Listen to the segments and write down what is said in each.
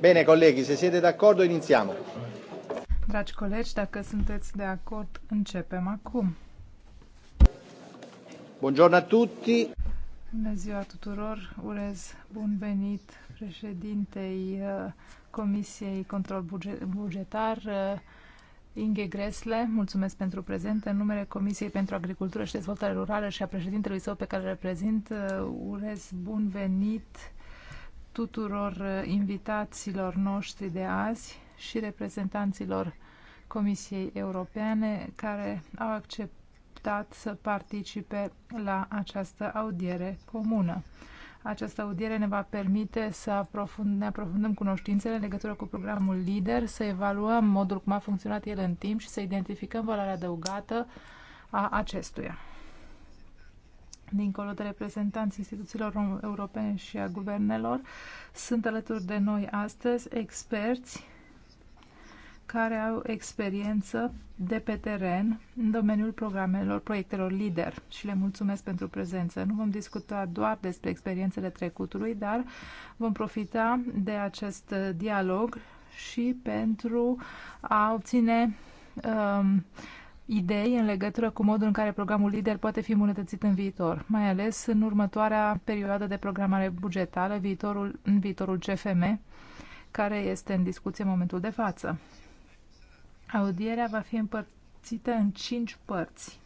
Bine, colegi, se siete d'accordo, iniziamo. Dragi colegi, dacă sunteți de acord, începem acum. Buongiorno a tutti. Bună ziua tuturor, urez bun venit președintei uh, Comisiei Control Bugetar, uh, Inge Gresle, mulțumesc pentru prezent. În numele Comisiei pentru Agricultură și Dezvoltare Rurală și a președintelui său pe care îl reprezint, uh, urez bun venit tuturor uh, invitaților noștri de azi și reprezentanților Comisiei Europene care au acceptat să participe la această audiere comună. Această audiere ne va permite să aprofund, ne aprofundăm cunoștințele în legătură cu programul LIDER, să evaluăm modul cum a funcționat el în timp și să identificăm valoarea adăugată a acestuia dincolo de reprezentanții instituțiilor europene și a guvernelor, sunt alături de noi astăzi experți care au experiență de pe teren în domeniul programelor, proiectelor lider și le mulțumesc pentru prezență. Nu vom discuta doar despre experiențele trecutului, dar vom profita de acest dialog și pentru a obține um, idei în legătură cu modul în care programul LIDER poate fi îmbunătățit în viitor, mai ales în următoarea perioadă de programare bugetară, viitorul, în viitorul CFM, care este în discuție în momentul de față. Audierea va fi împărțită în cinci părți.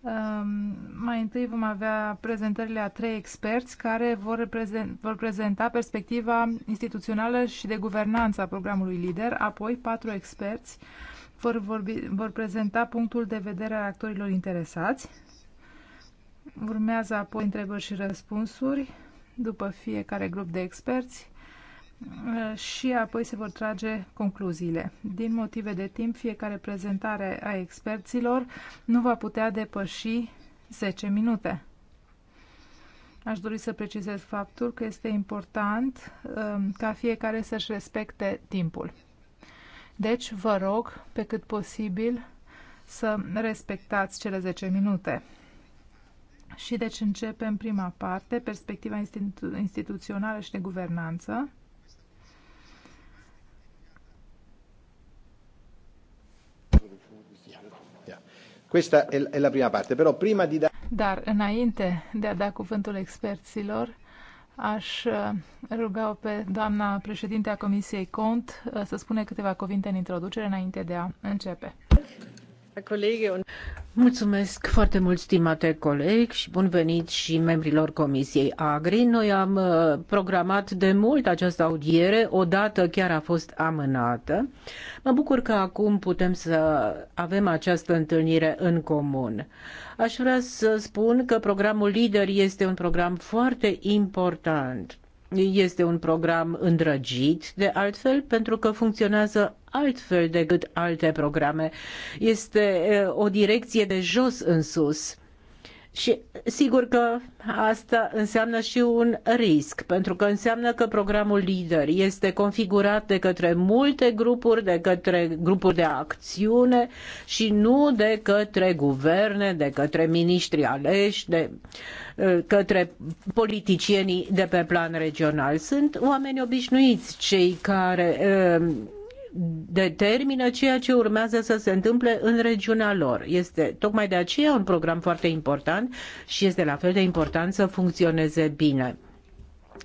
Um, mai întâi vom avea prezentările a trei experți care vor, vor prezenta perspectiva instituțională și de guvernanță a programului LIDER, apoi patru experți uh, vor, vorbi, vor prezenta punctul de vedere al actorilor interesați. Urmează apoi întrebări și răspunsuri după fiecare grup de experți uh, și apoi se vor trage concluziile. Din motive de timp, fiecare prezentare a experților nu va putea depăși 10 minute. Aș dori să precizez faptul că este important uh, ca fiecare să-și respecte timpul. Deci, vă rog, pe cât posibil, să respectați cele 10 minute. Și deci începem prima parte, perspectiva institu instituțională și de guvernanță. Questa è la prima parte, però prima di da... Dar înainte de a da cuvântul experților, Aș uh, ruga pe doamna președinte a Comisiei Cont uh, să spune câteva cuvinte în introducere înainte de a începe. Mulțumesc foarte mult, stimate coleg, și bun venit și membrilor Comisiei Agri. Noi am uh, programat de mult această audiere, odată chiar a fost amânată. Mă bucur că acum putem să avem această întâlnire în comun. Aș vrea să spun că programul LIDER este un program foarte important este un program îndrăgit, de altfel, pentru că funcționează altfel decât alte programe. Este o direcție de jos în sus și sigur că asta înseamnă și un risc, pentru că înseamnă că programul LIDER este configurat de către multe grupuri, de către grupuri de acțiune și nu de către guverne, de către miniștri aleși, de uh, către politicienii de pe plan regional. Sunt oameni obișnuiți cei care uh, determină ceea ce urmează să se întâmple în regiunea lor. Este tocmai de aceea un program foarte important și este la fel de important să funcționeze bine.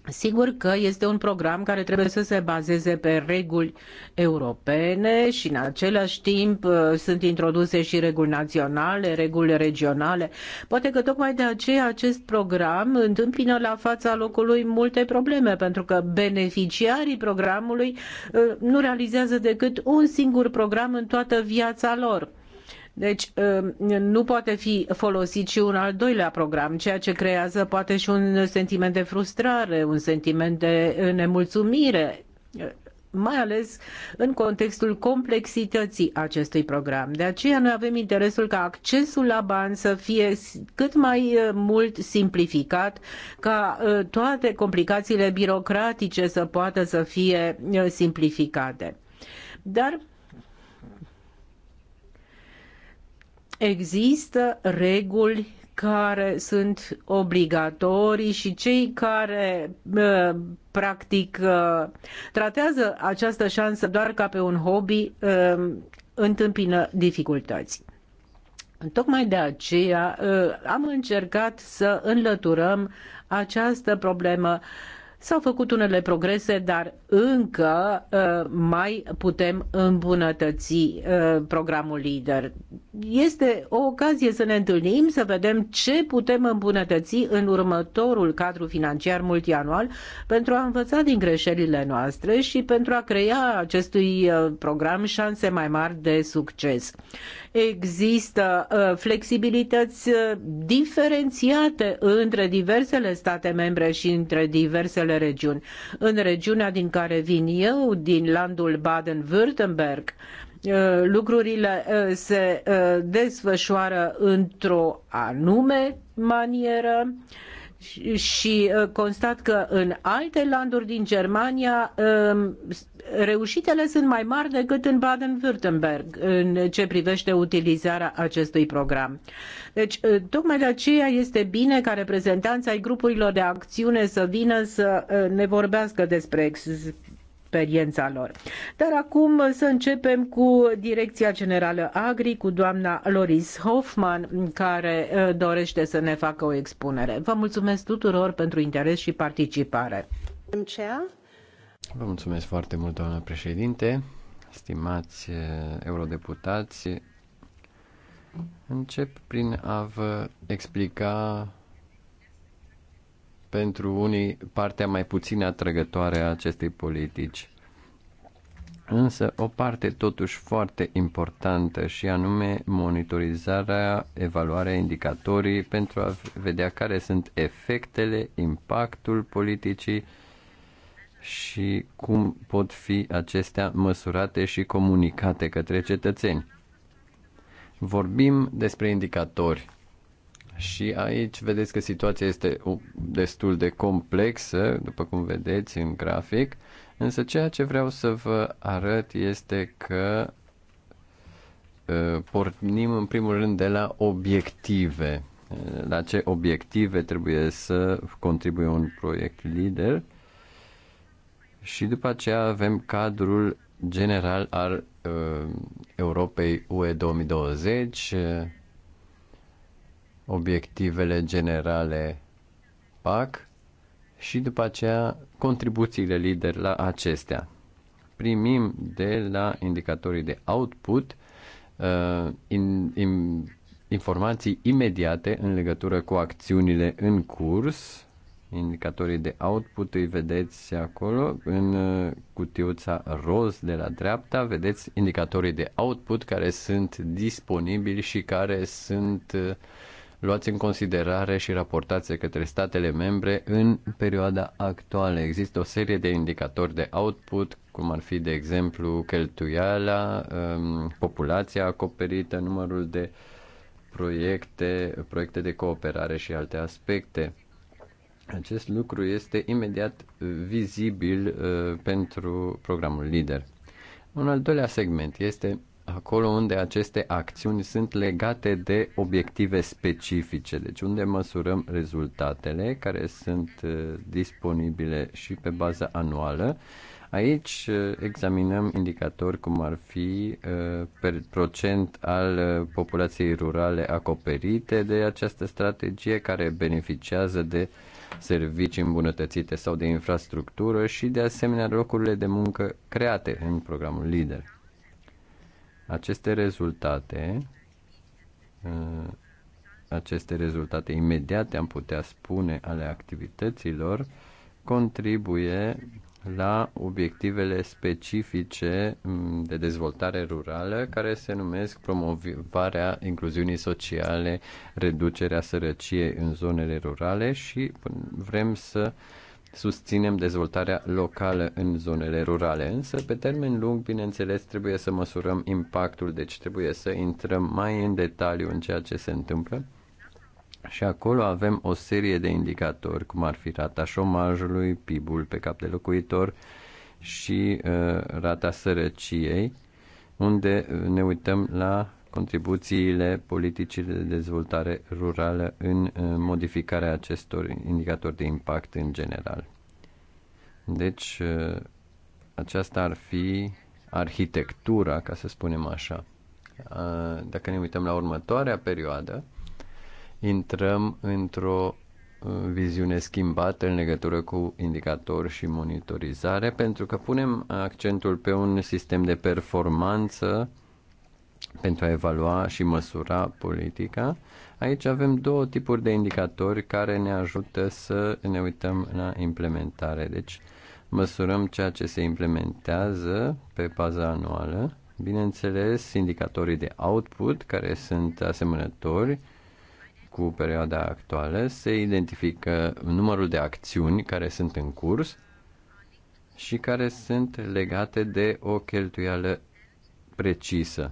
Sigur că este un program care trebuie să se bazeze pe reguli europene și în același timp uh, sunt introduse și reguli naționale, reguli regionale. Poate că tocmai de aceea acest program întâmpină la fața locului multe probleme, pentru că beneficiarii programului uh, nu realizează decât un singur program în toată viața lor. Deci um, nu poate fi folosit și un al doilea program, ceea ce creează poate și un sentiment de frustrare, un sentiment de nemulțumire mai ales în contextul complexității acestui program. De aceea noi avem interesul ca accesul la bani să fie cât mai uh, mult simplificat, ca uh, toate complicațiile birocratice să poată să fie uh, simplificate. Dar există reguli care sunt obligatorii și cei care uh, practic uh, tratează această șansă doar ca pe un hobby uh, întâmpină dificultăți. Tocmai de aceea am încercat să înlăturăm această problemă S-au făcut unele progrese, dar încă uh, mai putem îmbunătăți uh, programul LIDER. Este o ocazie să ne întâlnim, să vedem ce putem îmbunătăți în următorul cadru financiar multianual pentru a învăța din greșelile noastre și pentru a crea acestui uh, program șanse mai mari de succes există uh, flexibilități uh, diferențiate între diversele state membre și între diversele regiuni. În regiunea din care vin eu, din landul Baden-Württemberg, uh, lucrurile se desfășoară într-o anume manieră și uh, constat că în alte landuri din Germania um, reușitele sunt mai mari decât în Baden-Württemberg în ce privește utilizarea acestui program. Deci, uh, tocmai de aceea este bine ca reprezentanța ai grupurilor de acțiune să vină să uh, ne vorbească despre experiența lor. Dar acum să începem cu Direcția Generală Agri, cu doamna Loris Hoffman, care uh, dorește să ne facă o expunere. Vă mulțumesc tuturor pentru interes și participare. Vă mulțumesc foarte mult, doamna președinte, stimați uh, eurodeputați. Încep prin a vă explica pentru unii partea mai puțin atrăgătoare a acestei politici. Însă o parte totuși foarte importantă și anume monitorizarea, evaluarea indicatorii pentru a vedea care sunt efectele, impactul politicii și cum pot fi acestea măsurate și comunicate către cetățeni. Vorbim despre indicatori și aici vedeți că situația este destul de complexă, după cum vedeți în grafic, însă ceea ce vreau să vă arăt este că pornim în primul rând de la obiective. La ce obiective trebuie să contribuie un proiect lider și după aceea avem cadrul general al uh, Europei UE 2020, obiectivele generale PAC și după aceea contribuțiile lider la acestea. Primim de la indicatorii de output uh, in, in, informații imediate în legătură cu acțiunile în curs. Indicatorii de output îi vedeți acolo în uh, cutiuța roz de la dreapta, vedeți indicatorii de output care sunt disponibili și care sunt uh, luați în considerare și raportați către statele membre în perioada actuală. Există o serie de indicatori de output, cum ar fi, de exemplu, cheltuiala, um, populația acoperită, numărul de proiecte, proiecte de cooperare și alte aspecte. Acest lucru este imediat vizibil uh, pentru programul LIDER. Un al doilea segment este acolo unde aceste acțiuni sunt legate de obiective specifice, deci unde măsurăm rezultatele care sunt uh, disponibile și pe bază anuală. Aici uh, examinăm indicatori cum ar fi uh, per procent al populației rurale acoperite de această strategie care beneficiază de servicii îmbunătățite sau de infrastructură și de asemenea locurile de muncă create în programul LIDER aceste rezultate, uh, aceste rezultate imediate, am putea spune, ale activităților, contribuie la obiectivele specifice mm, de dezvoltare rurală care se numesc promovarea incluziunii sociale, reducerea sărăciei în zonele rurale și vrem să uh, susținem dezvoltarea locală în zonele rurale, însă pe termen lung, bineînțeles, trebuie să măsurăm impactul, deci trebuie să intrăm mai în detaliu în ceea ce se întâmplă. Și acolo avem o serie de indicatori, cum ar fi rata șomajului, PIB-ul pe cap de locuitor și uh, rata sărăciei, unde uh, ne uităm la contribuțiile politicii de dezvoltare rurală în modificarea acestor indicatori de impact în general. Deci, uh, aceasta ar fi arhitectura, ca să spunem așa. Uh, dacă ne uităm la următoarea perioadă, intrăm într-o uh, viziune schimbată în legătură cu indicator și monitorizare, pentru că punem accentul pe un sistem de performanță pentru a evalua și măsura politica. Aici avem două tipuri de indicatori care ne ajută să ne uităm la implementare. Deci măsurăm ceea ce se implementează pe baza anuală, bineînțeles indicatorii de output care sunt asemănători cu perioada actuală, se identifică numărul de acțiuni care sunt în curs și care sunt legate de o cheltuială precisă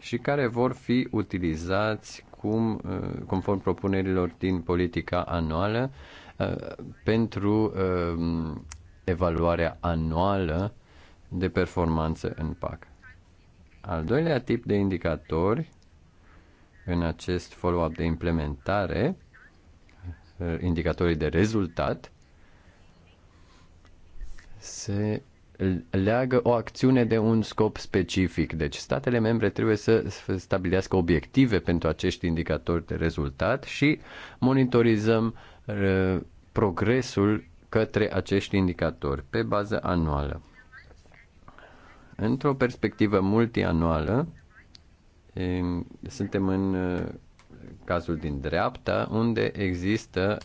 și care vor fi utilizați cum, uh, conform propunerilor din politica anuală uh, pentru uh, evaluarea anuală de performanță în PAC. Al doilea tip de indicatori în acest follow-up de implementare, indicatorii de rezultat, se leagă o acțiune de un scop specific. Deci statele membre trebuie să stabilească obiective pentru acești indicatori de rezultat și monitorizăm uh, progresul către acești indicatori pe bază anuală. Într-o perspectivă multianuală, suntem în uh, cazul din dreapta, unde există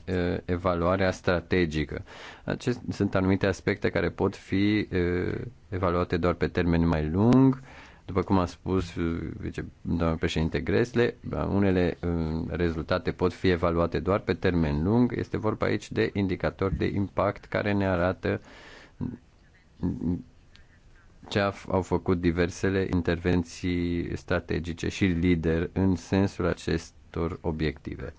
evaluarea strategică. Acest, sunt anumite aspecte care pot fi evaluate doar pe termen mai lung, după cum a spus doamna președinte Gresle, unele rezultate pot fi evaluate doar pe termen lung. Este vorba aici de indicatori de impact care ne arată ce au făcut diversele intervenții strategice și lider în sensul acest acestor obiective.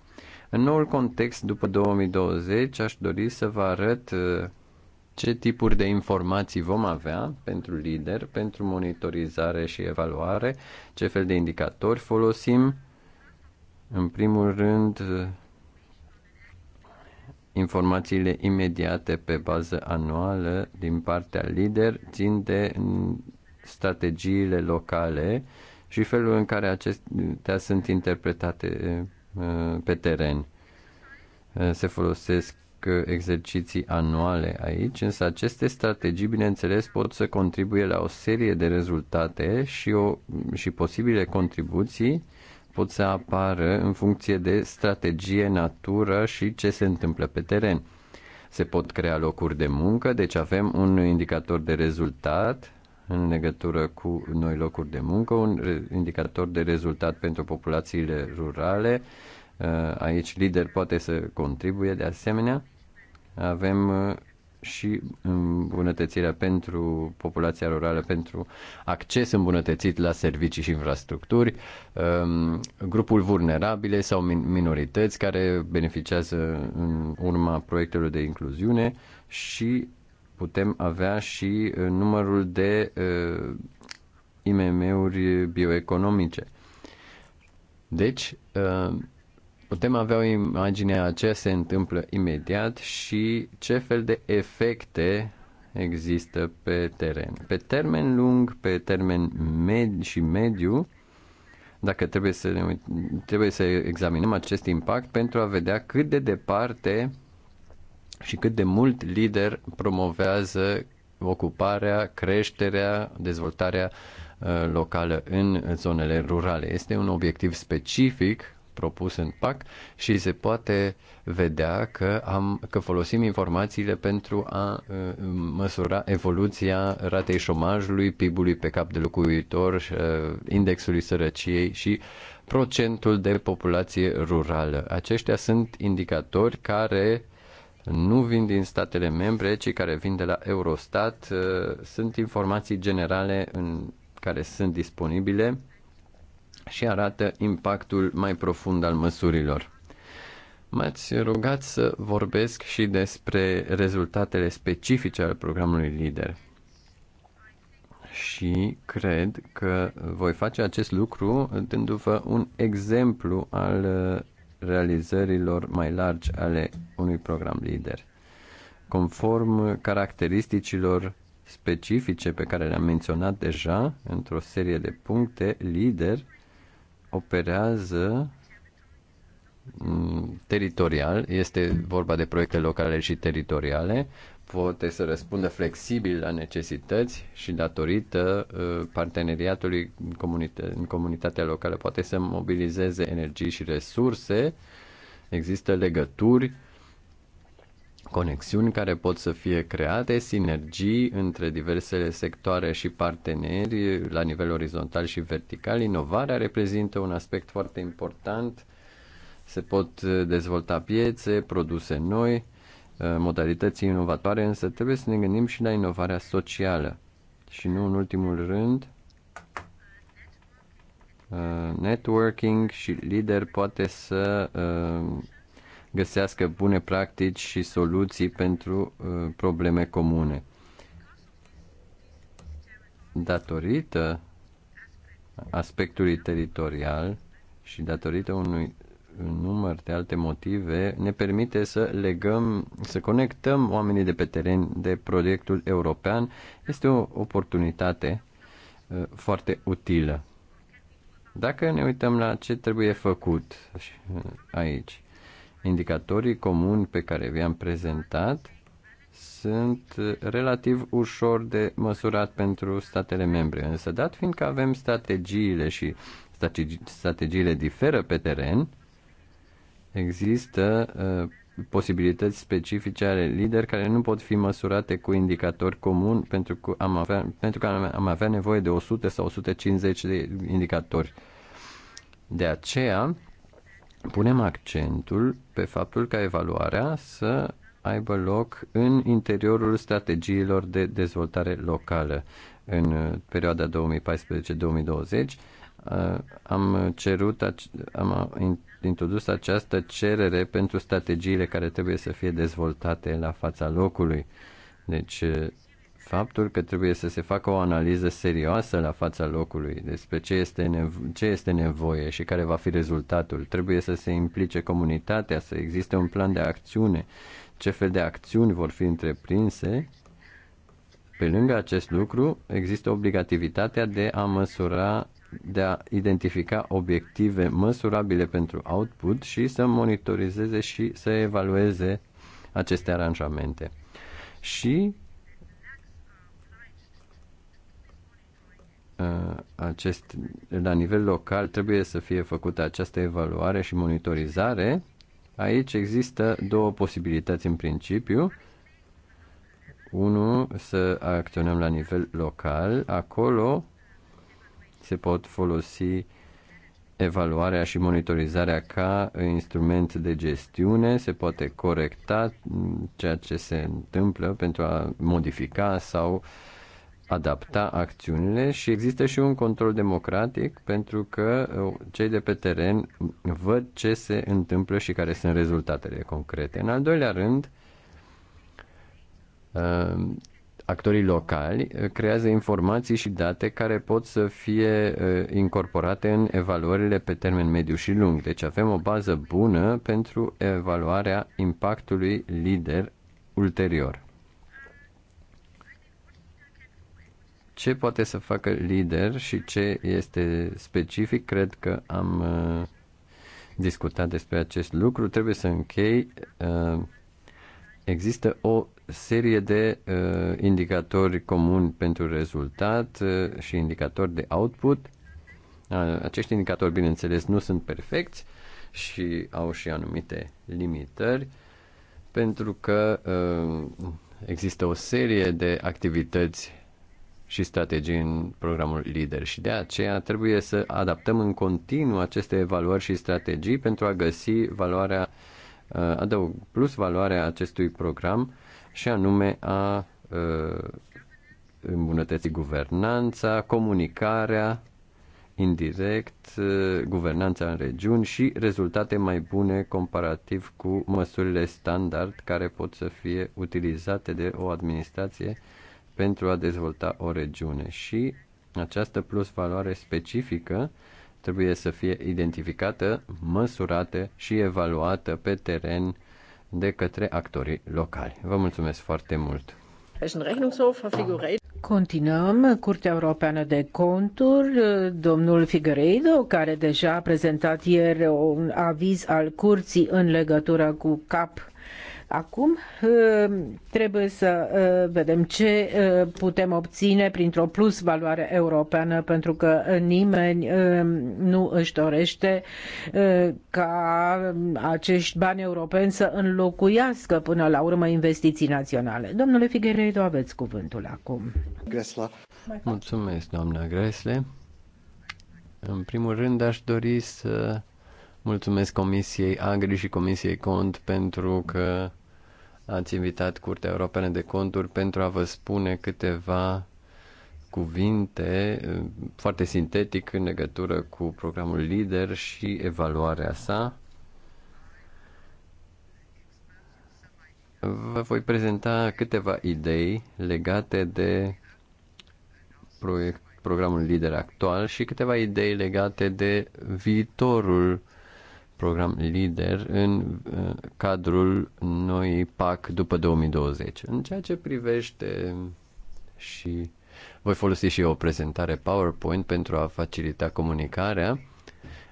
În noul context, după 2020, aș dori să vă arăt uh, ce tipuri de informații vom avea pentru lider, pentru monitorizare și evaluare, ce fel de indicatori folosim. În primul rând, uh, informațiile imediate pe bază anuală din partea lider țin de mm, strategiile locale și felul în care acestea sunt interpretate uh, pe teren. Uh, se folosesc uh, exerciții anuale aici, însă aceste strategii, bineînțeles, pot să contribuie la o serie de rezultate și, o, și posibile contribuții pot să apară în funcție de strategie, natură și ce se întâmplă pe teren. Se pot crea locuri de muncă, deci avem un indicator de rezultat în legătură cu noi locuri de muncă, un indicator de rezultat pentru populațiile rurale. Uh, aici lider poate să contribuie de asemenea. Avem uh, și îmbunătățirea pentru populația rurală, pentru acces îmbunătățit la servicii și infrastructuri, um, grupul vulnerabile sau minorități care beneficiază în urma proiectelor de incluziune și putem avea și uh, numărul de uh, IMM-uri bioeconomice. Deci, uh, putem avea o imagine a ce se întâmplă imediat și ce fel de efecte există pe teren. Pe termen lung, pe termen med și mediu, dacă trebuie să, ne, trebuie să examinăm acest impact pentru a vedea cât de departe și cât de mult lider promovează ocuparea, creșterea, dezvoltarea uh, locală în zonele rurale. Este un obiectiv specific propus în PAC și se poate vedea că, am, că folosim informațiile pentru a uh, măsura evoluția ratei șomajului, PIB-ului pe cap de locuitor, uh, indexului sărăciei și procentul de populație rurală. Aceștia sunt indicatori care nu vin din statele membre, ci care vin de la Eurostat. Uh, sunt informații generale în care sunt disponibile și arată impactul mai profund al măsurilor. M-ați rugat să vorbesc și despre rezultatele specifice ale programului LIDER. Și cred că voi face acest lucru dându-vă un exemplu al uh, realizărilor mai largi ale unui program lider. Conform caracteristicilor specifice pe care le-am menționat deja într-o serie de puncte, lider operează mm, teritorial, este vorba de proiecte locale și teritoriale, poate să răspundă flexibil la necesități și datorită uh, parteneriatului în comunitatea locală poate să mobilizeze energii și resurse. Există legături, conexiuni care pot să fie create, sinergii între diversele sectoare și parteneri la nivel orizontal și vertical. Inovarea reprezintă un aspect foarte important. Se pot uh, dezvolta piețe, produse noi, Uh, modalități inovatoare, însă trebuie să ne gândim și la inovarea socială. Și nu în ultimul rând, uh, networking și lider poate să uh, găsească bune practici și soluții pentru probleme comune. Datorită aspectului teritorial și datorită unui număr de alte motive ne permite să legăm, să conectăm oamenii de pe teren de proiectul european. Este o oportunitate uh, foarte utilă. Dacă ne uităm la ce trebuie făcut uh, aici, indicatorii comuni pe care vi-am prezentat sunt uh, relativ ușor de măsurat pentru statele membre, însă dat fiindcă avem strategiile și strategiile diferă pe teren, Există uh, posibilități specifice ale lideri care nu pot fi măsurate cu indicatori comuni pentru că am avea, pentru că am avea nevoie de 100 sau 150 de indicatori. De aceea, punem accentul pe faptul ca evaluarea să aibă loc în interiorul strategiilor de dezvoltare locală. În uh, perioada 2014-2020 uh, am cerut, am introdus această cerere pentru strategiile care trebuie să fie dezvoltate la fața locului. Deci, faptul că trebuie să se facă o analiză serioasă la fața locului despre ce este, nevo- ce este nevoie și care va fi rezultatul. Trebuie să se implice comunitatea, să existe un plan de acțiune, ce fel de acțiuni vor fi întreprinse. Pe lângă acest lucru, există obligativitatea de a măsura de a identifica obiective măsurabile pentru output și să monitorizeze și să evalueze aceste aranjamente. Și uh, acest, la nivel local trebuie să fie făcută această evaluare și monitorizare. Aici există două posibilități în principiu. Unu, să acționăm la nivel local. Acolo se pot folosi evaluarea și monitorizarea ca instrument de gestiune, se poate corecta ceea ce se întâmplă pentru a modifica sau adapta acțiunile și există și un control democratic pentru că uh, cei de pe teren văd ce se întâmplă și care sunt rezultatele concrete. În al doilea rând, uh, actorii locali uh, creează informații și date care pot să fie uh, incorporate în evaluările pe termen mediu și lung. Deci avem o bază bună pentru evaluarea impactului lider ulterior. Ce poate să facă lider și ce este specific, cred că am uh, discutat despre acest lucru. Trebuie să închei. Există o serie de uh, indicatori comuni pentru rezultat uh, și indicatori de output. Uh, acești indicatori, bineînțeles, nu sunt perfecți și au și anumite limitări pentru că uh, există o serie de activități și strategii în programul LIDER și de aceea trebuie să adaptăm în continuu aceste evaluări și strategii pentru a găsi valoarea, uh, adăug, plus valoarea acestui program și anume a îmbunătății guvernanța, comunicarea indirect, guvernanța în regiuni și rezultate mai bune comparativ cu măsurile standard care pot să fie utilizate de o administrație pentru a dezvolta o regiune. Și această plus valoare specifică trebuie să fie identificată, măsurată și evaluată pe teren de către actorii locali. Vă mulțumesc foarte mult! Continuăm, Curtea Europeană de Conturi, domnul Figueiredo, care deja a prezentat ieri un aviz al curții în legătură cu CAP Acum uh, trebuie să uh, vedem ce uh, putem obține printr-o plus valoare europeană, pentru că nimeni nu își dorește ca acești bani europeni să înlocuiască până la urmă investiții naționale. Domnule Figueiredo, aveți cuvântul acum. Gresla. Mulțumesc, doamna Gresle. În primul rând aș dori să Mulțumesc Comisiei Agri și Comisiei Cont pentru că ați invitat Curtea Europeană de Conturi pentru a vă spune câteva cuvinte eh, foarte sintetic în legătură cu programul LIDER și evaluarea sa. Vă voi prezenta câteva idei legate de proiect, programul LIDER actual și câteva idei legate de viitorul program lider în uh, cadrul noii PAC după 2020. În ceea ce privește și voi folosi și o prezentare PowerPoint pentru a facilita comunicarea.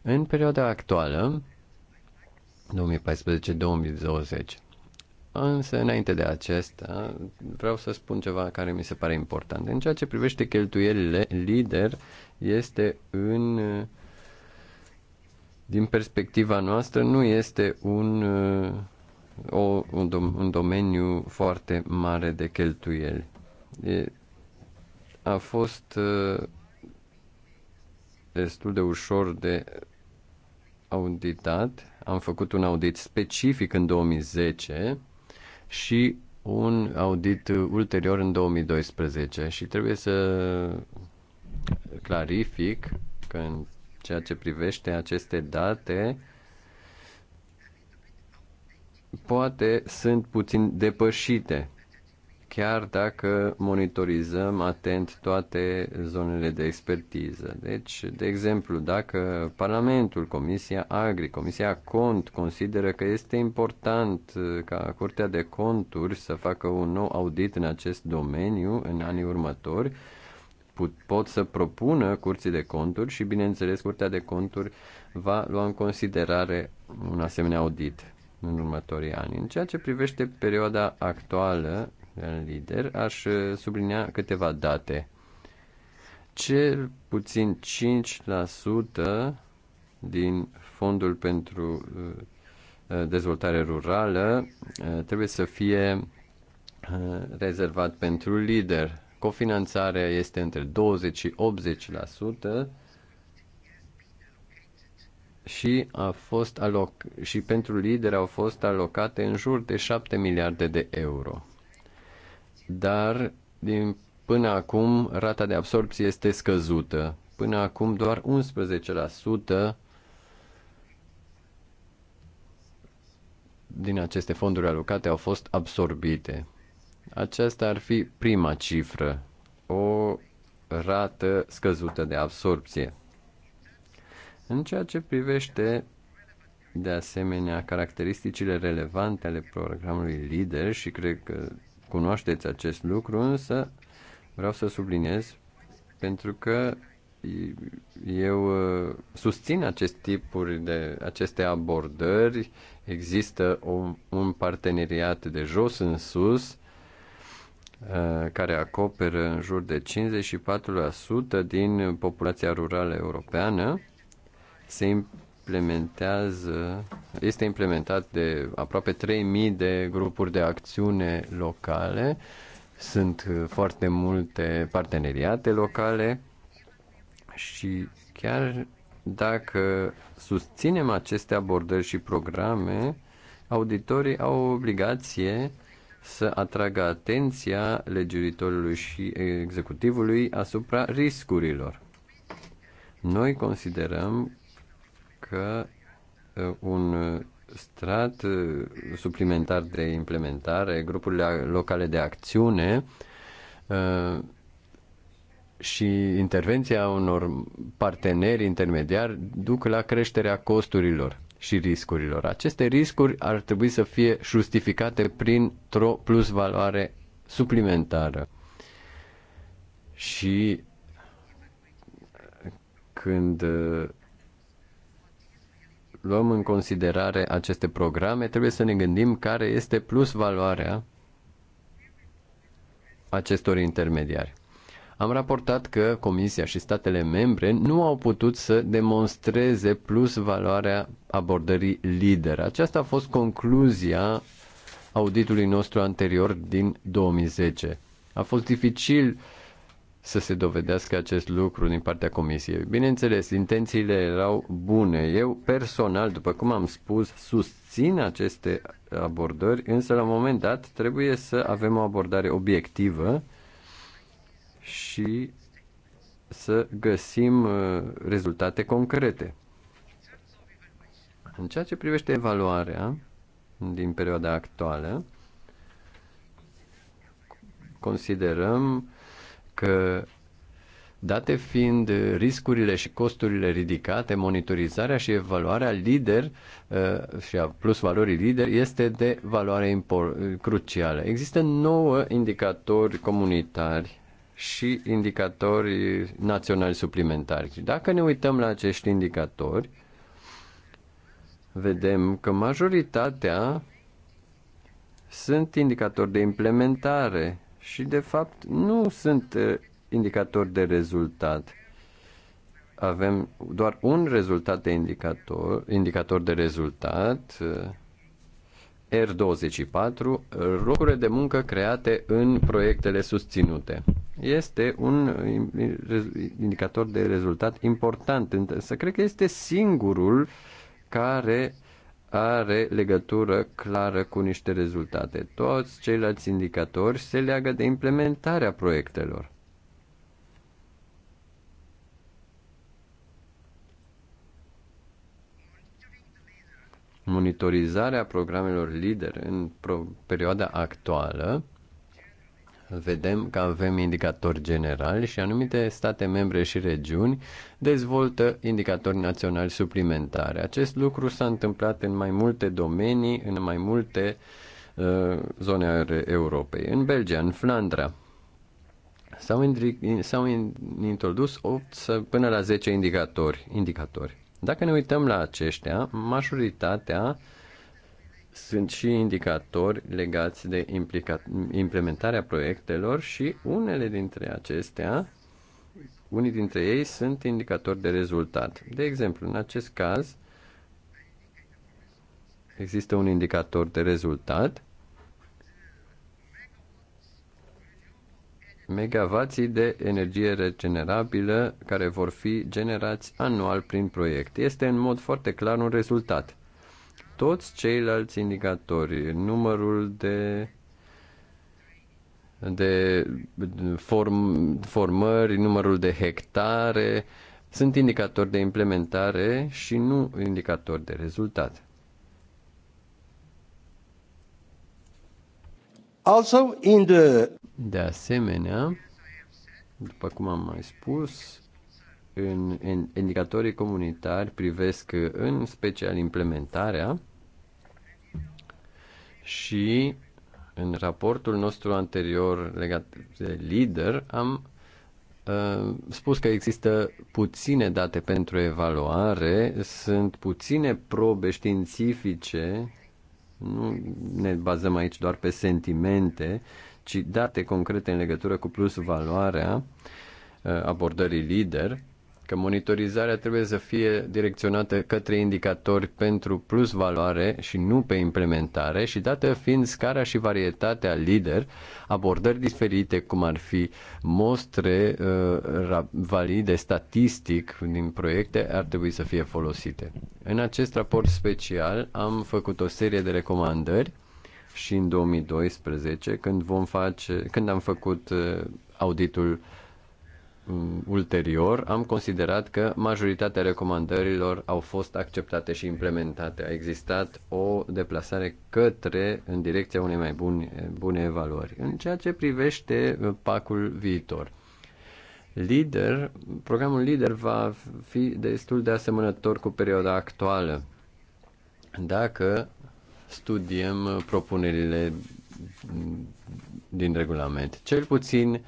În perioada actuală, 2014-2020, Însă, înainte de acesta, vreau să spun ceva care mi se pare important. În ceea ce privește cheltuielile, lider este în din perspectiva noastră, nu este un, uh, o, un, dom- un domeniu foarte mare de cheltuieli. E, a fost uh, destul de ușor de auditat. Am făcut un audit specific în 2010 și un audit ulterior în 2012 și trebuie să clarific că în ceea ce privește aceste date, poate sunt puțin depășite, chiar dacă monitorizăm atent toate zonele de expertiză. Deci, de exemplu, dacă Parlamentul, Comisia Agri, Comisia Cont consideră că este important uh, ca Curtea de Conturi să facă un nou audit în acest domeniu în anii următori, put, pot să propună curții de conturi și, bineînțeles, curtea de conturi va lua în considerare un asemenea audit în următorii ani. În ceea ce privește perioada actuală în lider, aș uh, sublinia câteva date. Cel puțin 5% din fondul pentru uh, uh, dezvoltare rurală trebuie să fie rezervat pentru lider cofinanțarea este între 20 și 80% și a fost aloc și pentru lideri au fost alocate în jur de 7 miliarde de euro. Dar din până acum rata de absorpție este scăzută. Până acum doar 11% din aceste fonduri alocate au fost absorbite. Aceasta ar fi prima cifră, o rată scăzută de absorpție. În ceea ce privește, de asemenea, caracteristicile relevante ale programului LIDER și cred că cunoașteți acest lucru, însă vreau să subliniez pentru că eu uh, susțin acest tipuri de aceste abordări. Există un, un parteneriat de jos în sus Uh, care acoperă în jur de 54% din populația rurală europeană, se implementează, este implementat de aproape 3000 de grupuri de acțiune locale, sunt uh, foarte multe parteneriate locale și chiar dacă susținem aceste abordări și programe, auditorii au obligație să atragă atenția legiuitorului și executivului asupra riscurilor. Noi considerăm că uh, un strat uh, suplimentar de implementare, grupurile locale de acțiune uh, și intervenția unor parteneri intermediari duc la creșterea costurilor și riscurilor. Aceste riscuri ar trebui să fie justificate printr-o plusvaloare suplimentară. Și când uh, luăm în considerare aceste programe, trebuie să ne gândim care este plus valoarea acestor intermediari am raportat că Comisia și statele membre nu au putut să demonstreze plus valoarea abordării lider. Aceasta a fost concluzia auditului nostru anterior din 2010. A fost dificil să se dovedească acest lucru din partea Comisiei. Bineînțeles, intențiile erau bune. Eu personal, după cum am spus, susțin aceste abordări, însă la un moment dat trebuie să avem o abordare obiectivă și să găsim uh, rezultate concrete. În ceea ce privește evaluarea din perioada actuală, considerăm că Date fiind riscurile și costurile ridicate, monitorizarea și evaluarea lider uh, și a plus valorii lider este de valoare crucială. Există nouă indicatori comunitari și indicatori naționali suplimentari. Dacă ne uităm la acești indicatori, vedem că majoritatea sunt indicatori de implementare și, de fapt, nu sunt uh, indicatori de rezultat. Avem doar un rezultat de indicator, indicator de rezultat, uh, R24, uh, locurile de muncă create în proiectele susținute este un indicator de rezultat important, însă cred că este singurul care are legătură clară cu niște rezultate. Toți ceilalți indicatori se leagă de implementarea proiectelor. Monitorizarea programelor lider în perioada actuală vedem că avem indicatori generali și anumite state membre și regiuni dezvoltă indicatori naționali suplimentare. Acest lucru s-a întâmplat în mai multe domenii, în mai multe uh, zone ale Europei, în Belgia, în Flandra. S-au, s-au introdus 8 până la 10 indicatori. indicatori. Dacă ne uităm la aceștia, majoritatea uh, sunt și indicatori legați de implementarea proiectelor și unele dintre acestea, unii dintre ei sunt indicatori de rezultat. De exemplu, în acest caz, există un indicator de rezultat megavații de energie regenerabilă care vor fi generați anual prin proiect. Este în mod foarte clar un rezultat toți ceilalți indicatori, numărul de de form, formări, numărul de hectare, sunt indicatori de implementare și nu indicatori de rezultat. Also in the... De asemenea, după cum am mai spus, în, în indicatorii comunitari privesc în special implementarea și în raportul nostru anterior legat de lider am uh, spus că există puține date pentru evaluare, sunt puține probe științifice, nu ne bazăm aici doar pe sentimente, ci date concrete în legătură cu plus valoarea uh, abordării lider că monitorizarea trebuie să fie direcționată către indicatori pentru plus valoare și nu pe implementare și dată fiind scara și varietatea lider, abordări diferite cum ar fi mostre uh, valide statistic din proiecte ar trebui să fie folosite. În acest raport special am făcut o serie de recomandări și în 2012 când vom face când am făcut uh, auditul uh, Mm, ulterior, am considerat că majoritatea recomandărilor au fost acceptate și implementate. A existat o deplasare către, în direcția unei mai bune, bune evaluări. În ceea ce privește uh, pacul viitor. Lider, programul Lider va fi destul de asemănător cu perioada actuală. Dacă studiem uh, propunerile mm, din regulament, cel puțin uh,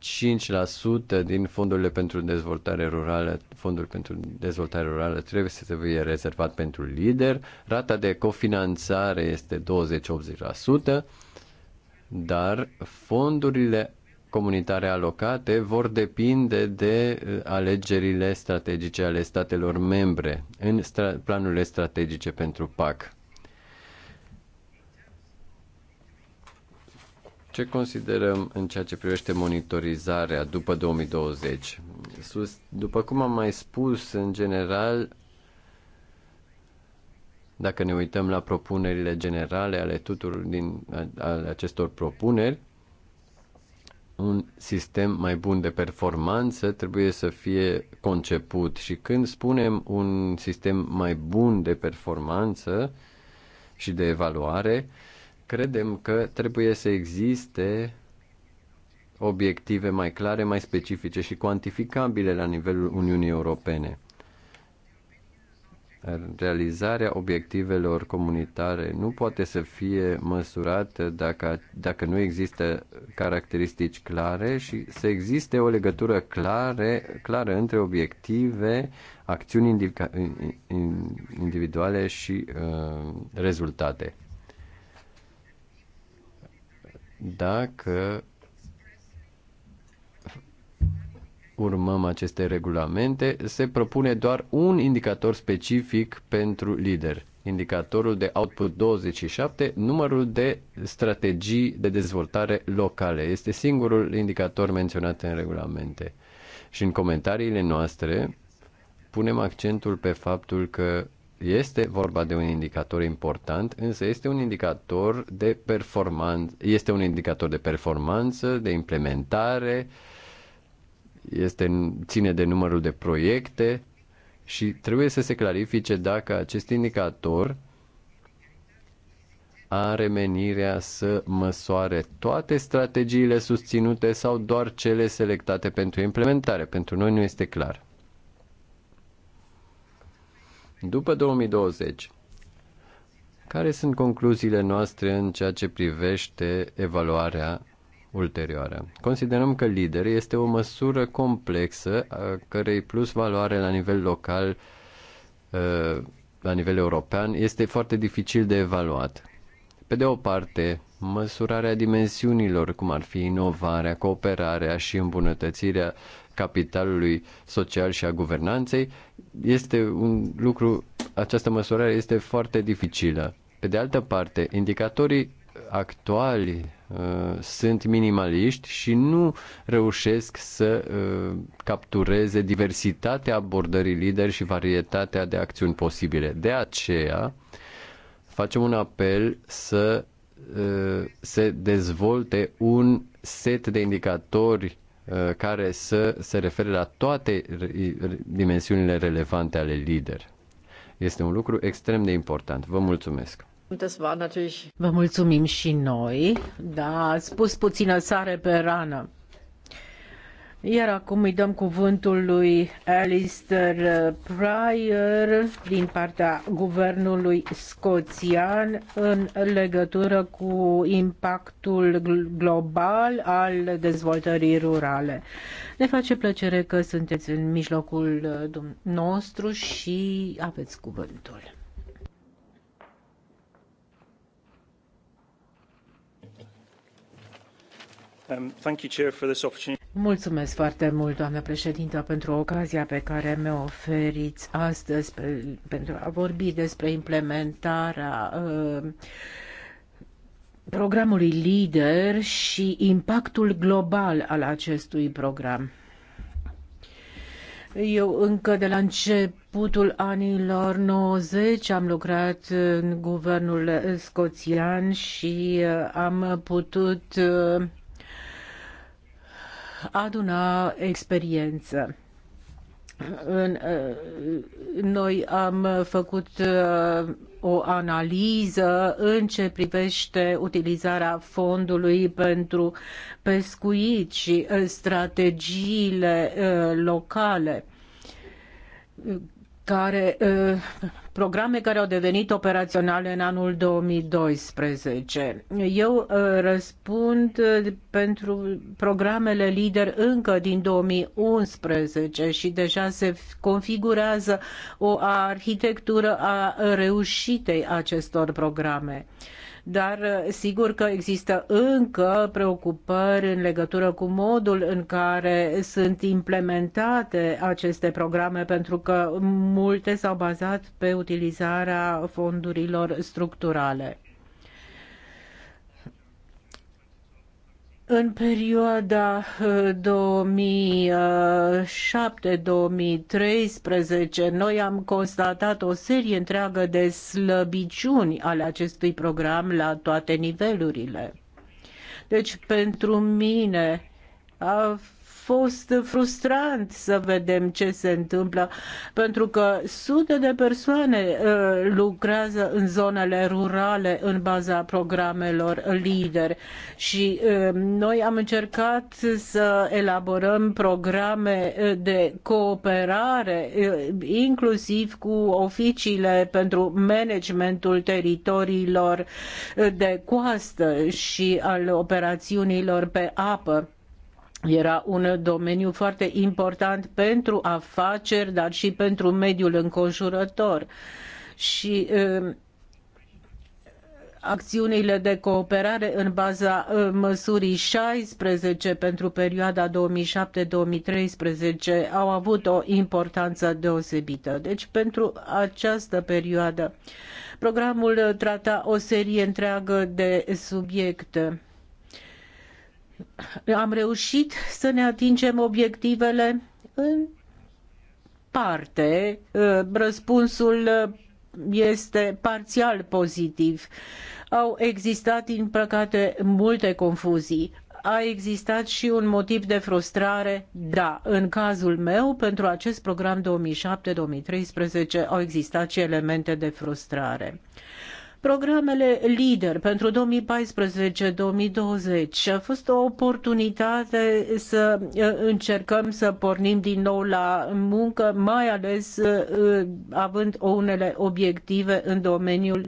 5% din fondurile pentru dezvoltare rurală, fondul pentru dezvoltare rurală trebuie să fie rezervat pentru lider. Rata de cofinanțare este 20-80%, dar fondurile comunitare alocate vor depinde de uh, alegerile strategice ale statelor membre în stra- planurile strategice pentru PAC. Ce considerăm în ceea ce privește monitorizarea după 2020? Sus, după cum am mai spus, în general, dacă ne uităm la propunerile generale ale tuturor din ale acestor propuneri, un sistem mai bun de performanță trebuie să fie conceput și când spunem un sistem mai bun de performanță și de evaluare, uh, Credem că trebuie să existe obiective mai clare, mai specifice și cuantificabile la nivelul Uniunii Europene. Realizarea obiectivelor comunitare nu poate să fie măsurată dacă, dacă nu există caracteristici clare și să existe o legătură clare, clară între obiective, acțiuni individuale și uh, rezultate dacă urmăm aceste regulamente, se propune doar un indicator specific pentru lider. Indicatorul de output 27, numărul de strategii de dezvoltare locale. Este singurul indicator menționat în regulamente. Și în comentariile noastre punem accentul pe faptul că este vorba de un indicator important, însă este un indicator de performanță, este un indicator de performanță, de implementare, este ține de numărul de proiecte și trebuie să se clarifice dacă acest indicator are menirea să măsoare toate strategiile susținute sau doar cele selectate pentru implementare. Pentru noi nu este clar după 2020. Care sunt concluziile noastre în ceea ce privește evaluarea ulterioară? Considerăm că lider este o măsură complexă a cărei plus valoare la nivel local, ă, la nivel european, este foarte dificil de evaluat. Pe de o parte, măsurarea dimensiunilor, cum ar fi inovarea, cooperarea și îmbunătățirea capitalului social și a guvernanței, este un lucru, această măsurare este foarte dificilă. Pe de altă parte, indicatorii actuali uh, sunt minimaliști și nu reușesc să uh, captureze diversitatea abordării lideri și varietatea de acțiuni posibile. De aceea, facem un apel să uh, se dezvolte un set de indicatori Uh, care să se refere la toate dimensiunile relevante ale lider. Este un lucru extrem de important. Vă mulțumesc! Vă mulțumim și noi. Da, ați pus puțină sare pe rană. Iar acum îi dăm cuvântul lui Alistair Pryor din partea guvernului scoțian în legătură cu impactul global al dezvoltării rurale. Ne face plăcere că sunteți în mijlocul uh, nostru și aveți cuvântul. Um, Mulțumesc foarte mult, doamnă președintă, pentru ocazia pe care mi-o oferiți astăzi pe, pentru a vorbi despre implementarea uh, programului LEADER și impactul global al acestui program. Eu încă de la începutul anilor 90 am lucrat în guvernul scoțian și uh, am putut uh, aduna experiență. Uh, noi am făcut uh, o analiză în ce privește utilizarea fondului pentru pescuit și uh, strategiile locale care programe care au devenit operaționale în anul 2012. Eu uh, răspund uh, pentru programele lider încă din 2011 și deja se configurează o arhitectură a reușitei acestor programe dar uh, sigur că există încă preocupări în legătură cu modul în care sunt implementate aceste programe, pentru că multe s-au bazat pe utilizarea fondurilor structurale. În perioada 2007-2013 uh, noi am constatat o serie întreagă de slăbiciuni ale acestui program la toate nivelurile. Deci pentru mine a fost frustrant să vedem ce se întâmplă, pentru că sute de persoane uh, lucrează în zonele rurale în baza programelor LIDER și uh, noi am încercat să elaborăm programe uh, de cooperare, inclusiv cu oficiile pentru managementul teritoriilor de coastă și al operațiunilor pe apă era un domeniu foarte important pentru afaceri, dar și pentru mediul înconjurător. Și uh, acțiunile de cooperare în baza uh, măsurii 16 pentru perioada 2007-2013 au avut o importanță deosebită. Deci pentru această perioadă programul trata o serie întreagă de subiecte am reușit să ne atingem obiectivele în parte. Răspunsul este parțial pozitiv. Au existat, din păcate, multe confuzii. A existat și un motiv de frustrare? Da, în cazul meu, pentru acest program 2007-2013 au existat și elemente de frustrare. Programele LIDER pentru 2014-2020 a fost o oportunitate să încercăm să pornim din nou la muncă, mai ales având unele obiective în domeniul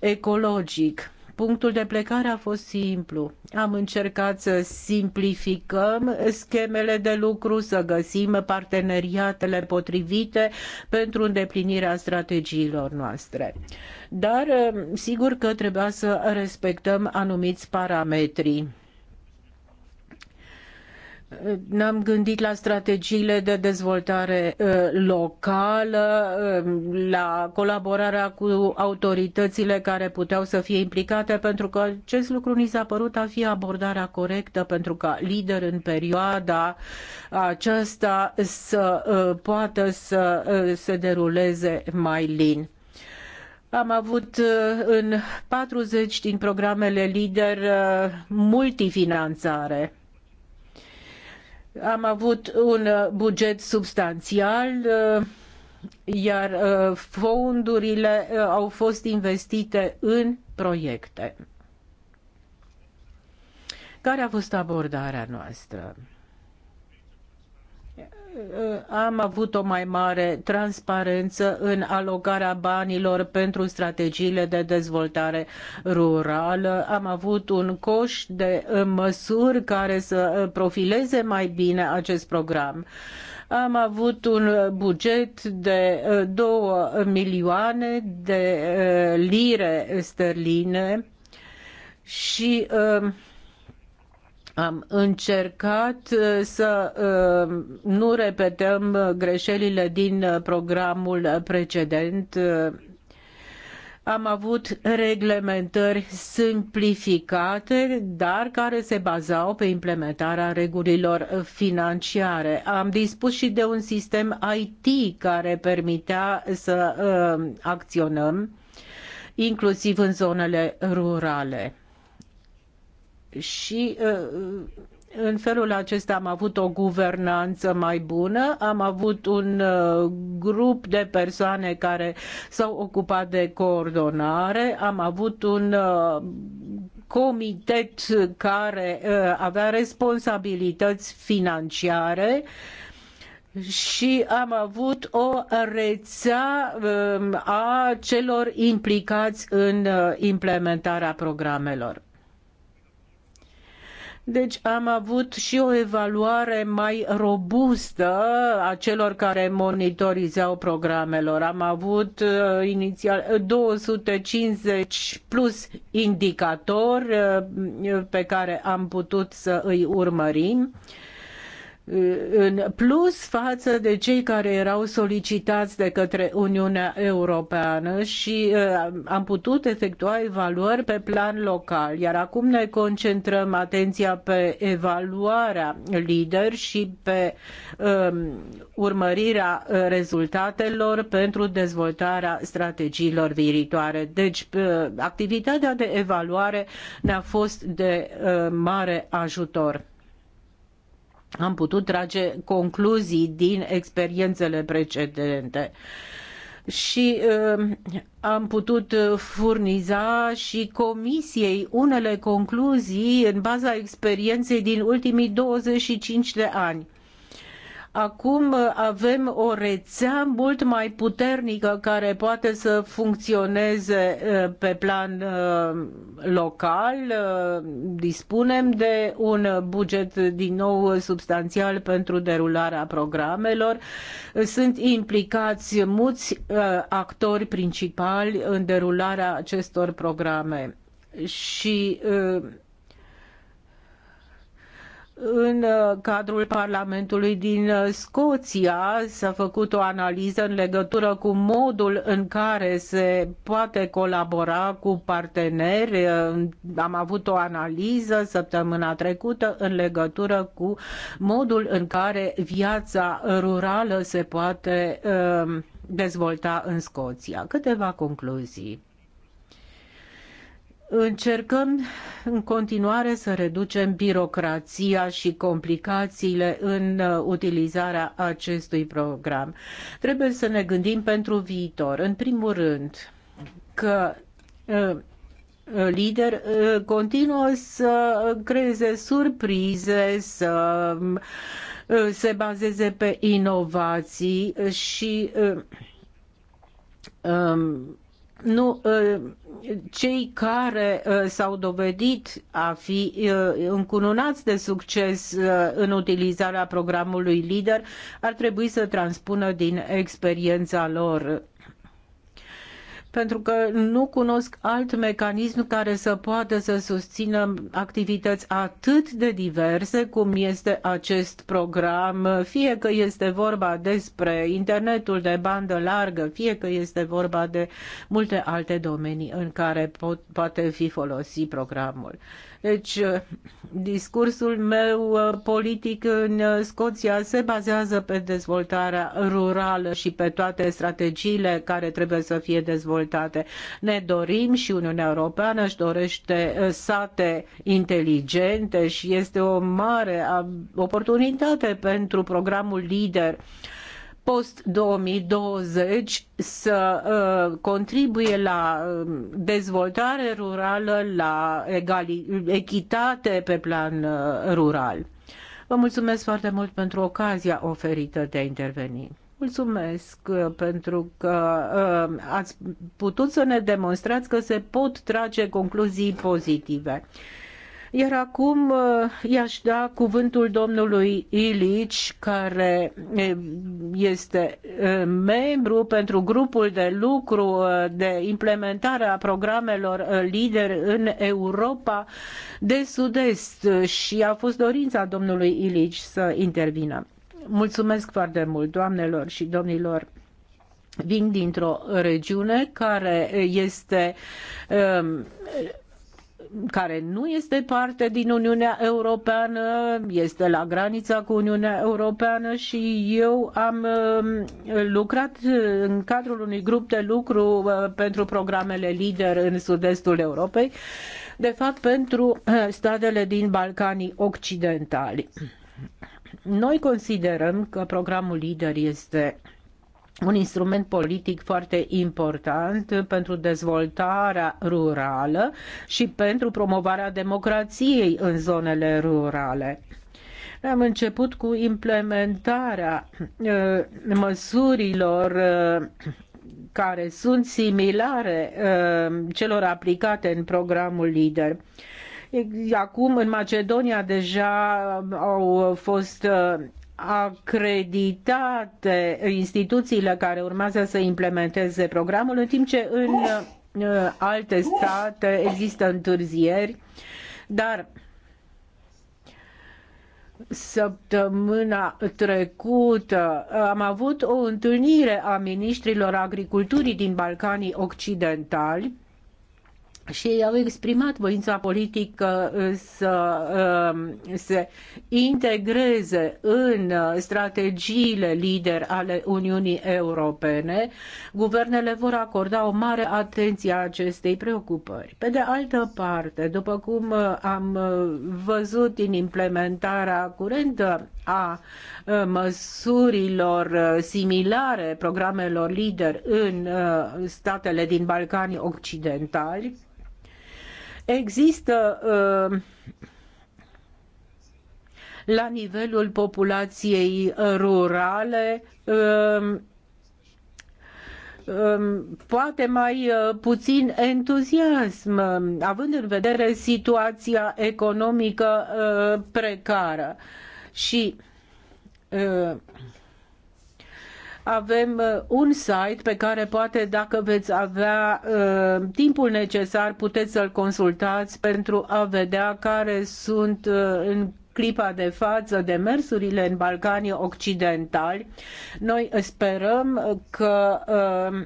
ecologic Punctul de plecare a fost simplu. Am încercat să simplificăm schemele de lucru, să găsim parteneriatele potrivite pentru îndeplinirea strategiilor noastre. Dar sigur că trebuia să respectăm anumiți parametri ne-am gândit la strategiile de dezvoltare uh, locală, um, la colaborarea cu autoritățile care puteau să fie implicate, pentru că acest lucru ni s-a părut a fi abordarea corectă pentru ca lider în perioada aceasta să uh, poată să uh, se deruleze mai lin. Am avut în 40 din programele lider multifinanțare am avut un uh, buget substanțial, uh, iar uh, fondurile au fost investite în proiecte. Care a fost abordarea noastră? Eh, am avut o mai mare transparență în alocarea banilor pentru strategiile de dezvoltare rurală, am avut un coș de măsuri care să profileze mai bine acest program. Am avut un buget de 2 eh, milioane de eh, lire sterline și uh, am încercat uh, să uh, nu repetăm greșelile din uh, programul precedent. Am avut reglementări simplificate, dar care se bazau pe implementarea regulilor financiare. Am dispus și de un sistem IT care permitea să acționăm, inclusiv în zonele rurale și uh, uh, în felul acesta am avut o guvernanță mai bună, am avut un uh, grup de persoane care s-au ocupat de coordonare, am avut un comitet care avea responsabilități financiare și am avut o rețea um, a celor implicați în implementarea programelor. Deci am avut și o evaluare mai robustă a celor care monitorizau programelor. Am avut uh, inițial 250 uh, plus indicatori uh, pe care am putut să îi urmărim. Uh, în plus față de cei care erau solicitați de către Uniunea Europeană și uh, am putut efectua evaluări pe plan local, iar acum ne concentrăm atenția pe evaluarea lider și pe um, urmărirea rezultatelor pentru dezvoltarea strategiilor viitoare. Deci uh, activitatea de evaluare ne-a fost de uh, mare ajutor am putut trage concluzii din experiențele precedente și uh, am putut furniza și comisiei unele concluzii în baza experienței din ultimii 25 de ani. Acum avem o rețea mult mai puternică care poate să funcționeze pe plan local. Dispunem de un buget din nou substanțial pentru derularea programelor. Sunt implicați mulți actori principali în derularea acestor programe și în uh, cadrul Parlamentului din uh, Scoția s-a făcut o analiză în legătură cu modul în care se poate colabora cu parteneri. Uh, am avut o analiză săptămâna trecută în legătură cu modul în care viața rurală se poate dezvolta în Scoția. Câteva concluzii. Încercăm în continuare să reducem birocrația și complicațiile în uh, utilizarea acestui program. Trebuie să ne gândim pentru viitor. În primul rând că uh, lider uh, continuă să creeze surprize, să se bazeze pe inovații și um, nu uh, cei care uh, s-au dovedit a fi uh, încununați de succes în utilizarea programului LEADER ar trebui să transpună din experiența lor pentru că nu cunosc alt mecanism care să poată să susțină activități atât de diverse cum este acest program, fie că este vorba despre internetul de bandă largă, fie că este vorba de multe alte domenii în care pot, poate fi folosit programul. Deci, uh, discursul meu uh, politic în uh, Scoția se bazează pe dezvoltarea rurală și pe toate strategiile care trebuie să fie dezvoltate. Ne dorim și Uniunea Europeană își dorește sate inteligente și este o mare oportunitate pentru programul LIDER post-2020 să uh, contribuie la uh, dezvoltare rurală, la egali, echitate pe plan uh, rural. Vă mulțumesc foarte mult pentru ocazia oferită de a interveni. Mulțumesc pentru că ați putut să ne demonstrați că se pot trage concluzii pozitive. Iar acum uh, i-aș da cuvântul domnului Ilici, care uh, este uh, membru pentru grupul de lucru de implementare a programelor lider în Europa de Sud-Est și a fost dorința domnului Ilici să intervină. Mulțumesc foarte mult, doamnelor și domnilor vin dintr-o regiune care este um, care nu este parte din Uniunea Europeană, este la granița cu Uniunea Europeană și eu am um, lucrat în cadrul unui grup de lucru uh, pentru programele lider în sud-estul Europei, de fapt pentru uh, statele din Balcanii Occidentali. Noi considerăm că programul lider este un instrument politic foarte important pentru dezvoltarea rurală și pentru promovarea democrației în zonele rurale. Am început cu implementarea uh, măsurilor uh, care sunt similare uh, celor aplicate în programul LIDER. Acum, în Macedonia, deja au fost acreditate instituțiile care urmează să implementeze programul, în timp ce în alte state există întârzieri, dar Săptămâna trecută am avut o întâlnire a ministrilor agriculturii din Balcanii Occidentali și ei au exprimat voința politică uh, să um, se integreze în uh, strategiile lider ale Uniunii Europene, guvernele vor acorda o mare atenție a acestei preocupări. Pe de altă parte, după cum uh, am văzut din implementarea curentă a măsurilor similare programelor lider în statele din Balcanii Occidentali, Există uh, la nivelul populației rurale uh, uh, poate mai puțin entuziasm, având în vedere situația economică precară. Și avem uh, un site pe care poate dacă veți avea uh, timpul necesar puteți să-l consultați pentru a vedea care sunt uh, în clipa de față demersurile în Balcanii Occidentali. Noi sperăm că uh,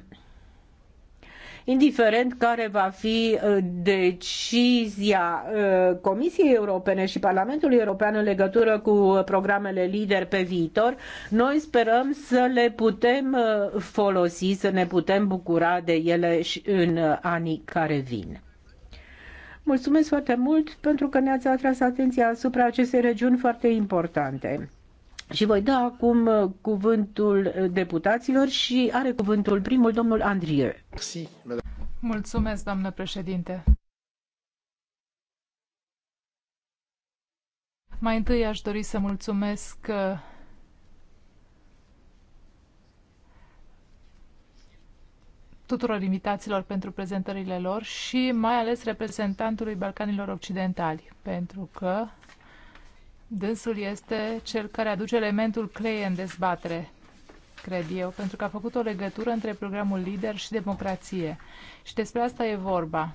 indiferent care va fi uh, decizia uh, Comisiei Europene și Parlamentului European în legătură cu uh, programele lider pe viitor, noi sperăm să le putem folosi, să ne putem bucura de ele și în anii care vin. Mulțumesc foarte mult pentru că ne-ați atras atenția asupra acestei regiuni foarte importante. Și voi da acum uh, cuvântul uh, deputaților și are cuvântul primul domnul Andrie. Mulțumesc, doamnă președinte. Mai întâi aș dori să mulțumesc uh, tuturor invitaților pentru prezentările lor și mai ales reprezentantului Balcanilor Occidentali, pentru că Dânsul este cel care aduce elementul cheie în dezbatere, cred eu, pentru că a făcut o legătură între programul lider și democrație. Și despre asta e vorba.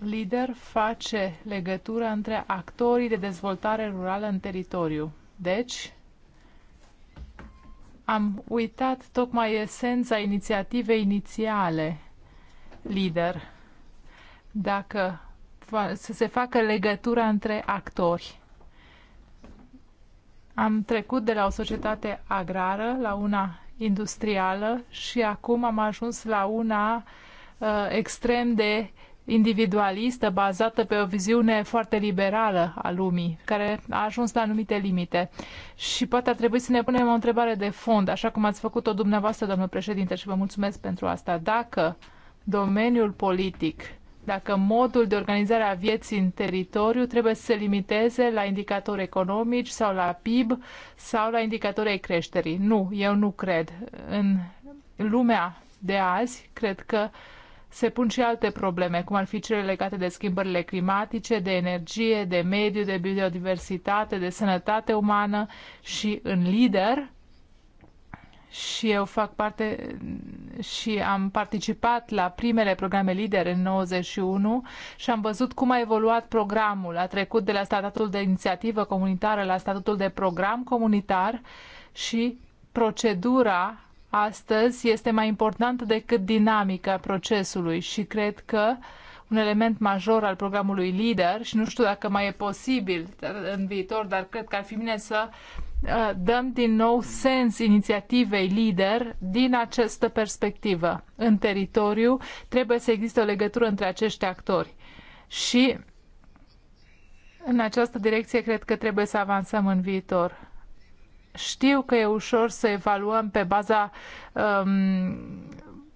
Lider face legătura între actorii de dezvoltare rurală în teritoriu. Deci, am uitat tocmai esența inițiativei inițiale. Lider. Dacă să se facă legătura între actori. Am trecut de la o societate agrară la una industrială și acum am ajuns la una uh, extrem de individualistă, bazată pe o viziune foarte liberală a lumii, care a ajuns la anumite limite. Și poate ar trebui să ne punem o întrebare de fond, așa cum ați făcut-o dumneavoastră, domnul președinte, și vă mulțumesc pentru asta. Dacă domeniul politic dacă modul de organizare a vieții în teritoriu trebuie să se limiteze la indicatori economici sau la PIB sau la indicatori creșterii. Nu, eu nu cred. În lumea de azi, cred că se pun și alte probleme, cum ar fi cele legate de schimbările climatice, de energie, de mediu, de biodiversitate, de sănătate umană și în lider și eu fac parte și am participat la primele programe lider în 91 și am văzut cum a evoluat programul. A trecut de la statutul de inițiativă comunitară la statutul de program comunitar și procedura astăzi este mai importantă decât dinamica procesului și cred că un element major al programului LIDER și nu știu dacă mai e posibil în viitor, dar cred că ar fi bine să Uh, dăm din nou sens inițiativei lider din această perspectivă. În teritoriu trebuie să existe o legătură între acești actori și în această direcție cred că trebuie să avansăm în viitor. Știu că e ușor să evaluăm pe baza um,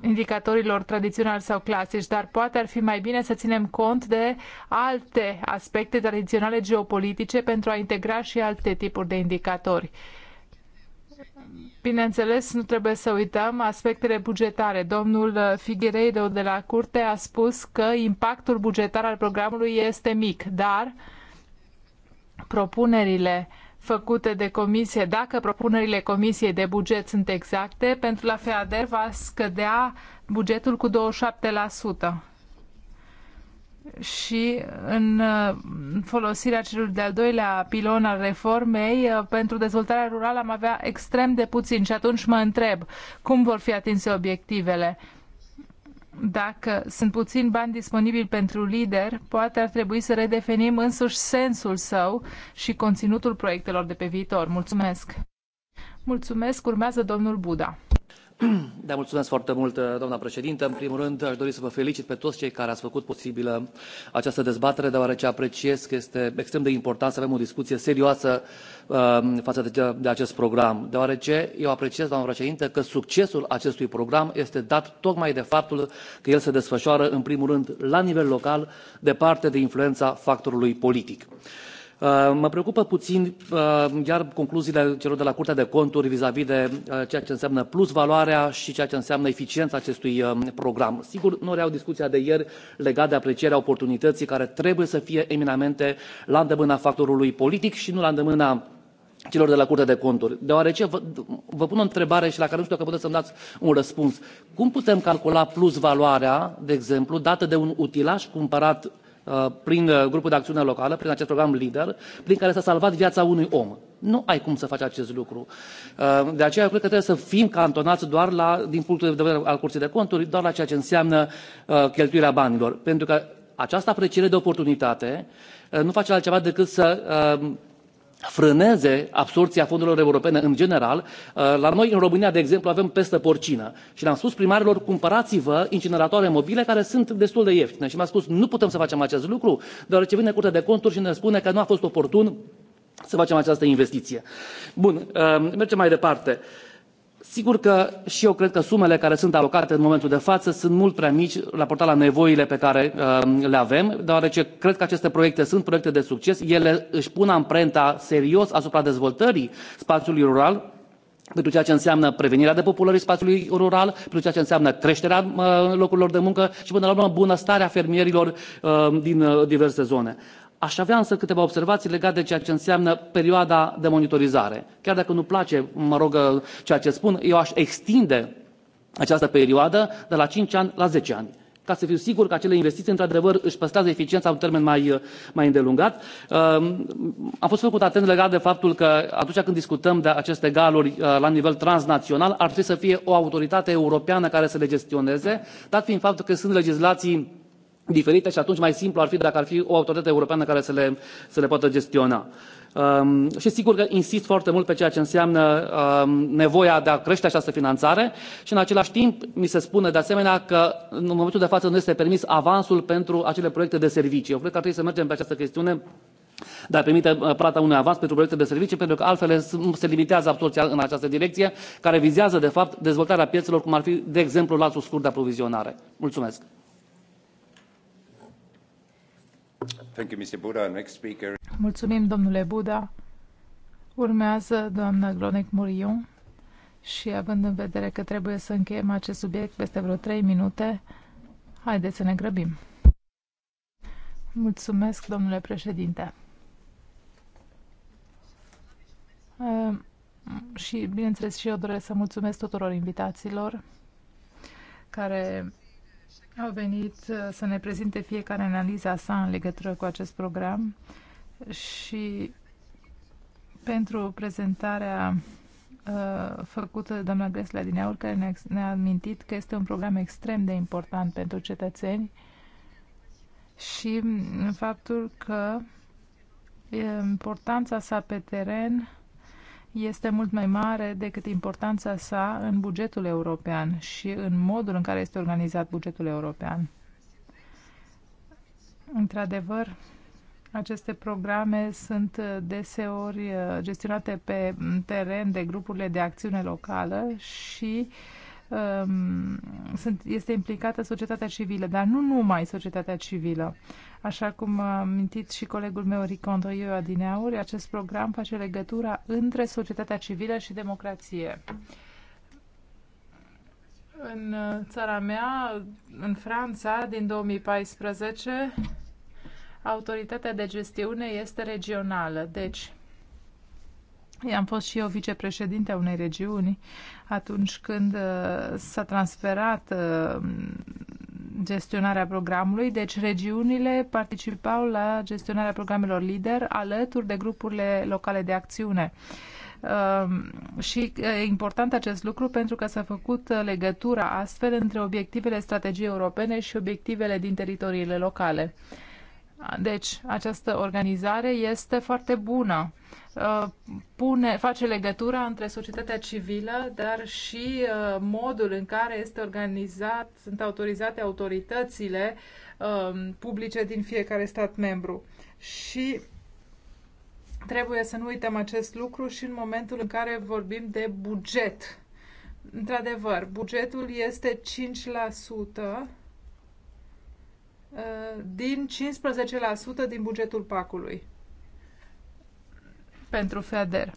indicatorilor tradiționali sau clasici, dar poate ar fi mai bine să ținem cont de alte aspecte tradiționale geopolitice pentru a integra și alte tipuri de indicatori. Bineînțeles, nu trebuie să uităm aspectele bugetare. Domnul Figueiredo de la Curte a spus că impactul bugetar al programului este mic, dar propunerile uh, făcute de comisie, dacă propunerile comisiei de buget sunt exacte, pentru la FEADER va scădea bugetul cu 27% și în folosirea celui de-al doilea pilon al reformei uh, pentru dezvoltarea rurală am avea extrem de puțin și atunci mă întreb cum vor fi atinse obiectivele dacă sunt puțini bani disponibili pentru lider, poate ar trebui să redefinim însuși sensul său și conținutul proiectelor de pe viitor. Mulțumesc! Mulțumesc! Urmează domnul Buda. Da, mulțumesc foarte mult, uh, doamna președintă. În primul rând, aș dori să vă felicit pe toți cei care ați făcut posibilă această dezbatere, deoarece apreciez că este extrem de important să avem o discuție serioasă um, față de, de acest program, deoarece eu apreciez, doamnă președintă, că succesul acestui program este dat tocmai de faptul că el se desfășoară, în primul rând, la nivel local, departe de influența factorului politic. Uh, mă preocupă puțin uh, iar concluziile celor de la Curtea de Conturi vizavi de uh, ceea ce înseamnă plus valoarea și ceea ce înseamnă eficiența acestui program. Sigur, nu reiau discuția de ieri legată de aprecierea oportunității care trebuie să fie eminamente la îndemâna factorului politic și nu la îndemâna celor de la Curtea de Conturi, deoarece vă, vă pun o întrebare și la care nu știu dacă puteți să-mi dați un răspuns. Cum putem calcula plus valoarea, de exemplu, dată de un utilaj cumpărat Uh, prin uh, grupul de acțiune locală, prin acest program lider, prin care s-a salvat viața unui om. Nu ai cum să faci acest lucru. Uh, de aceea, cred că trebuie să fim cantonați doar la, din punctul de vedere al Curții de Conturi, doar la ceea ce înseamnă cheltuirea banilor. Pentru că această apreciere de oportunitate nu face altceva decât să frâneze absorbția fondurilor europene în general. Uh, la noi, în România, de exemplu, avem pestă porcină și le-am spus primarilor, cumpărați-vă incineratoare mobile care sunt destul de ieftine. Și mi-a spus, nu putem să facem acest lucru, deoarece vine Curtea de Conturi și ne spune că nu a fost oportun să facem această investiție. Bun, uh, mergem mai departe. Sigur că și eu cred că sumele care sunt alocate în momentul de față sunt mult prea mici raportat la nevoile pe care um, le avem, deoarece cred că aceste proiecte sunt proiecte de succes, ele își pun amprenta serios asupra dezvoltării spațiului rural, pentru ceea ce înseamnă prevenirea depopulării spațiului rural, pentru ceea ce înseamnă creșterea uh, locurilor de muncă și, până la urmă, bunăstarea fermierilor uh, din uh, diverse zone. Aș avea însă câteva observații legate de ceea ce înseamnă perioada de monitorizare. Chiar dacă nu place, mă rog, ceea ce spun, eu aș extinde această perioadă de la 5 ani la 10 ani ca să fiu sigur că acele investiții, într-adevăr, își păstrează eficiența în termen mai, mai îndelungat. Am ehm, fost făcut atent legat de faptul că atunci când discutăm de aceste galuri eh, la nivel transnațional, ar trebui să fie o autoritate europeană care să le gestioneze, dat fiind faptul că sunt legislații diferite și atunci mai simplu ar fi dacă ar fi o autoritate europeană care să le, să le poată gestiona. Um, și sigur că insist foarte mult pe ceea ce înseamnă um, nevoia de a crește această finanțare și în același timp mi se spune de asemenea că în momentul de față nu este permis avansul pentru acele proiecte de servicii. Eu cred că ar trebui să mergem pe această chestiune dar permite uh, plata unui avans pentru proiecte de servicii, pentru că altfel se limitează absorția în această direcție, care vizează, de fapt, dezvoltarea piețelor, cum ar fi, de exemplu, lațul scurt de aprovizionare. Mulțumesc! Thank you, Mr. Buddha. Next speaker. Mulțumim, domnule Buda. Urmează doamna Glonec Murion și având în vedere că trebuie să încheiem acest subiect peste vreo 3 minute, haideți să ne grăbim. Mulțumesc, domnule președinte. și, bineînțeles, și eu doresc să mulțumesc tuturor invitațiilor care au venit uh, să ne prezinte fiecare analiza sa în legătură cu acest program și pentru prezentarea uh, făcută de doamna Gresla din Aur, care ne-a ne amintit că este un program extrem de important pentru cetățeni și mm, faptul că importanța sa pe teren este mult mai mare decât importanța sa în bugetul european și în modul în care este organizat bugetul european. Într-adevăr, aceste programe sunt deseori uh, gestionate pe teren de grupurile de acțiune locală și uh, Um, sunt, este implicată societatea civilă, dar nu numai societatea civilă. Așa cum a mintit și colegul meu Ricondoiu Adineauri, acest program face legătura între societatea civilă și democrație. În uh, țara mea, în Franța, din 2014, autoritatea de gestiune este regională. Deci, am fost și eu vicepreședinte a unei regiuni atunci când uh, s-a transferat uh, gestionarea programului, deci regiunile participau la gestionarea programelor lider alături de grupurile locale de acțiune. Um, și uh, e important acest lucru pentru că s-a făcut legătura astfel între obiectivele strategiei europene și obiectivele din teritoriile locale. Deci, această organizare este foarte bună. Uh, pune, face legătura între societatea civilă, dar și uh, modul în care este organizat, sunt autorizate autoritățile um, publice din fiecare stat membru. Și trebuie să nu uităm acest lucru și în momentul în care vorbim de buget. Într-adevăr, bugetul este Uh, din 15% din bugetul pacului pentru FEADER.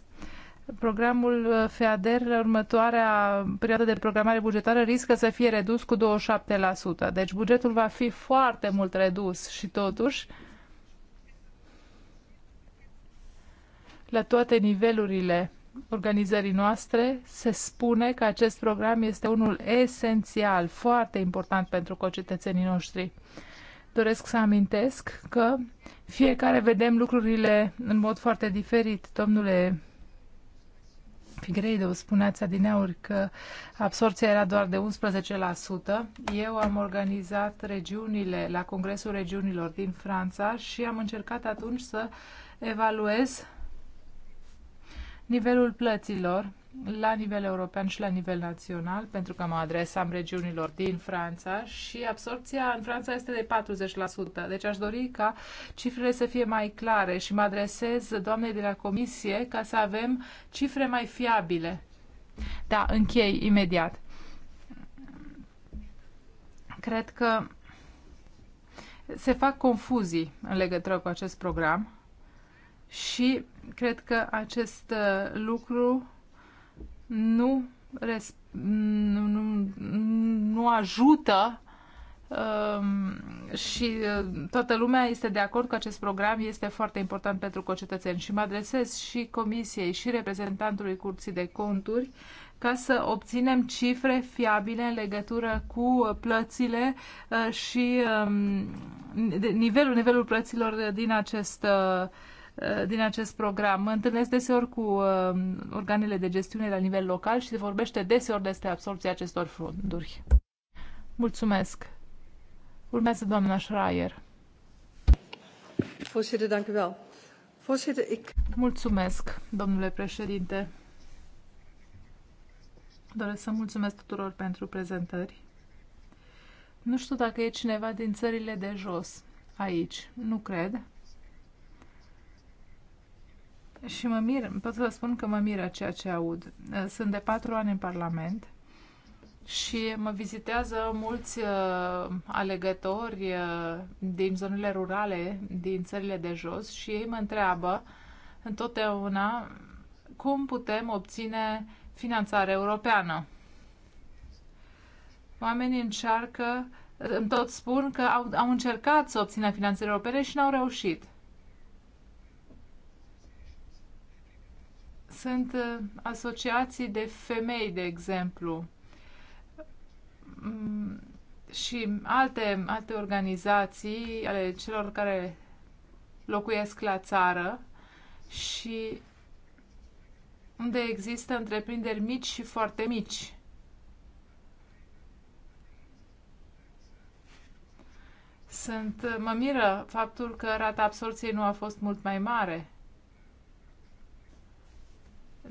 Programul uh, FEADER, următoarea perioadă de programare bugetară, riscă să fie redus cu 27%. Deci bugetul va fi foarte mult redus și totuși la toate nivelurile organizării noastre se spune că acest program este unul esențial, foarte important pentru cocetățenii noștri doresc să amintesc că fiecare vedem lucrurile în mod foarte diferit. Domnule Figreido, spuneați adineauri că absorția era doar de 11%. Eu am organizat regiunile la Congresul Regiunilor din Franța și am încercat atunci să evaluez nivelul plăților la nivel european și la nivel național, pentru că mă adresam regiunilor din Franța și absorpția în Franța este de 40%. Deci aș dori ca cifrele să fie mai clare și mă adresez doamnei de la comisie ca să avem cifre mai fiabile. Da, închei imediat. Cred că se fac confuzii în legătură cu acest program și cred că acest uh, lucru nu, nu, nu, nu ajută um, și uh, toată lumea este de acord că acest program este foarte important pentru cetățeni și mă adresez și comisiei și reprezentantului Curții de Conturi ca să obținem cifre fiabile în legătură cu plățile uh, și um, nivelul, nivelul plăților din acest uh, Uh, din acest program. Mă întâlnesc deseori cu uh, organele de gestiune la nivel local și se vorbește deseori despre absorpția acestor fonduri. Mulțumesc. Urmează doamna Schreier. Mulțumesc, domnule președinte. Doresc să mulțumesc tuturor pentru prezentări. Nu știu dacă e cineva din țările de jos aici. Nu cred și mă mir, pot să vă spun că mă miră ceea ce aud. Uh, sunt de patru ani în Parlament și mă vizitează mulți uh, alegători uh, din zonele rurale, din țările de jos și ei mă întreabă întotdeauna cum putem obține finanțare europeană. Oamenii încearcă, uh, îmi tot spun că au, au încercat să obțină finanțări europene și n-au reușit. sunt uh, asociații de femei, de exemplu, mm, și alte, alte organizații ale celor care locuiesc la țară și unde există întreprinderi mici și foarte mici. Sunt, mă miră faptul că rata absorției nu a fost mult mai mare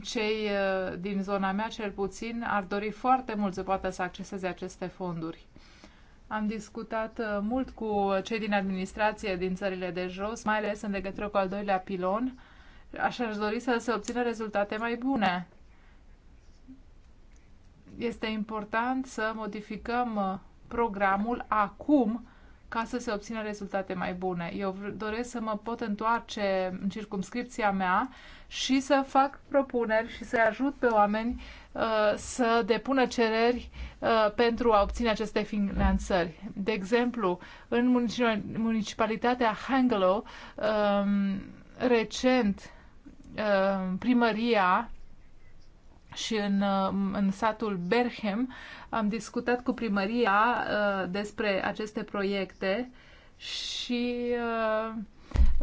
cei uh, din zona mea, cel puțin, ar dori foarte mult să poată să acceseze aceste fonduri. Am discutat uh, mult cu cei din administrație din țările de jos, mai ales în legătură cu al doilea pilon. Așa aș dori să se obțină rezultate mai bune. Este important să modificăm uh, programul acum ca să se obțină rezultate mai bune. Eu doresc să mă pot întoarce în circumscripția mea și să fac propuneri și să ajut pe oameni uh, să depună cereri uh, pentru a obține aceste finanțări. De exemplu, în municipalitatea Hangelo, um, recent, uh, primăria și în, uh, în satul Berhem am discutat cu primăria uh, despre aceste proiecte și uh,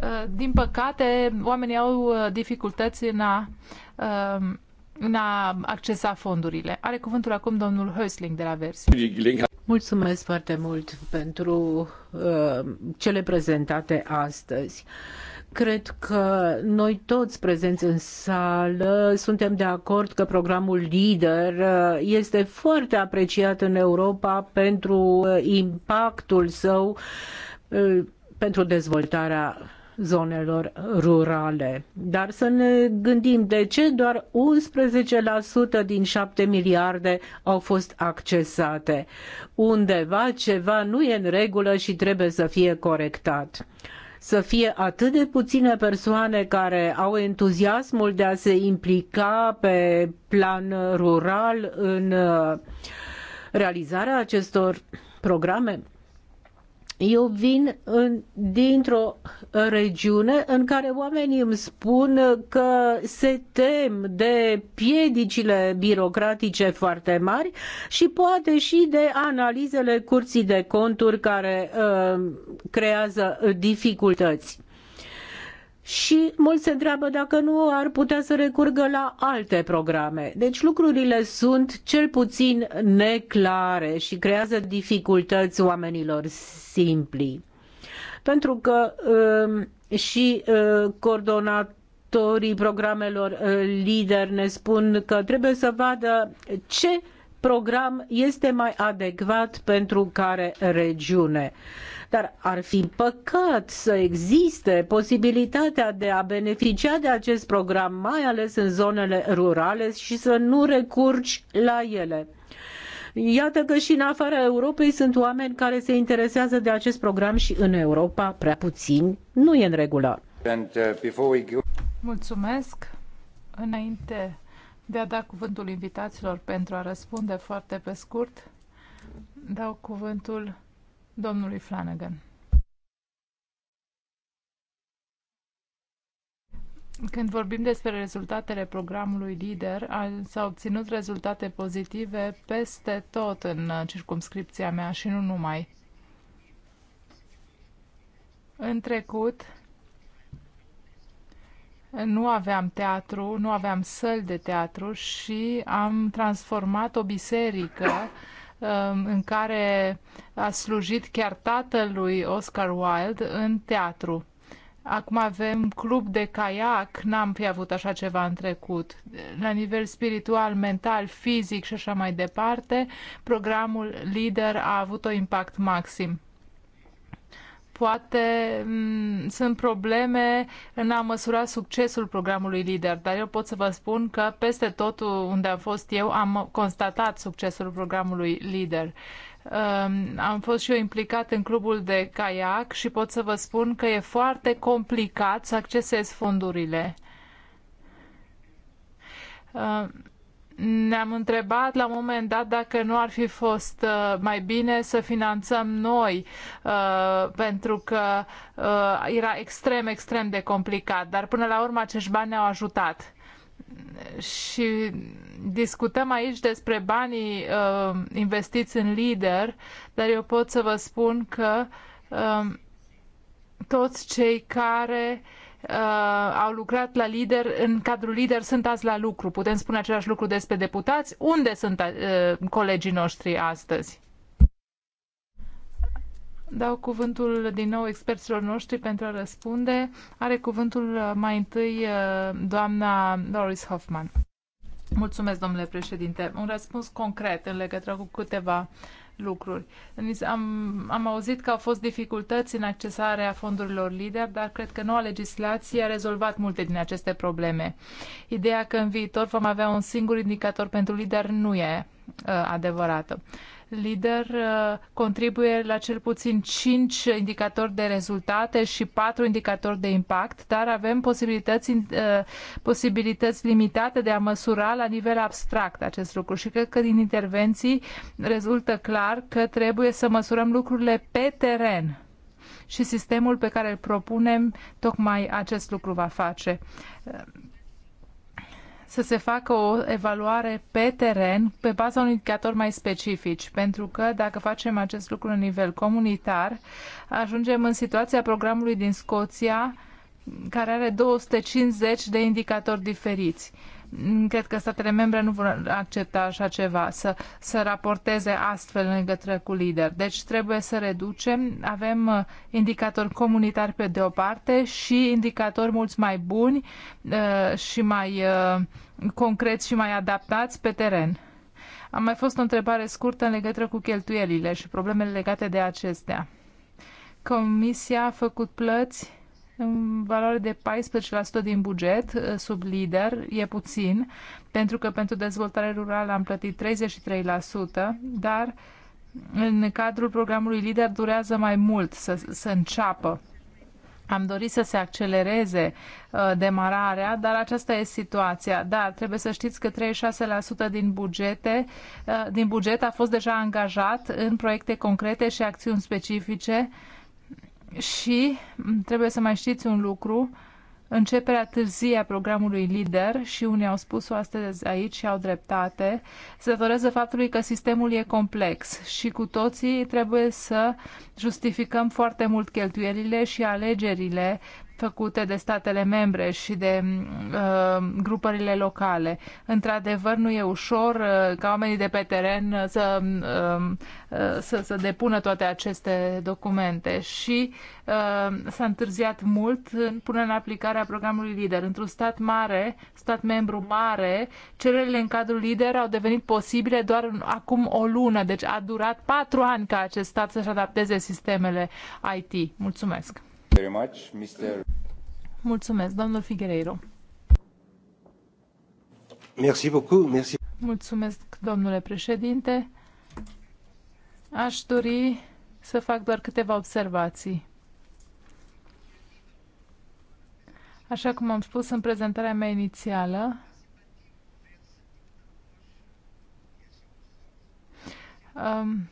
uh, din păcate oamenii au uh, dificultăți în a, uh, în a accesa fondurile. Are cuvântul acum domnul Hösling de la Versi. Mulțumesc foarte mult pentru uh, cele prezentate astăzi. Uh, Cred că noi toți prezenți în sală suntem de acord că programul LEADER uh, este foarte apreciat în Europa pentru uh, impactul său uh, pentru dezvoltarea zonelor rurale. Dar să ne gândim de ce doar 11% din 7 miliarde au fost accesate. Undeva ceva nu e în regulă și trebuie să fie corectat să fie atât de puține persoane care au entuziasmul de a se implica pe plan rural în uh, realizarea acestor programe? Eu vin în, dintr-o uh, regiune în care oamenii îmi spun uh, că se tem de piedicile birocratice foarte mari și poate și de analizele curții de conturi care uh, creează uh, dificultăți și mulți se întreabă dacă nu ar putea să recurgă la alte programe. Deci lucrurile sunt cel puțin neclare și creează dificultăți oamenilor simpli. Pentru că um, și uh, coordonatorii programelor uh, lider ne spun că trebuie să vadă ce program este mai adecvat pentru care regiune. Dar ar fi păcat să existe posibilitatea de a beneficia de acest program, mai ales în zonele rurale și să nu recurgi la ele. Iată că și în afara Europei sunt oameni care se interesează de acest program și în Europa prea puțin nu e în regulă. Uh, Mulțumesc. Înainte de a da cuvântul invitaților pentru a răspunde foarte pe scurt, dau cuvântul domnului Flanagan. Când vorbim despre rezultatele programului LIDER, s-au obținut rezultate pozitive peste tot în uh, circumscripția mea și nu numai. În trecut, nu aveam teatru, nu aveam săli de teatru și am transformat o biserică um, în care a slujit chiar tatălui Oscar Wilde în teatru. Acum avem club de caiac, n-am fi avut așa ceva în trecut. La nivel spiritual, mental, fizic și așa mai departe, programul LIDER a avut un impact maxim. Poate mm, sunt probleme în a măsura succesul programului LIDER, dar eu pot să vă spun că peste tot unde am fost eu am constatat succesul programului LIDER. Ehm, am fost și eu implicat în clubul de caiac și pot să vă spun că e foarte complicat să accesez fondurile. Ehm, ne-am întrebat la un moment dat dacă nu ar fi fost uh, mai bine să finanțăm noi, uh, pentru că uh, era extrem, extrem de complicat, dar până la urmă acești bani ne-au ajutat și discutăm aici despre banii uh, investiți în lider, dar eu pot să vă spun că uh, toți cei care uh, uh, au lucrat la lider, în cadrul lider sunt azi la lucru. Putem spune același lucru despre deputați? Unde sunt uh, colegii noștri astăzi? Dau cuvântul din nou experților noștri pentru a răspunde. Are cuvântul uh, mai întâi uh, doamna Doris Hoffman. Mulțumesc, domnule președinte. Un răspuns concret în legătură cu câteva uh, lucruri. Am, am auzit că au fost dificultăți în accesarea fondurilor LIDER, dar cred că noua legislație a rezolvat multe din aceste probleme. Ideea că în viitor vom avea un singur indicator pentru LIDER nu e uh, adevărată. Uh, lider uh, contribuie la cel puțin 5 indicatori de rezultate și 4 indicatori de impact, dar avem posibilități, uh, posibilități limitate de a măsura la nivel abstract acest lucru și cred că din intervenții rezultă clar că trebuie să măsurăm lucrurile pe teren și sistemul pe care îl propunem tocmai acest lucru va face să se facă o evaluare pe teren pe baza unui indicator mai specifici, pentru că dacă facem acest lucru la nivel comunitar, ajungem în situația programului din Scoția, care are 250 de indicatori diferiți. Cred că statele membre nu vor accepta așa ceva, să, să raporteze astfel în legătură cu lider. Deci trebuie să reducem. Avem uh, indicatori comunitari pe de o parte și indicatori mulți mai buni uh, și mai uh, concreți și mai adaptați pe teren. Am mai fost o întrebare scurtă în legătură cu cheltuielile și problemele legate de acestea. Comisia a făcut plăți în valoare de 14% din buget uh, sub lider, e puțin, pentru că pentru dezvoltare rurală am plătit 33%, dar în cadrul programului lider durează mai mult să, să înceapă. Am dorit să se accelereze uh, demararea, dar aceasta e situația. Dar trebuie să știți că 36% din, bugete, uh, din buget a fost deja angajat în proiecte concrete și acțiuni specifice uh, și trebuie să mai știți un lucru, începerea târzie a programului LIDER și unii au spus-o astăzi aici și au dreptate, se datorează faptului că sistemul e complex și cu toții trebuie să justificăm foarte mult cheltuielile și alegerile făcute de statele membre și de uh, grupările locale. Într-adevăr, nu e ușor uh, ca oamenii de pe teren uh, să, uh, uh, să, să depună toate aceste documente și uh, s-a întârziat mult în în aplicarea programului LIDER. Într-un stat mare, stat membru mare, cererile în cadrul LIDER au devenit posibile doar acum o lună, deci a durat patru ani ca acest stat să-și adapteze sistemele IT. Mulțumesc! Mulțumesc, domnul Figueiredo. Merci beaucoup, merci. Mulțumesc, domnule președinte. Aș dori să fac doar câteva observații. Așa cum am spus în prezentarea mea inițială, um,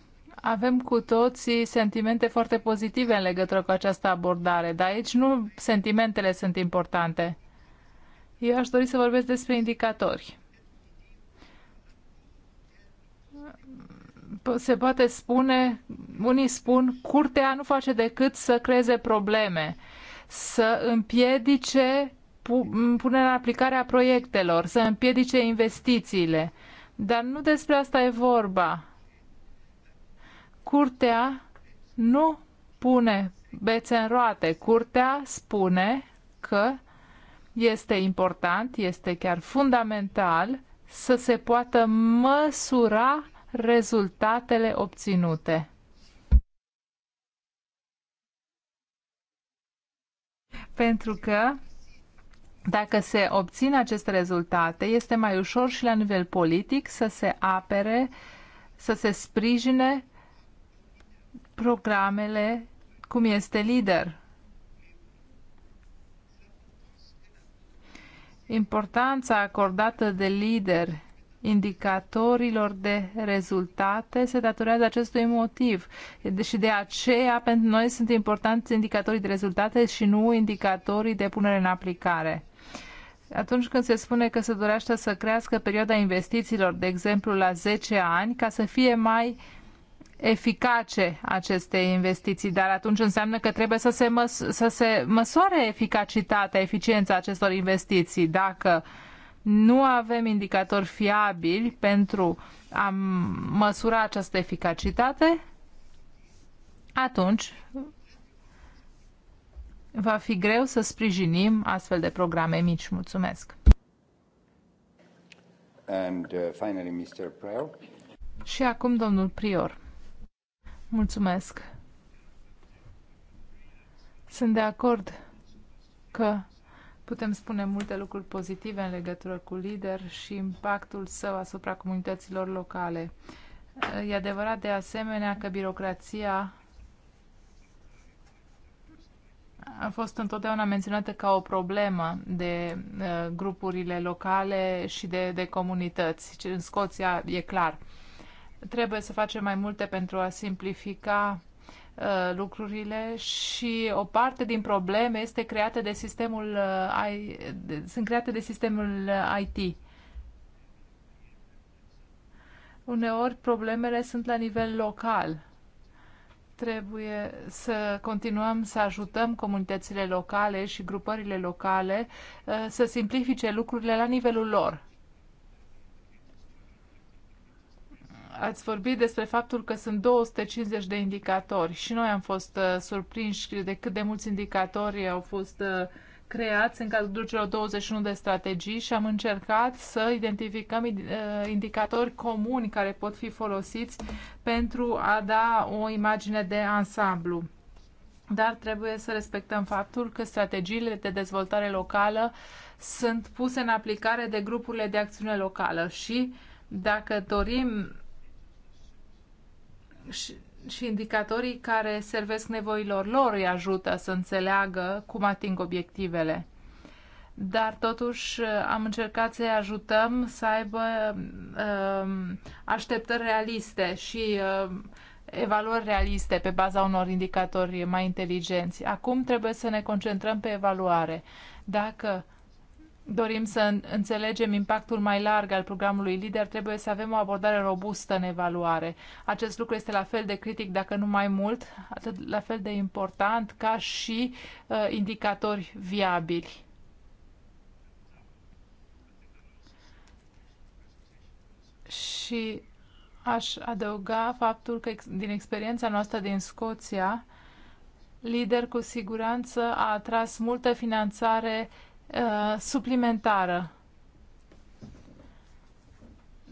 avem cu toții sentimente foarte pozitive în legătură cu această abordare, dar aici nu sentimentele sunt importante. Eu aș dori să vorbesc despre indicatori. Se poate spune, unii spun, curtea nu face decât să creeze probleme, să împiedice punerea în aplicare a proiectelor, să împiedice investițiile. Dar nu despre asta e vorba Curtea nu pune bețe în roate. Curtea spune că este important, este chiar fundamental să se poată măsura rezultatele obținute. Pentru că dacă se obțin aceste rezultate, este mai ușor și la nivel politic să se apere, să se sprijine programele cum este lider. Importanța acordată de lider indicatorilor de rezultate se datorează acestui motiv. Și de aceea, pentru noi, sunt importanți indicatorii de rezultate și nu indicatorii de punere în aplicare. Atunci când se spune că se dorește să crească perioada investițiilor, de exemplu, la 10 ani, ca să fie mai eficace aceste investiții, dar atunci înseamnă că trebuie să se, măs- să se măsoare eficacitatea, eficiența acestor investiții. Dacă nu avem indicatori fiabili pentru a măsura această eficacitate, atunci va fi greu să sprijinim astfel de programe mici. Mulțumesc! And, uh, finally, Mr. Prior. Și acum domnul Prior. Mulțumesc. Sunt de acord că putem spune multe lucruri pozitive în legătură cu lider și impactul său asupra comunităților locale. E adevărat de asemenea că birocrația a fost întotdeauna menționată ca o problemă de uh, grupurile locale și de, de comunități. În Scoția e clar. Trebuie să facem mai multe pentru a simplifica uh, lucrurile și o parte din probleme este creată de sistemul uh, sunt create de sistemul uh, IT. Uneori problemele sunt la nivel local. Trebuie să continuăm să ajutăm comunitățile locale și grupările locale să simplifice lucrurile la nivelul lor ați vorbit despre faptul că sunt 250 de indicatori și noi am fost uh, surprinși de cât de mulți indicatori au fost uh, creați în cadrul celor 21 de strategii și am încercat să identificăm uh, indicatori comuni care pot fi folosiți pentru a da o imagine de ansamblu. Dar trebuie să respectăm faptul că strategiile de dezvoltare locală sunt puse în aplicare de grupurile de acțiune locală și dacă dorim și, și indicatorii care servesc nevoilor lor îi ajută să înțeleagă cum ating obiectivele. Dar totuși uh, am încercat să-i ajutăm să aibă uh, așteptări realiste și uh, evaluări realiste pe baza unor indicatori mai inteligenți. Acum trebuie să ne concentrăm pe evaluare. Dacă dorim să înțelegem impactul mai larg al programului LIDER, trebuie să avem o abordare robustă în evaluare. Acest lucru este la fel de critic, dacă nu mai mult, atât la fel de important ca și uh, indicatori viabili. Și aș adăuga faptul că din experiența noastră din Scoția, LIDER cu siguranță a atras multă finanțare uh, suplimentară.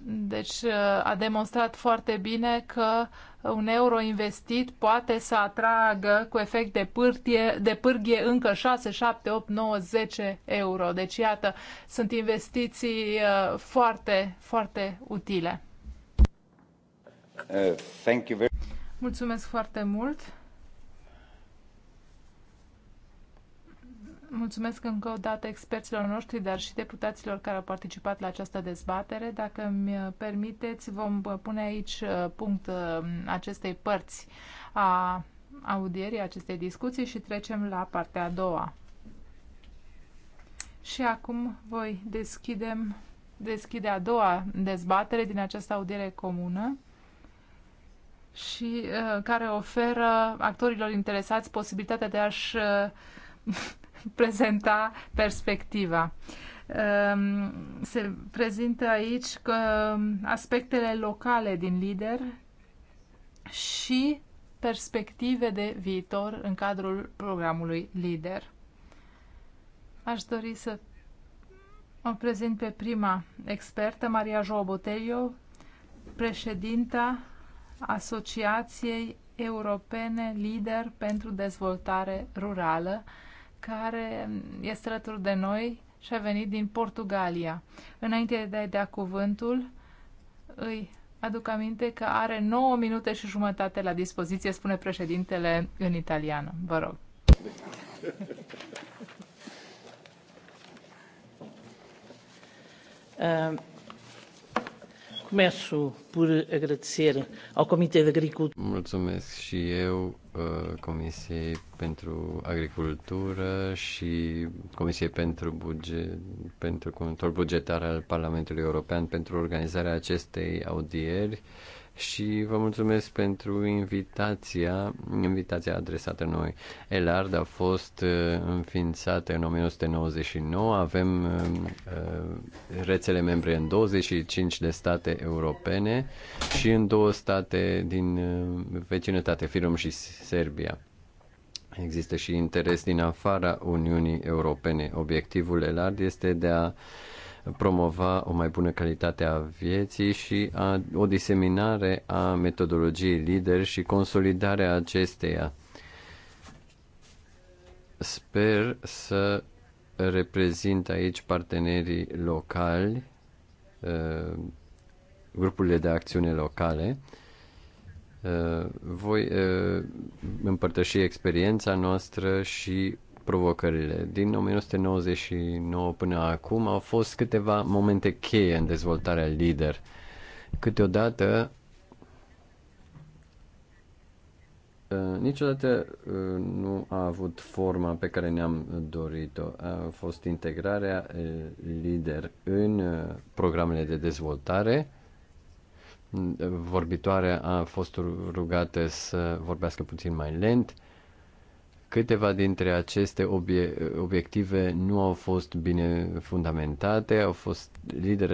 Deci uh, a demonstrat foarte bine că un euro investit poate să atragă cu efect de, pârtie, de pârghie încă 6, 7, 8, 9, 10 euro. Deci iată, sunt investiții uh, foarte, foarte utile. Uh, thank you very... Mulțumesc foarte mult! Mulțumesc încă o dată experților noștri, dar și deputaților care au participat la această dezbatere. Dacă îmi permiteți, vom pune aici uh, punct uh, acestei părți a audierii acestei discuții și trecem la partea a doua. Și acum voi deschidem, deschide a doua dezbatere din această audiere comună și uh, care oferă actorilor interesați posibilitatea de a-și uh, prezenta perspectiva. Ehm, se prezintă aici că aspectele locale din lider și perspective de viitor în cadrul programului LIDER. Aș dori să o prezint pe prima expertă, Maria Joa Botelio, președinta Asociației Europene Lider pentru Dezvoltare Rurală, care este alături de noi și a venit din Portugalia. Înainte de a-i dea cuvântul, îi aduc aminte că are 9 minute și jumătate la dispoziție, spune președintele în italiană. Vă rog. Uh, Começo por agradecer ao Comitê de Agricultură. Mulțumesc și eu uh, Comisiei pentru Agricultură și Comisiei pentru, buget, pentru Control Bugetar al Parlamentului European pentru organizarea acestei audieri și vă mulțumesc pentru invitația, invitația adresată noi. Elard a fost uh, înființată în 1999, avem uh, uh, rețele membre în 25 de state europene și în două state din vecinătate, Firum și Serbia. Există și interes din afara Uniunii Europene. Obiectivul ELARD este de a uh, promova o mai bună calitate a vieții și a, o diseminare a metodologiei lider și consolidarea acesteia. Sper să reprezint aici partenerii locali, ă, grupurile de acțiune locale. Ă, voi ă, împărtăși experiența noastră și provocările. Din 1999 până acum au fost câteva momente cheie în dezvoltarea lider. Câteodată ă, niciodată ă, nu a avut forma pe care ne-am dorit-o. A fost integrarea ă, lider în programele de dezvoltare. Vorbitoarea a fost rugată să vorbească puțin mai lent Câteva dintre aceste obiective nu au fost bine fundamentate, au fost,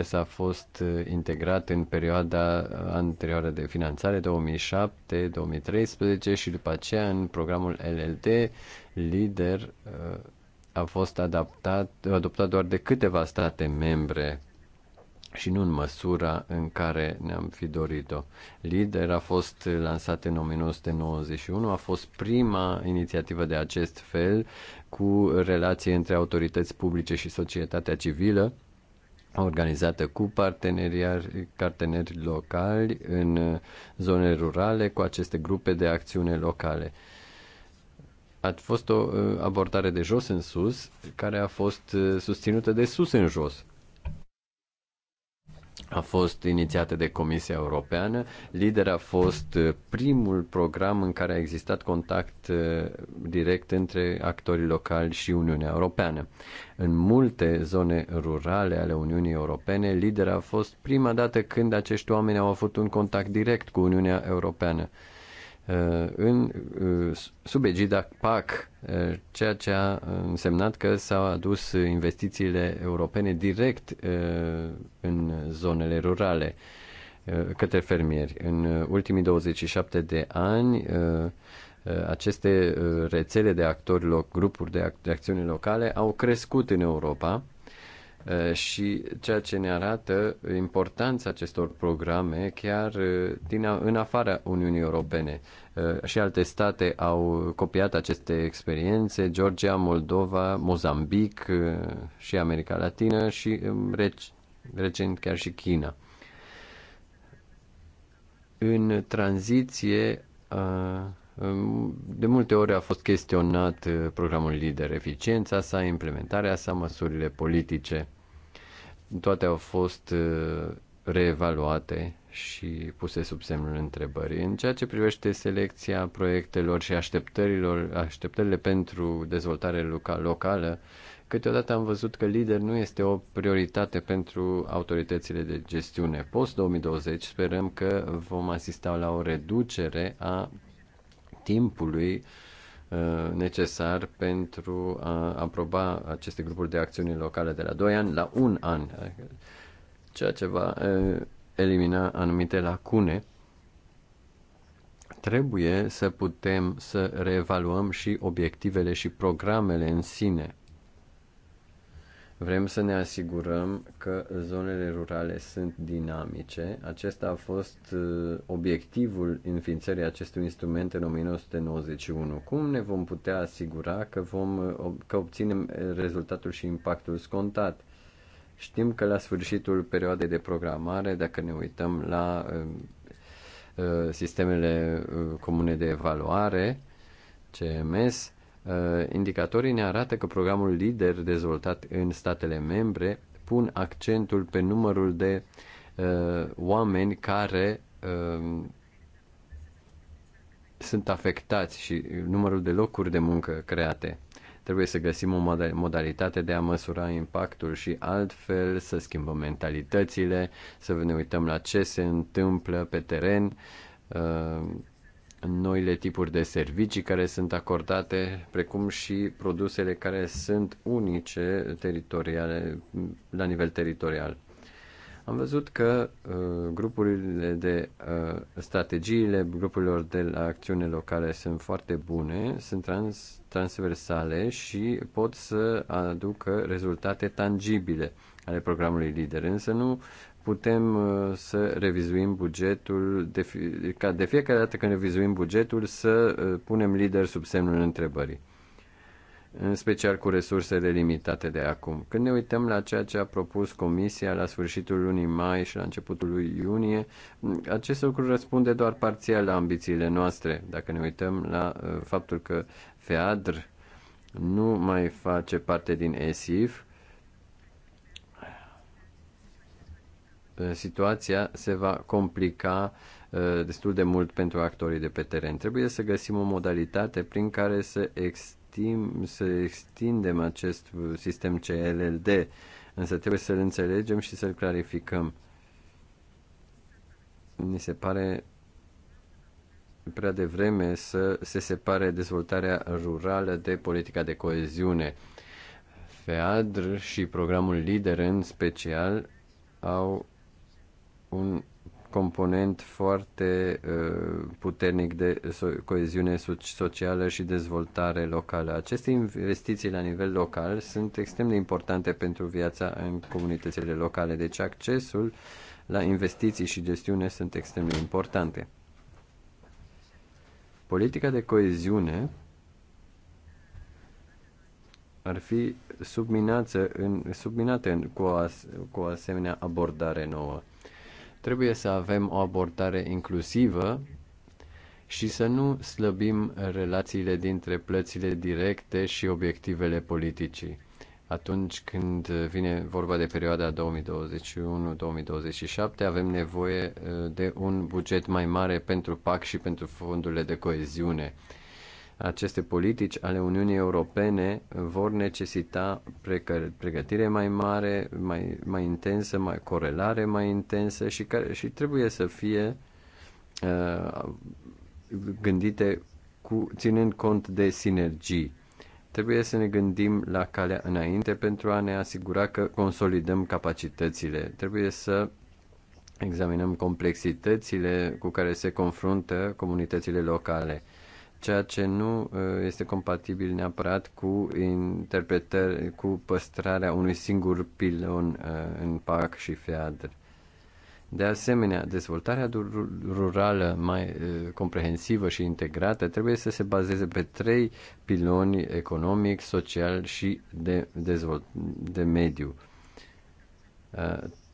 s a fost uh, integrat în perioada anterioară de finanțare 2007-2013 și după aceea în programul LLD Lider uh, a fost adaptat, adoptat doar de câteva state membre și nu în măsura în care ne-am fi dorit-o. Lider a fost lansat în 1991, a fost prima inițiativă de acest fel cu relație între autorități publice și societatea civilă, organizată cu parteneri, parteneri locali în zone rurale, cu aceste grupe de acțiune locale a fost o uh, abordare de jos în sus, care a fost uh, susținută de sus în jos a fost inițiată de Comisia Europeană. Lider a fost uh, primul program în care a existat contact uh, direct între actorii locali și Uniunea Europeană. În multe zone rurale ale Uniunii Europene, Lider a fost prima dată când acești oameni au avut un contact direct cu Uniunea Europeană Uh, în, uh, sub egida PAC, uh, ceea ce a însemnat că s-au adus investițiile europene direct în zonele rurale către fermieri. În ultimii 27 de ani, aceste rețele de actori, grupuri de acțiuni locale au crescut în Europa și ceea ce ne arată importanța acestor programe chiar din a, în afara Uniunii Europene. Și alte state au copiat aceste experiențe, Georgia, Moldova, Mozambic și America Latină și recent chiar și China. În tranziție de multe ori a fost chestionat uh, programul lider, eficiența sa, implementarea sa, măsurile politice. Toate au fost uh, reevaluate și puse sub semnul întrebării. În ceea ce privește selecția proiectelor și așteptărilor, așteptările pentru dezvoltare locală, câteodată am văzut că lider nu este o prioritate pentru autoritățile de gestiune. Post-2020 sperăm că vom asista la o reducere a timpului uh, necesar pentru a aproba aceste grupuri de acțiuni locale de la 2 ani la 1 an, ceea ce va uh, elimina anumite lacune. Trebuie să putem să reevaluăm și obiectivele și programele în sine Vrem să ne asigurăm că zonele rurale sunt dinamice. Acesta a fost uh, obiectivul înființării acestui instrument în 1991. Cum ne vom putea asigura că, vom, uh, că obținem uh, rezultatul și impactul scontat? Știm că la sfârșitul perioadei de programare, dacă ne uităm la sistemele comune de evaluare, CMS, Uh, indicatorii ne arată că programul LIDER dezvoltat în statele membre pun accentul pe numărul de uh, oameni care uh, sunt afectați și numărul de locuri de muncă create. Trebuie să găsim o modalitate de a măsura impactul și altfel să schimbăm mentalitățile, să ne uităm la ce se întâmplă pe teren. Uh, noile tipuri de servicii care sunt acordate, precum și produsele care sunt unice teritoriale, la nivel teritorial. Am văzut că uh, grupurile de uh, strategiile grupurilor de la acțiune locale sunt foarte bune, sunt trans, transversale și pot să aducă rezultate tangibile ale programului lider, însă nu putem uh, să revizuim bugetul, de, ca de fiecare dată când revizuim bugetul să uh, punem lider sub semnul întrebării în special cu resursele limitate de acum. Când ne uităm la ceea ce a propus Comisia la sfârșitul lunii mai și la începutul lui iunie, acest lucru răspunde doar parțial la ambițiile noastre. Dacă ne uităm la uh, faptul că FEADR nu mai face parte din ESIF, Uh, situația se va complica uh, destul de mult pentru actorii de pe teren. Trebuie să găsim o modalitate prin care să, extim, să extindem acest sistem CLLD, însă trebuie să-l înțelegem și să-l clarificăm. Mi se pare prea devreme să se separe dezvoltarea rurală de politica de coeziune. FEADR și programul LIDER în special au un component foarte uh, puternic de so- coeziune socială și dezvoltare locală. Aceste investiții la nivel local sunt extrem de importante pentru viața în comunitățile locale, deci accesul la investiții și gestiune sunt extrem de importante. Politica de coeziune ar fi subminată, în, subminată în, cu, o, cu o asemenea abordare nouă Trebuie să avem o abordare inclusivă și să nu slăbim relațiile dintre plățile directe și obiectivele politicii. Atunci când vine vorba de perioada 2021-2027, avem nevoie uh, de un buget mai mare pentru PAC și pentru fondurile de coeziune. Aceste politici ale Uniunii Europene vor necesita pregătire mai mare, mai, mai intensă, mai corelare mai intensă și, care, și trebuie să fie uh, gândite cu, ținând cont de sinergii. Trebuie să ne gândim la calea înainte pentru a ne asigura că consolidăm capacitățile. Trebuie să examinăm complexitățile cu care se confruntă comunitățile locale ceea ce nu uh, este compatibil neapărat cu interpretări, cu păstrarea unui singur pilon uh, în PAC și FEADR. De asemenea, dezvoltarea rurală mai uh, comprehensivă și integrată trebuie să se bazeze pe trei piloni economic, social și de, dezvolt, de mediu.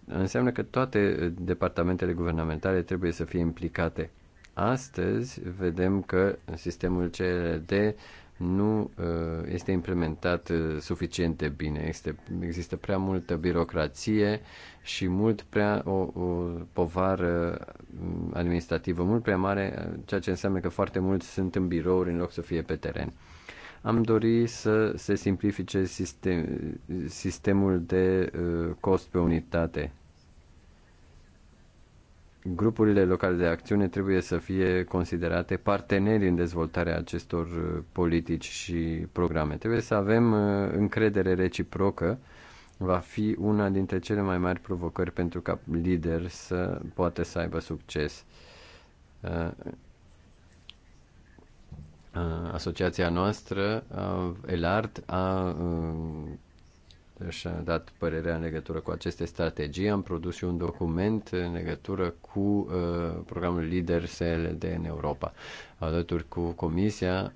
Înseamnă că toate departamentele guvernamentale trebuie să fie implicate Astăzi vedem că sistemul CLD nu uh, este implementat uh, suficient de bine. Este, există prea multă birocrație și mult prea o, o povară uh, administrativă mult prea mare, ceea ce înseamnă că foarte mulți sunt în birouri în loc să fie pe teren. Am dorit să se simplifice sistem, sistemul de cost pe unitate grupurile locale de acțiune trebuie să fie considerate parteneri în dezvoltarea acestor uh, politici și programe. Trebuie să avem uh, încredere reciprocă. Va fi una dintre cele mai mari provocări pentru ca lider să poată să aibă succes. Uh, asociația noastră, ELART, a și-a dat părerea în legătură cu aceste strategii. Am produs și un document în legătură cu uh, programul LIDER SLD în Europa, alături cu Comisia,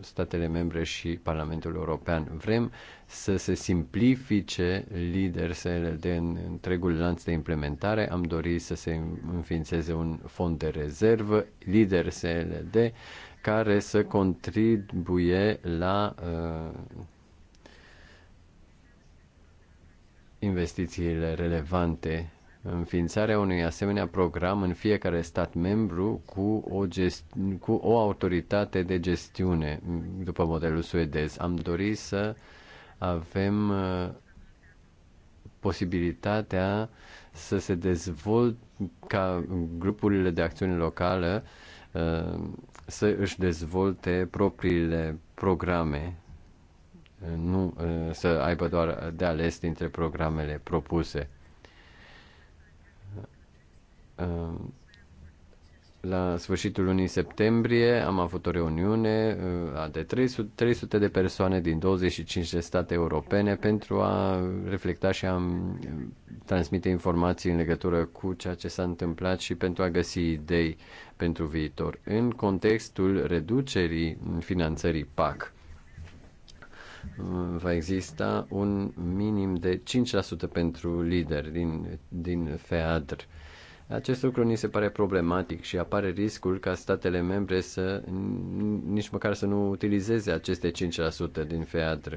statele membre și Parlamentul European. Vrem să se simplifice LIDER SLD în întregul lanț de implementare. Am dorit să se înființeze un fond de rezervă, LIDER SLD, care să contribuie la uh, investițiile relevante, înființarea unui asemenea program în fiecare stat membru cu o, gest- cu o autoritate de gestiune după modelul suedez. Am dorit să avem uh, posibilitatea să se dezvolt ca grupurile de acțiune locală uh, să își dezvolte propriile programe nu să aibă doar de ales dintre programele propuse. La sfârșitul lunii septembrie am avut o reuniune de 300, de persoane din 25 de state europene pentru a reflecta și a transmite informații în legătură cu ceea ce s-a întâmplat și pentru a găsi idei pentru viitor în contextul reducerii finanțării PAC va exista un minim de 5% pentru lideri din, din FEADR. Acest lucru ni se pare problematic și apare riscul ca statele membre să nici măcar să nu utilizeze aceste 5% din FEADR.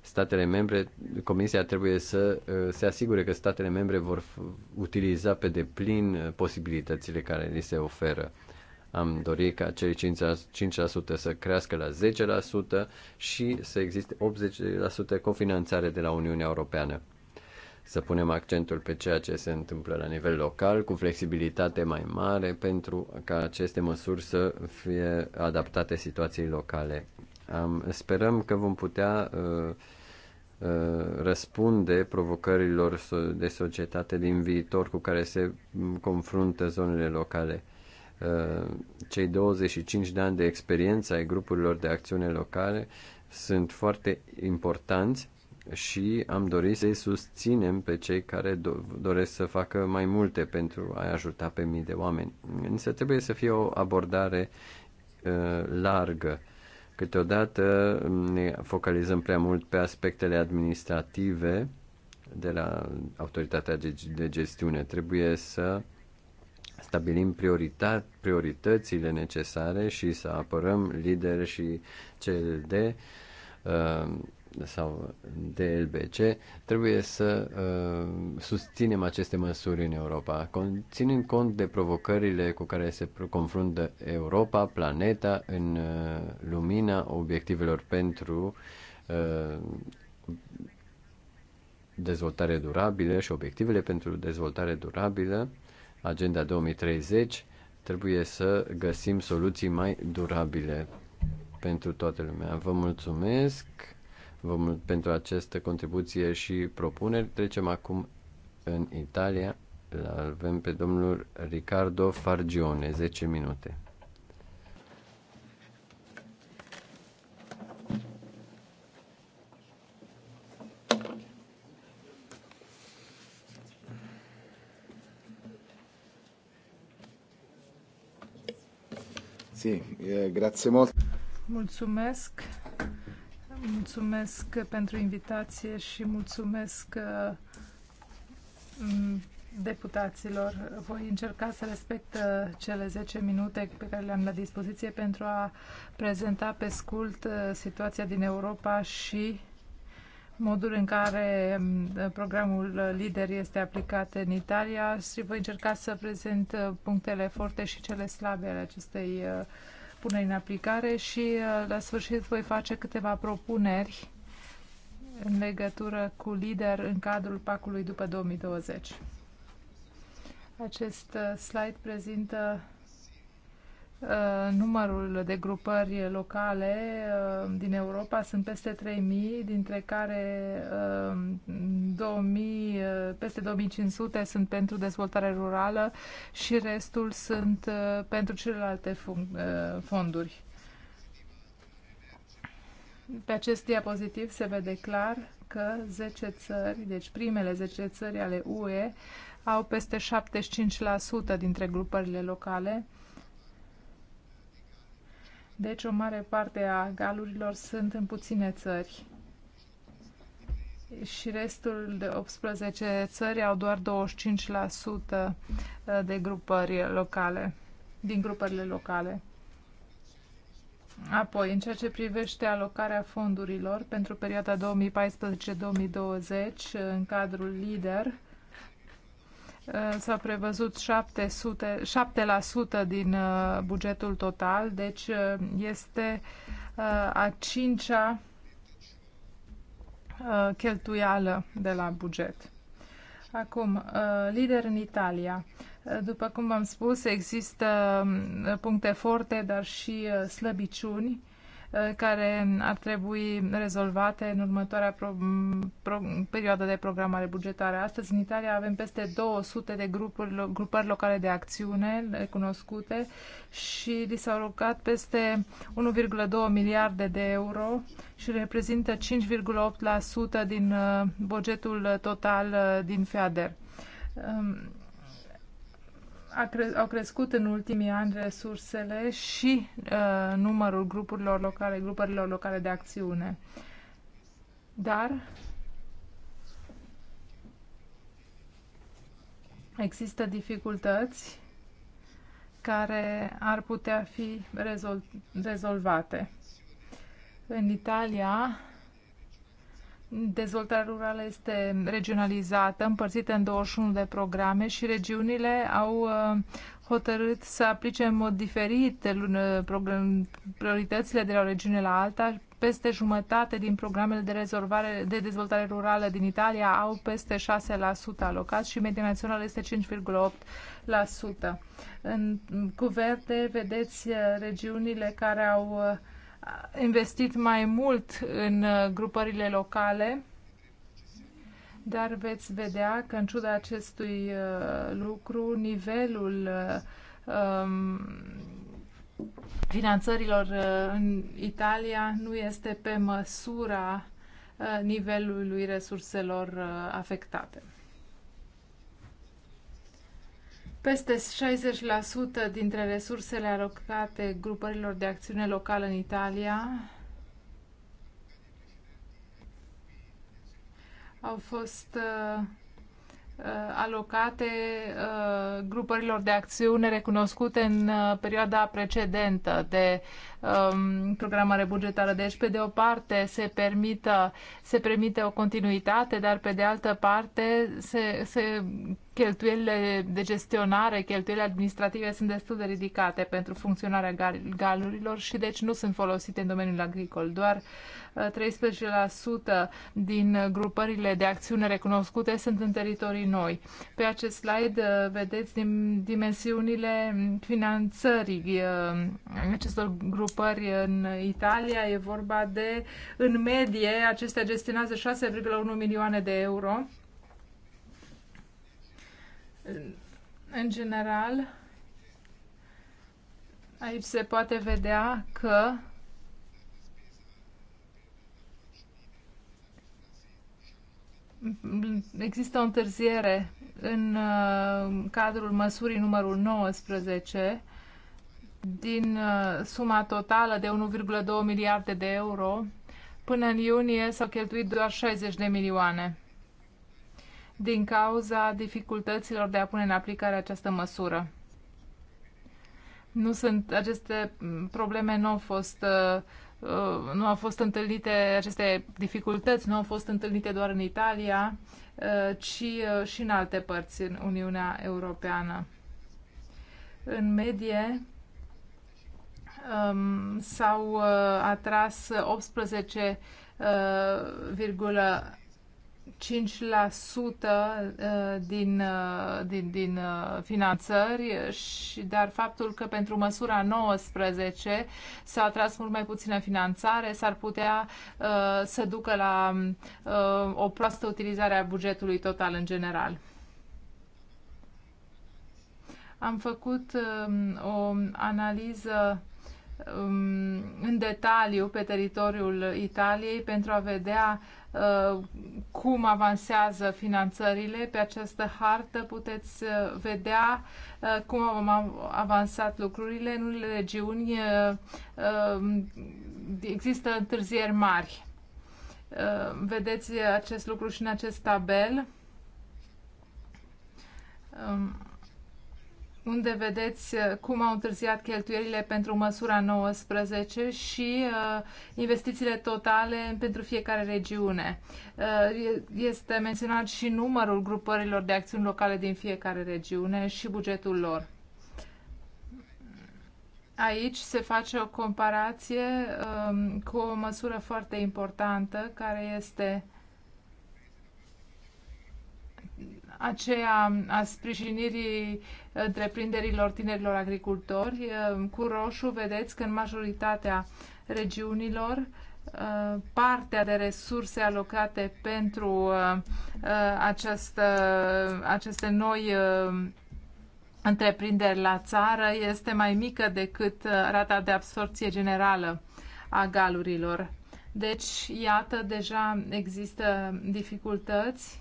Statele membre, Comisia trebuie să uh, se asigure că statele membre vor utiliza pe deplin uh, posibilitățile care li se oferă. Am dorit ca cei 5% să crească la 10% și să existe 80% cofinanțare de la Uniunea Europeană. Să punem accentul pe ceea ce se întâmplă la nivel local, cu flexibilitate mai mare pentru ca aceste măsuri să fie adaptate situației locale. Am, sperăm că vom putea uh, uh răspunde provocărilor de societate din viitor cu care se confruntă zonele locale. Uh, cei 25 de ani de experiență ai grupurilor de acțiune locale sunt foarte importanți și am dorit să-i susținem pe cei care do- doresc să facă mai multe pentru a ajuta pe mii de oameni. Însă trebuie să fie o abordare uh, largă. Câteodată um, ne focalizăm prea mult pe aspectele administrative de la autoritatea de gestiune. Trebuie să uh, stabilim prioritățile necesare și să apărăm lideri și CLD de uh, sau DLBC, trebuie să uh, susținem aceste măsuri în Europa, ținând cont de provocările cu care se confruntă Europa, planeta, în uh, lumina obiectivelor pentru uh, dezvoltare durabilă și obiectivele pentru dezvoltare durabilă Agenda 2030, trebuie să găsim soluții mai durabile pentru toată lumea. Vă mulțumesc vă mul- pentru această contribuție și propuneri. Trecem acum în Italia. Îl avem pe domnul Ricardo Fargione, 10 minute. Eh, grazie mult. Mulțumesc. Mulțumesc pentru invitație și mulțumesc mm, deputaților. Voi încerca să respect uh, cele 10 minute pe care le-am la dispoziție pentru a prezenta pe scurt uh, situația din Europa și modul în care mm, programul LIDER este aplicat în Italia și voi încerca să prezint uh, punctele forte și cele slabe ale acestei uh, puneri în aplicare și uh, la sfârșit voi face câteva propuneri în legătură cu LIDER în cadrul pacului după 2020. Acest slide prezintă Uh, numărul de grupări locale uh, din Europa sunt peste 3000, dintre care 2000, uh, peste 2500 sunt pentru dezvoltare rurală și restul sunt pentru celelalte fonduri. Pe acest diapozitiv se vede clar că 10 țări, deci primele 10 țări ale UE, au peste 75% dintre grupările locale deci o mare parte a galurilor sunt în puține țări și restul de 18 țări au doar 25% uh, de grupări locale, din grupările locale. Apoi, în ceea ce privește alocarea fondurilor pentru perioada 2014-2020 uh, în cadrul LIDER, Uh, s-a prevăzut 700, 7% din uh, bugetul total, deci uh, este a cincea cheltuială de la buget. Acum, lider în Italia. După cum v-am spus, există puncte forte, dar și slăbiciuni. Eh, care ar trebui rezolvate în următoarea pro, pro, perioadă de programare bugetară. Astăzi, în Italia, avem peste 200 de grupuri, grupări locale de acțiune cunoscute și li s-au alocat peste 1,2 miliarde de euro și reprezintă 5,8% din eh, bugetul total eh, din FEADER cre au crescut în ultimii ani resursele și uh, numărul grupurilor locale, grupărilor locale de acțiune. Dar există dificultăți care ar putea fi rezol rezolvate. În Italia, Dezvoltarea rurală este regionalizată, împărțită în 21 de programe și regiunile au uh, hotărât să aplice în mod diferit uh, uh, prioritățile de la o regiune la alta. Peste jumătate din programele de, rezolvare, de dezvoltare rurală din Italia au peste 6% alocat și media națională este 5,8%. În, cuverte vedeți regiunile care au uh, investit mai mult în uh, grupările locale, dar veți vedea că în ciuda acestui uh, lucru, nivelul uh, um, finanțărilor în Italia nu este pe măsura nivelului resurselor afectate. Peste 60% dintre resursele alocate grupărilor de acțiune locală în Italia au fost uh, Uh, alocate uh, grupărilor de acțiune recunoscute în uh, perioada precedentă de um, programare bugetară. Deci, pe de o parte, se, permită, se permite o continuitate, dar pe de altă parte, se, se, cheltuielile de gestionare, cheltuielile administrative sunt destul de ridicate pentru funcționarea gal, galurilor și deci nu sunt folosite în domeniul agricol, doar uh, 13% din grupările de acțiune recunoscute sunt în teritorii noi. Pe acest slide uh, vedeți dimensiunile finanțării uh, acestor grupări în Italia. E vorba de, în medie, acestea gestionează 6,1 milioane de euro. În general, aici se poate vedea că există o întârziere în uh, cadrul măsurii numărul 19 din uh, suma totală de 1,2 miliarde de euro. Până în iunie s-au cheltuit doar 60 de milioane din cauza dificultăților de a pune în aplicare această măsură. Nu sunt, aceste mm, probleme nu au fost uh, Uh, nu au fost întâlnite aceste dificultăți, nu au fost întâlnite doar în Italia, uh, ci uh, și în alte părți în Uniunea Europeană. În medie um, s-au atras 18,1 5% uh, uh, din, din, din uh, finanțări, și, dar faptul că pentru măsura 19 s-a atras mult mai puțină finanțare s-ar putea uh, să ducă la uh, o proastă utilizare a bugetului total în general. Am făcut uh, o analiză um, în detaliu pe teritoriul Italiei pentru a vedea Uh, cum avansează finanțările. Pe această hartă puteți uh, vedea uh, cum au avansat lucrurile. În unele regiuni um, există întârzieri mari. Vedeți acest lucru și în acest tabel. Um, unde vedeți uh, cum au întârziat cheltuielile pentru măsura 19 și uh, investițiile totale pentru fiecare regiune. Uh, este menționat și numărul grupărilor de acțiuni locale din fiecare regiune și bugetul lor. Aici se face o comparație um, cu o măsură foarte importantă care este uh, aceea a sprijinirii întreprinderilor tinerilor agricultori. Ehm, cu roșu vedeți că în majoritatea regiunilor ehm, partea de resurse alocate pentru ehm, această, aceste noi întreprinderi la țară este mai mică decât rata de absorție generală a galurilor. Deci, iată, deja există dificultăți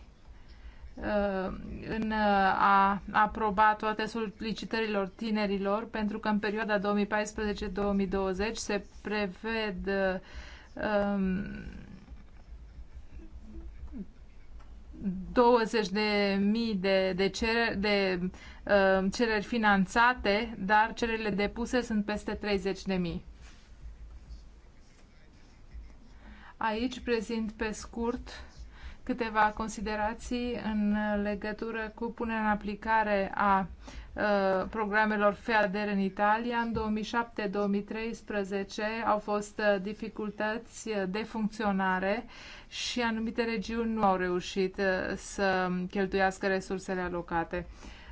Uh, în uh, a aproba toate solicitărilor tinerilor, pentru că în perioada 2014-2020 se preved um, 20 de mii de, de, cer, de um, cereri finanțate, dar cererile depuse sunt peste 30 de mii. Aici prezint pe scurt câteva considerații în legătură cu punerea în aplicare a uh, programelor FEADER în Italia. În 2007-2013 au fost uh, dificultăți de funcționare și anumite regiuni nu au reușit uh, să cheltuiască resursele alocate.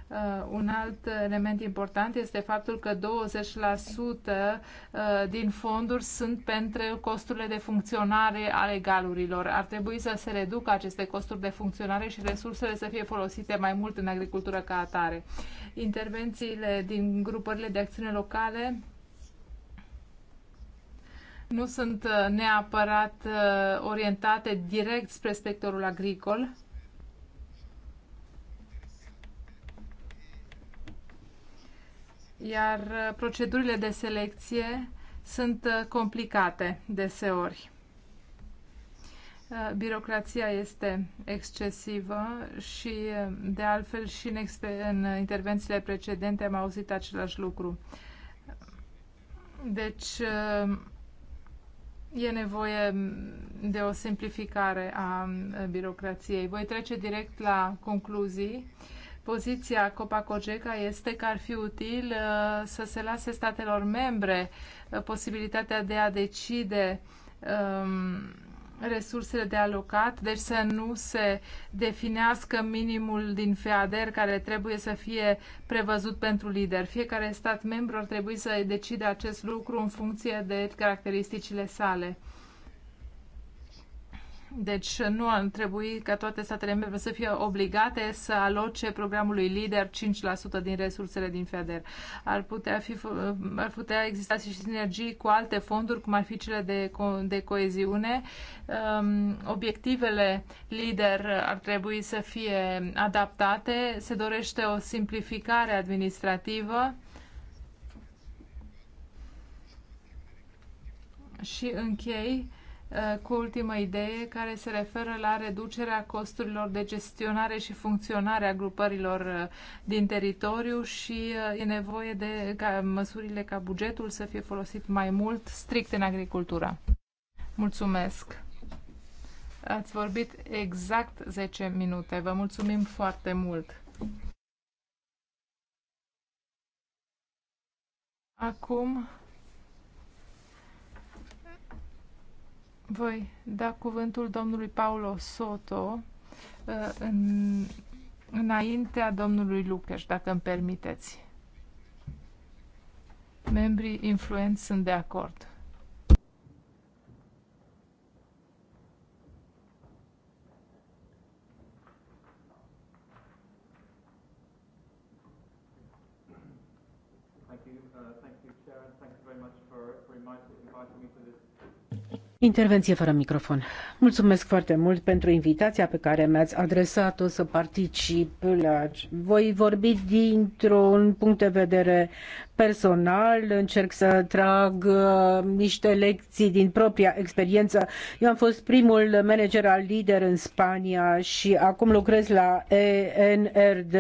Uh, un alt element important este faptul că 20% uh, din fonduri sunt pentru costurile de funcționare ale galurilor. Ar trebui să se reducă aceste costuri de funcționare și resursele să fie folosite mai mult în agricultură ca atare. Intervențiile din grupările de acțiune locale nu sunt uh, neapărat orientate direct spre sectorul agricol, iar uh, procedurile de selecție sunt uh, complicate deseori. Uh, birocrația este excesivă și, de altfel, și în, în intervențiile precedente am auzit același lucru. Deci, e nevoie de o simplificare a birocrației. Voi trece direct la concluzii Poziția Copacogeca este că ar fi util uh, să se lase statelor membre uh, posibilitatea de a decide um, resursele de alocat, deci să nu se definească minimul din FEADER care trebuie să fie prevăzut pentru lider. Fiecare stat membru ar trebui să decide acest lucru în funcție de caracteristicile sale. Deci nu ar trebui ca toate statele membre să fie obligate să aloce programului LIDER 5% din resursele din FEDER. Ar putea, fi, ar putea exista și sinergii cu alte fonduri, cum ar fi cele de, de coeziune. Um, obiectivele LIDER ar trebui să fie adaptate. Se dorește o simplificare administrativă. Și închei Uh, cu ultima idee care se referă la reducerea costurilor de gestionare și funcționare a grupărilor uh, din teritoriu și uh, e nevoie de ca măsurile ca bugetul să fie folosit mai mult strict în agricultură. Mulțumesc! Ați vorbit exact 10 minute. Vă mulțumim foarte mult! Acum Voi da cuvântul domnului Paulo Soto uh, în, înaintea domnului Lucas, dacă îmi permiteți. Membrii influenți sunt de acord. Intervenție fără microfon. Mulțumesc foarte mult pentru invitația pe care mi-ați adresat-o să particip la... Voi vorbi dintr-un punct de vedere personal, încerc să trag uh, niște lecții din propria experiență. Eu am fost primul manager al lider în Spania și acum lucrez la ENRD,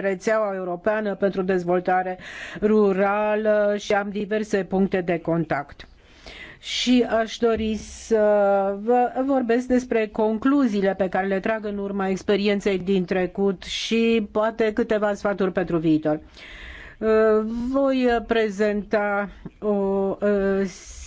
rețeaua europeană pentru dezvoltare rurală și am diverse puncte de contact și aș dori să vă vorbesc despre concluziile pe care le trag în urma experienței din trecut și poate câteva sfaturi pentru viitor. Voi prezenta o uh,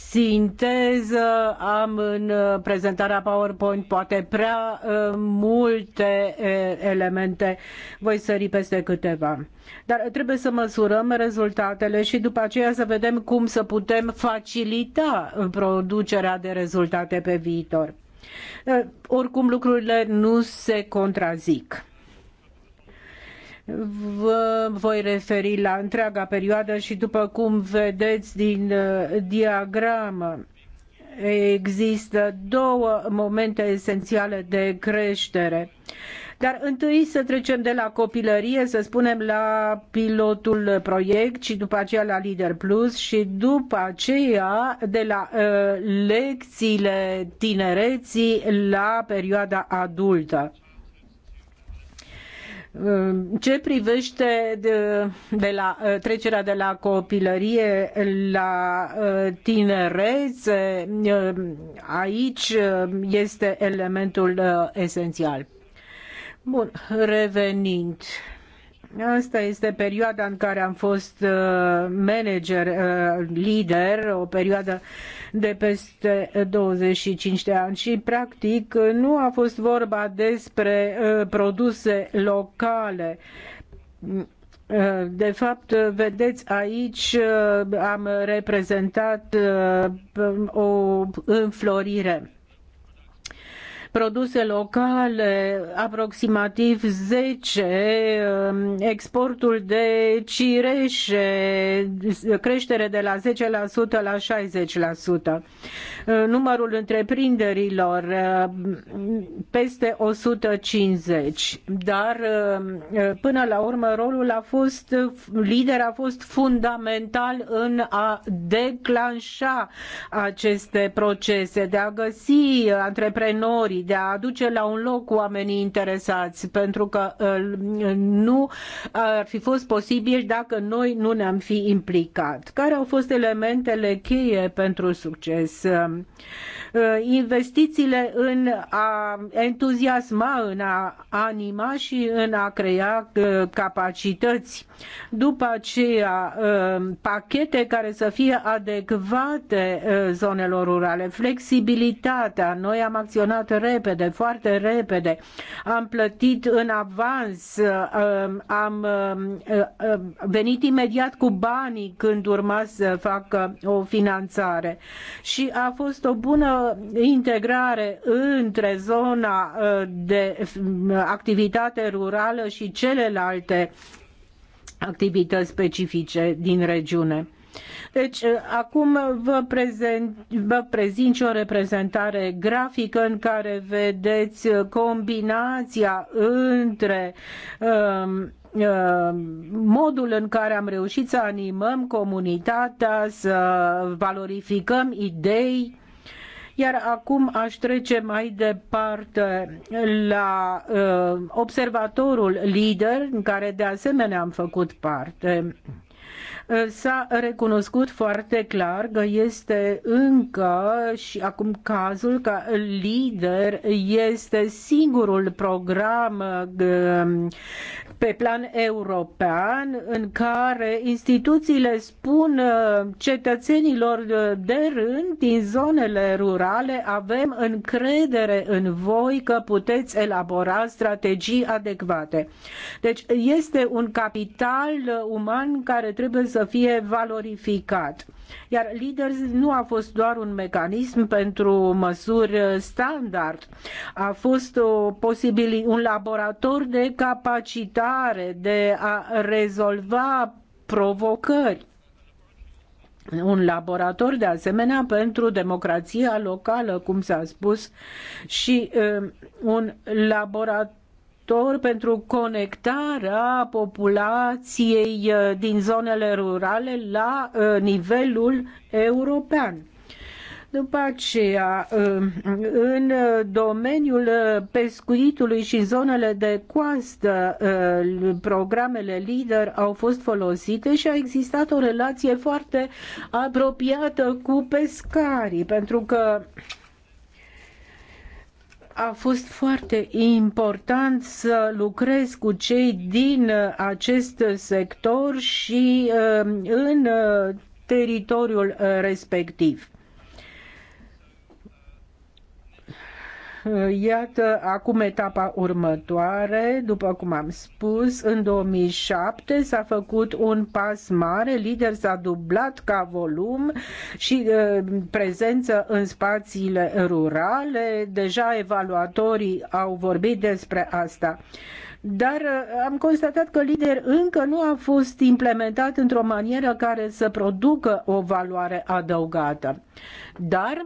sinteză, am în uh, prezentarea PowerPoint poate prea uh, multe uh, elemente, voi sări peste câteva. Dar trebuie să măsurăm rezultatele și după aceea să vedem cum să putem facilita producerea de rezultate pe viitor. Oricum lucrurile nu se contrazic. Vă voi referi la întreaga perioadă și după cum vedeți din uh, diagramă, există două momente esențiale de creștere. Dar întâi să trecem de la copilărie, să spunem, la pilotul proiect și după aceea la Leader Plus și după aceea de la uh, lecțiile tinereții la perioada adultă ce privește de, de la, ă, trecerea de la copilărie la ă, tinerețe, ă, aici este elementul esențial. Bun, revenind. Asta este perioada în care am fost manager, lider, o perioadă de peste 25 de ani și practic nu a fost vorba despre uh, produse locale. De fapt, vedeți aici uh, am reprezentat uh, o înflorire produse locale, aproximativ 10, um, exportul de cireșe, creștere de la 10% la 60%. Uh, numărul întreprinderilor uh, peste 150, dar uh, până la urmă rolul a fost, lider a fost fundamental în a declanșa aceste procese, de a găsi antreprenorii, de a aduce la un loc oamenii interesați, pentru că uh, nu ar fi fost posibil dacă noi nu ne-am fi implicat. Care au fost elementele cheie pentru succes? Uh, investițiile în a entuziasma, în a anima și în a crea uh, capacități. După aceea, pachete care să fie adecvate zonelor rurale, flexibilitatea. Noi am acționat repede repede, foarte repede. Am plătit în avans, um, am um, uh, uh, venit imediat cu banii când urma să facă o finanțare. Și a fost o bună integrare între zona uh, de activitate rurală și celelalte activități specifice din regiune. Deci, uh, acum vă prezint, vă prezint și o reprezentare grafică în care vedeți uh, combinația între um, uh, modul în care am reușit să animăm comunitatea, să valorificăm idei, iar acum aș trece mai departe la observatorul lider, în care de asemenea am făcut parte. S-a recunoscut foarte clar că este încă și acum cazul că lider este singurul program um, pe plan european în care instituțiile spun uh, cetățenilor uh, de rând din zonele rurale avem încredere în voi că puteți elabora strategii adecvate. Deci este un capital uman care trebuie să să fie valorificat. Iar Leaders nu a fost doar un mecanism pentru măsuri standard, a fost o posibil, un laborator de capacitare de a rezolva provocări un laborator de asemenea pentru democrația locală, cum s-a spus, și um, un laborator factor pentru conectarea populației uh, din zonele rurale la uh, nivelul european. După aceea, uh, în domeniul pescuitului și zonele de coastă, programele LIDER au fost folosite și a existat o relație foarte apropiată cu pescarii, pentru că a fost foarte important să lucrez cu cei din uh, acest sector și uh, în uh, teritoriul respectiv. Eh, iată acum etapa următoare, după cum am spus, în 2007 s-a făcut un pas mare, lider s-a dublat ca volum și eh, prezență în spațiile rurale, deja evaluatorii au vorbit despre asta dar eh, am constatat că lider încă nu a fost implementat într-o manieră care să producă o valoare adăugată. Dar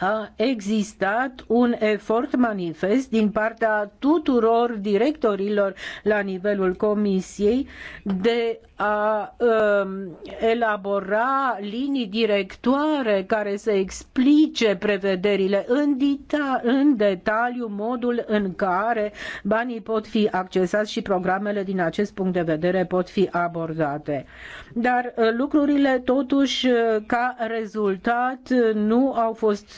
a existat un efort manifest din partea tuturor directorilor la nivelul Comisiei de a um, elabora linii directoare care să explice prevederile în, dita, în detaliu modul în care banii pot fi accesați și programele din acest punct de vedere pot fi abordate. Dar uh, lucrurile totuși uh, ca rezultat nu au fost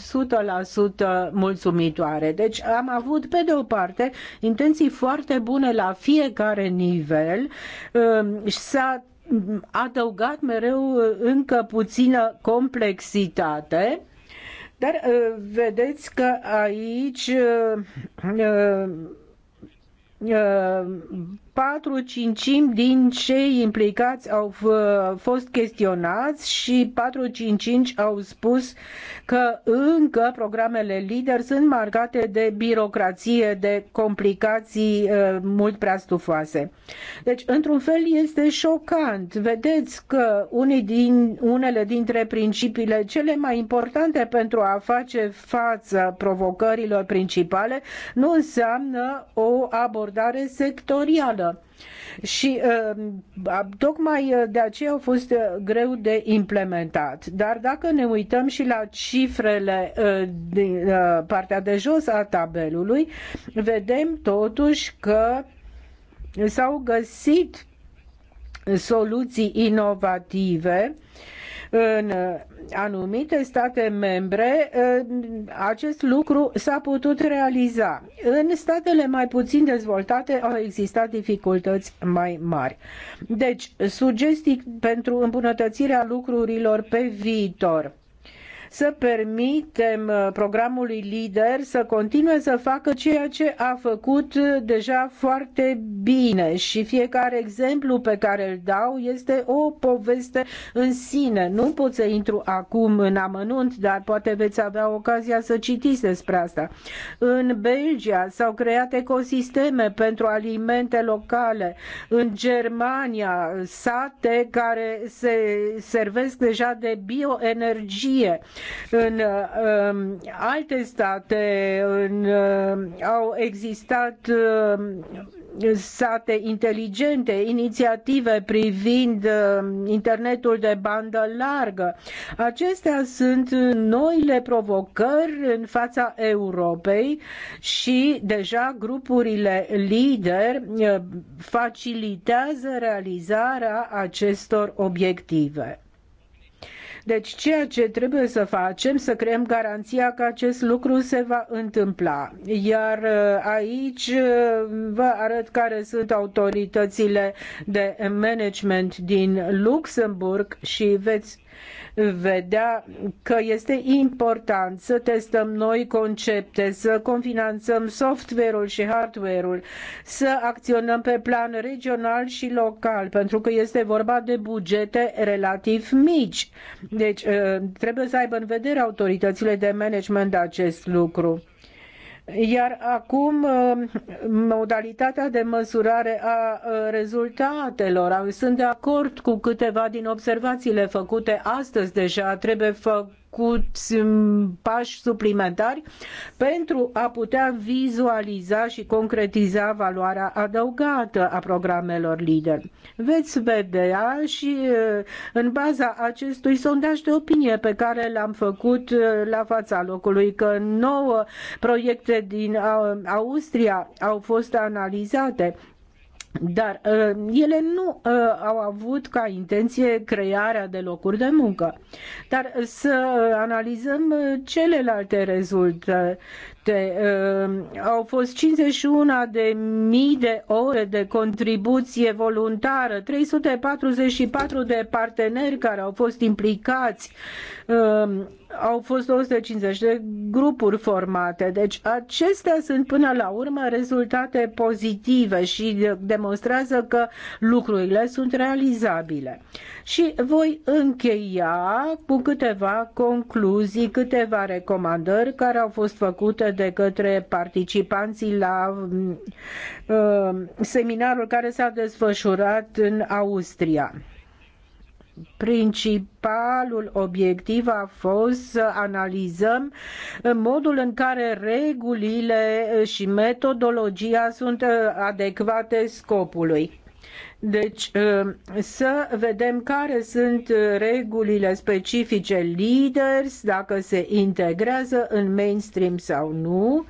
100% mulțumitoare. Deci am avut pe de o parte intenții foarte bune la fiecare nivel. Um, s-a adăugat mereu uh, încă puțină complexitate. Dar uh, vedeți că aici uh, patru cincimi din cei implicați au fost chestionați și patru cincinci au spus că încă programele lider sunt marcate de birocrație, de complicații eh, mult prea stufoase. Deci, într-un fel, este șocant. Vedeți că unii din, unele dintre principiile cele mai importante pentru a face față provocărilor principale nu înseamnă o abordare abordare sectorială. Și uh, tocmai uh, de aceea au fost uh, greu de implementat. Dar dacă ne uităm și la cifrele din partea de jos a tabelului, vedem totuși că s-au găsit soluții inovative în uh, anumite state membre uh, acest lucru s-a putut realiza. În statele mai puțin dezvoltate au existat dificultăți mai mari. Deci, sugestii pentru îmbunătățirea lucrurilor pe viitor să permitem uh, programului lider să continue să facă ceea ce a făcut uh, deja foarte bine și fiecare exemplu pe care îl dau este o poveste în sine. Nu pot să intru acum în amănunt, dar poate veți avea ocazia să citiți despre asta. În Belgia s-au creat ecosisteme pentru alimente locale. În Germania, sate care se servesc deja de bioenergie. În um, alte state în, uh, au existat uh, sate inteligente, inițiative privind uh, internetul de bandă largă. Acestea sunt noile provocări în fața Europei și deja grupurile lider facilitează realizarea acestor obiective. Deci ceea ce trebuie să facem, să creăm garanția că acest lucru se va întâmpla. Iar uh, aici uh, vă arăt care sunt autoritățile de management din Luxemburg și veți vedea că este important să testăm noi concepte, să confinanțăm software-ul și hardware-ul, să acționăm pe plan regional și local, pentru că este vorba de bugete relativ mici. Deci eh, trebuie să aibă în vedere autoritățile de management acest lucru. Iar acum um, modalitatea de măsurare a uh, rezultatelor. Sunt de acord cu câteva din observațiile făcute astăzi deja. Trebuie făcut cu mm, pași suplimentari pentru a putea vizualiza și concretiza valoarea adăugată a programelor LIDER. Veți vedea și eh, în baza acestui sondaj de opinie pe care l-am făcut eh, la fața locului că nouă proiecte din eh, Austria au fost analizate dar uh, ele nu uh, au avut ca intenție crearea de locuri de muncă. Dar să analizăm uh, celelalte rezultate. Au fost 51 de mii de ore de contribuție voluntară, 344 de parteneri care au fost implicați au fost 250 de grupuri formate. Deci acestea sunt până la urmă rezultate pozitive și demonstrează că lucrurile sunt realizabile. Și voi încheia cu câteva concluzii, câteva recomandări care au fost făcute de către participanții la mm, uh, seminarul care s-a desfășurat în Austria. Principalul obiectiv a fost să analizăm modul în care regulile și metodologia sunt uh, adecvate scopului. Deci uh, să vedem care sunt uh, regulile specifice leaders, dacă se integrează în mainstream sau nu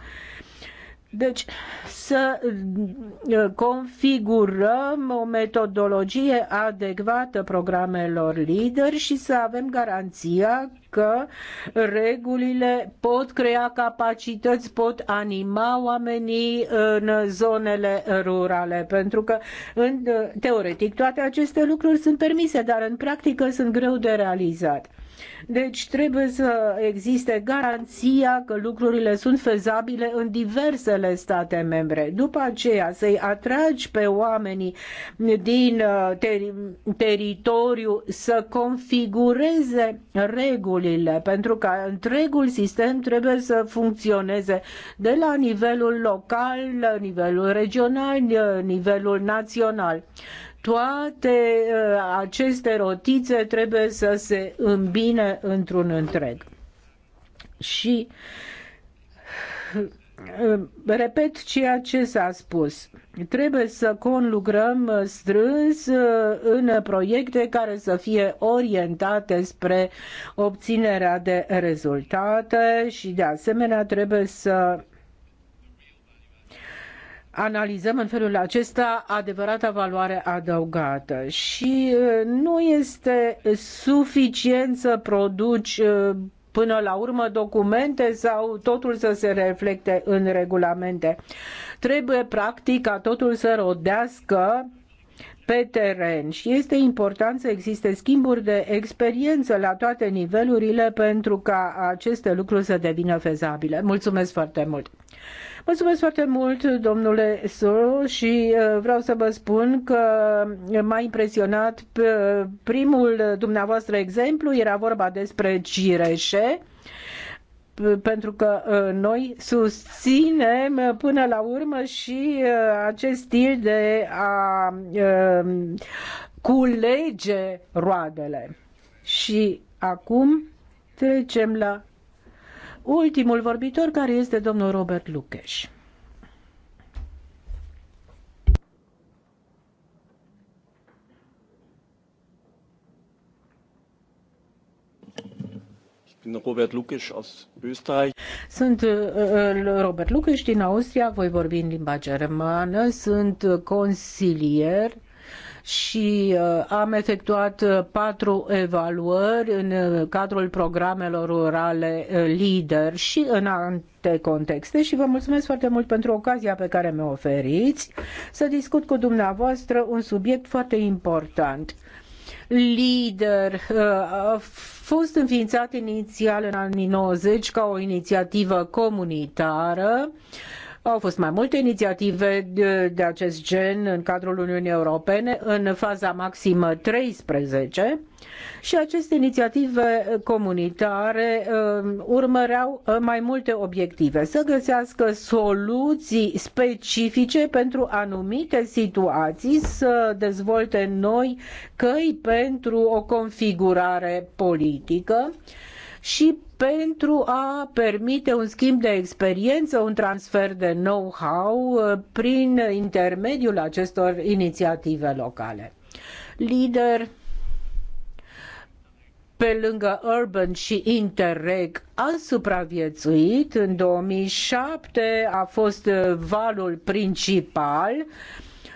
deci să uh, configurăm o metodologie adecvată programelor lider și să avem garanția că regulile pot crea capacități, pot anima oamenii în zonele rurale, pentru că în, uh, teoretic toate aceste lucruri sunt permise, dar în practică sunt greu de realizat. Deci trebuie să existe garanția că lucrurile sunt fezabile în diversele state membre. După aceea să-i atragi pe oamenii din uh, teri- teritoriu să configureze regulile, pentru că întregul sistem trebuie să funcționeze de la nivelul local, nivelul regional, nivelul național toate uh, aceste rotițe trebuie să se îmbine într-un întreg. Și uh, repet ceea ce s-a spus. Trebuie să conlucrăm strâns uh, în proiecte care să fie orientate spre obținerea de rezultate și de asemenea trebuie să analizăm în felul acesta adevărata valoare adăugată și uh, nu este suficient să produci uh, până la urmă documente sau totul să se reflecte în regulamente. Trebuie practic ca totul să rodească pe teren și este important să existe schimburi de experiență la toate nivelurile pentru ca aceste lucruri să devină fezabile. Mulțumesc foarte mult! Mulțumesc foarte mult, domnule Soro, și uh, vreau să vă spun că m-a impresionat uh, primul dumneavoastră exemplu, era vorba despre Cireșe, pentru că uh, noi susținem până la urmă și acest stil de a culege roadele. Și acum trecem la ultimul vorbitor, care este domnul Robert Lukeș. Robert Lukeș aus Österreich. Sunt uh, uh, Robert Lukeș din Austria, voi vorbi în limba germană, sunt consilier și uh, am efectuat uh, patru evaluări în uh, cadrul programelor rurale Leader și în alte contexte și vă mulțumesc foarte mult pentru ocazia pe care mi-o oferiți să discut cu dumneavoastră un subiect foarte important Leader A fost înființat inițial în anii 90 ca o inițiativă comunitară au fost mai multe inițiative de, de acest gen în cadrul Uniunii Europene, în faza maximă 13, și aceste inițiative comunitare um, urmăreau uh, mai multe obiective. Să găsească soluții specifice pentru anumite situații, să dezvolte noi căi pentru o configurare politică și pentru a permite un schimb de experiență, un transfer de know-how uh, prin intermediul acestor inițiative locale. Lider pe lângă Urban și Interreg a supraviețuit. În 2007 a fost valul principal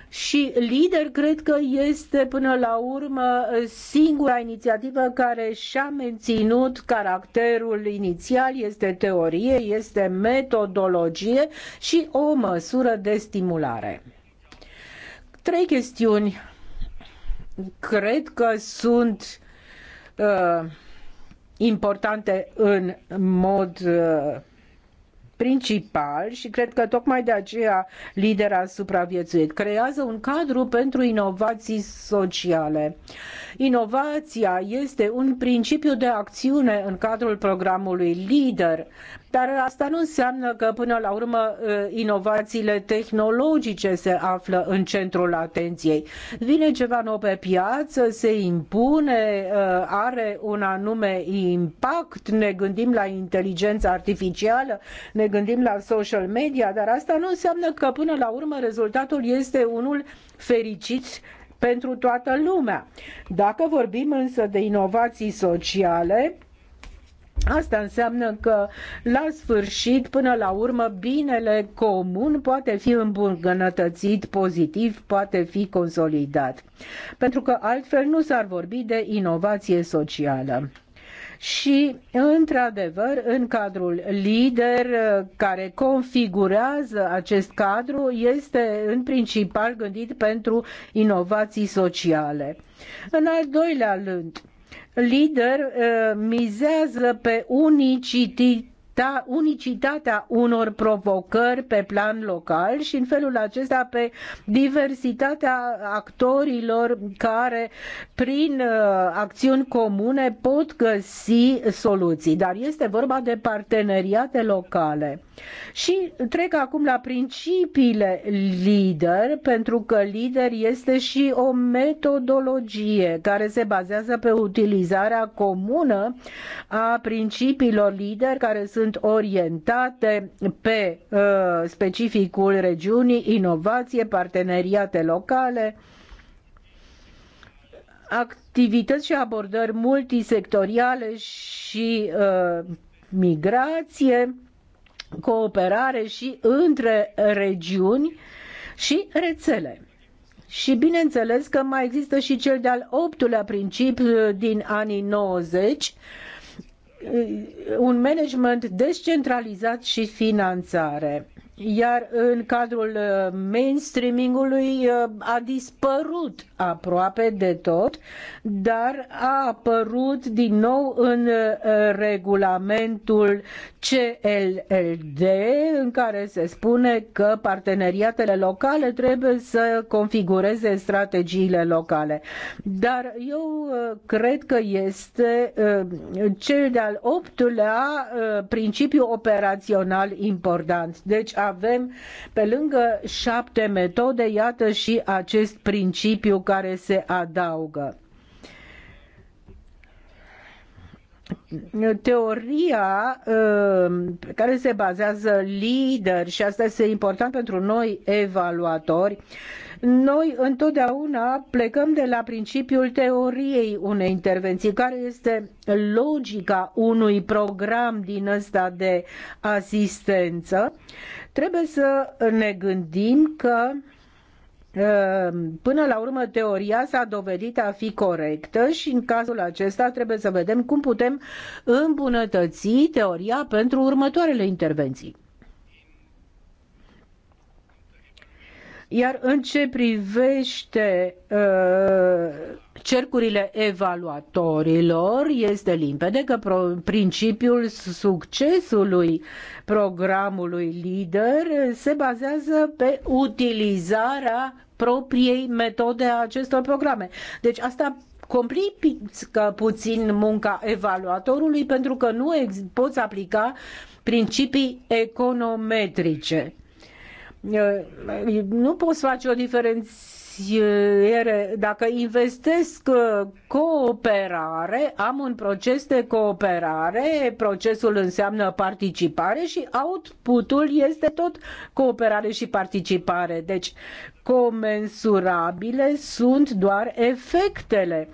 și lider cred că este până la urmă singura inițiativă care și-a menținut caracterul inițial, este teorie, este metodologie și o măsură de stimulare. Trei chestiuni cred că sunt uh, importante în mod uh, principal și cred că tocmai de aceea lider a supraviețuit. Creează un cadru pentru inovații sociale. Inovația este un principiu de acțiune în cadrul programului lider dar asta nu înseamnă că până la urmă ă, inovațiile tehnologice se află în centrul atenției. Vine ceva nou pe piață, se impune, ă, are un anume impact, ne gândim la inteligența artificială, ne gândim la social media, dar asta nu înseamnă că până la urmă rezultatul este unul fericit pentru toată lumea. Dacă vorbim însă de inovații sociale, Asta înseamnă că, la sfârșit, până la urmă, binele comun poate fi îmbunătățit pozitiv, poate fi consolidat. Pentru că altfel nu s-ar vorbi de inovație socială și, într-adevăr, în cadrul lider uh, care configurează acest cadru este în principal gândit pentru inovații sociale. În al doilea rând, lider uh, mizează pe unicititate da, unicitatea unor provocări pe plan local și în felul acesta pe diversitatea actorilor care prin uh, acțiuni comune pot găsi soluții. Dar este vorba de parteneriate locale. Și trec acum la principiile lider, pentru că lider este și o metodologie care se bazează pe utilizarea comună a principiilor lider care sunt orientate pe uh, specificul regiunii, inovație, parteneriate locale, activități și abordări multisectoriale și uh, migrație cooperare și între regiuni și rețele. Și bineînțeles că mai există și cel de-al optulea principiu din anii 90, un management descentralizat și finanțare iar în cadrul uh, mainstreamingului uh, a dispărut aproape de tot, dar a apărut din nou în uh, regulamentul CLLD în care se spune că parteneriatele locale trebuie să configureze strategiile locale. Dar eu cred că este cel de-al optulea principiu operațional important. Deci a avem pe lângă șapte metode, iată și acest principiu care se adaugă. teoria uh, pe care se bazează lider și asta este important pentru noi evaluatori, noi întotdeauna plecăm de la principiul teoriei unei intervenții, care este logica unui program din ăsta de asistență Trebuie să ne gândim că ă, Până la urmă, teoria s-a dovedit a fi corectă și în cazul acesta trebuie să vedem cum putem îmbunătăți teoria pentru următoarele intervenții. Iar în ce privește uh, cercurile evaluatorilor, este limpede că principiul succesului programului LIDER se bazează pe utilizarea propriei metode a acestor programe. Deci asta complică puțin munca evaluatorului pentru că nu poți aplica principii econometrice. Eh, nu poți face o diferențiere. Dacă investesc eh, cooperare, am un proces de cooperare, procesul înseamnă participare și outputul este tot cooperare și participare. Deci comensurabile sunt doar efectele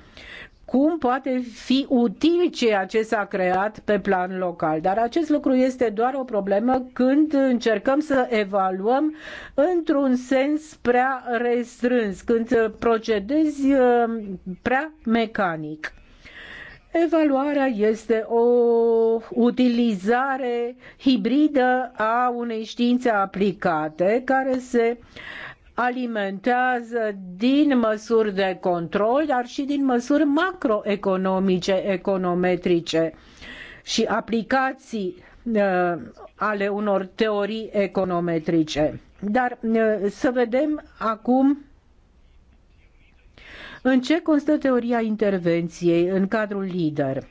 cum poate fi util ceea ce s-a creat pe plan local. Dar acest lucru este doar o problemă când încercăm să evaluăm într-un sens prea restrâns, când procedezi uh, prea mecanic. Evaluarea este o utilizare hibridă a unei științe aplicate care se uh, alimentează din măsuri de control, dar și din măsuri macroeconomice, econometrice și aplicații uh, ale unor teorii econometrice. Dar uh, să vedem acum în ce constă teoria intervenției în cadrul lider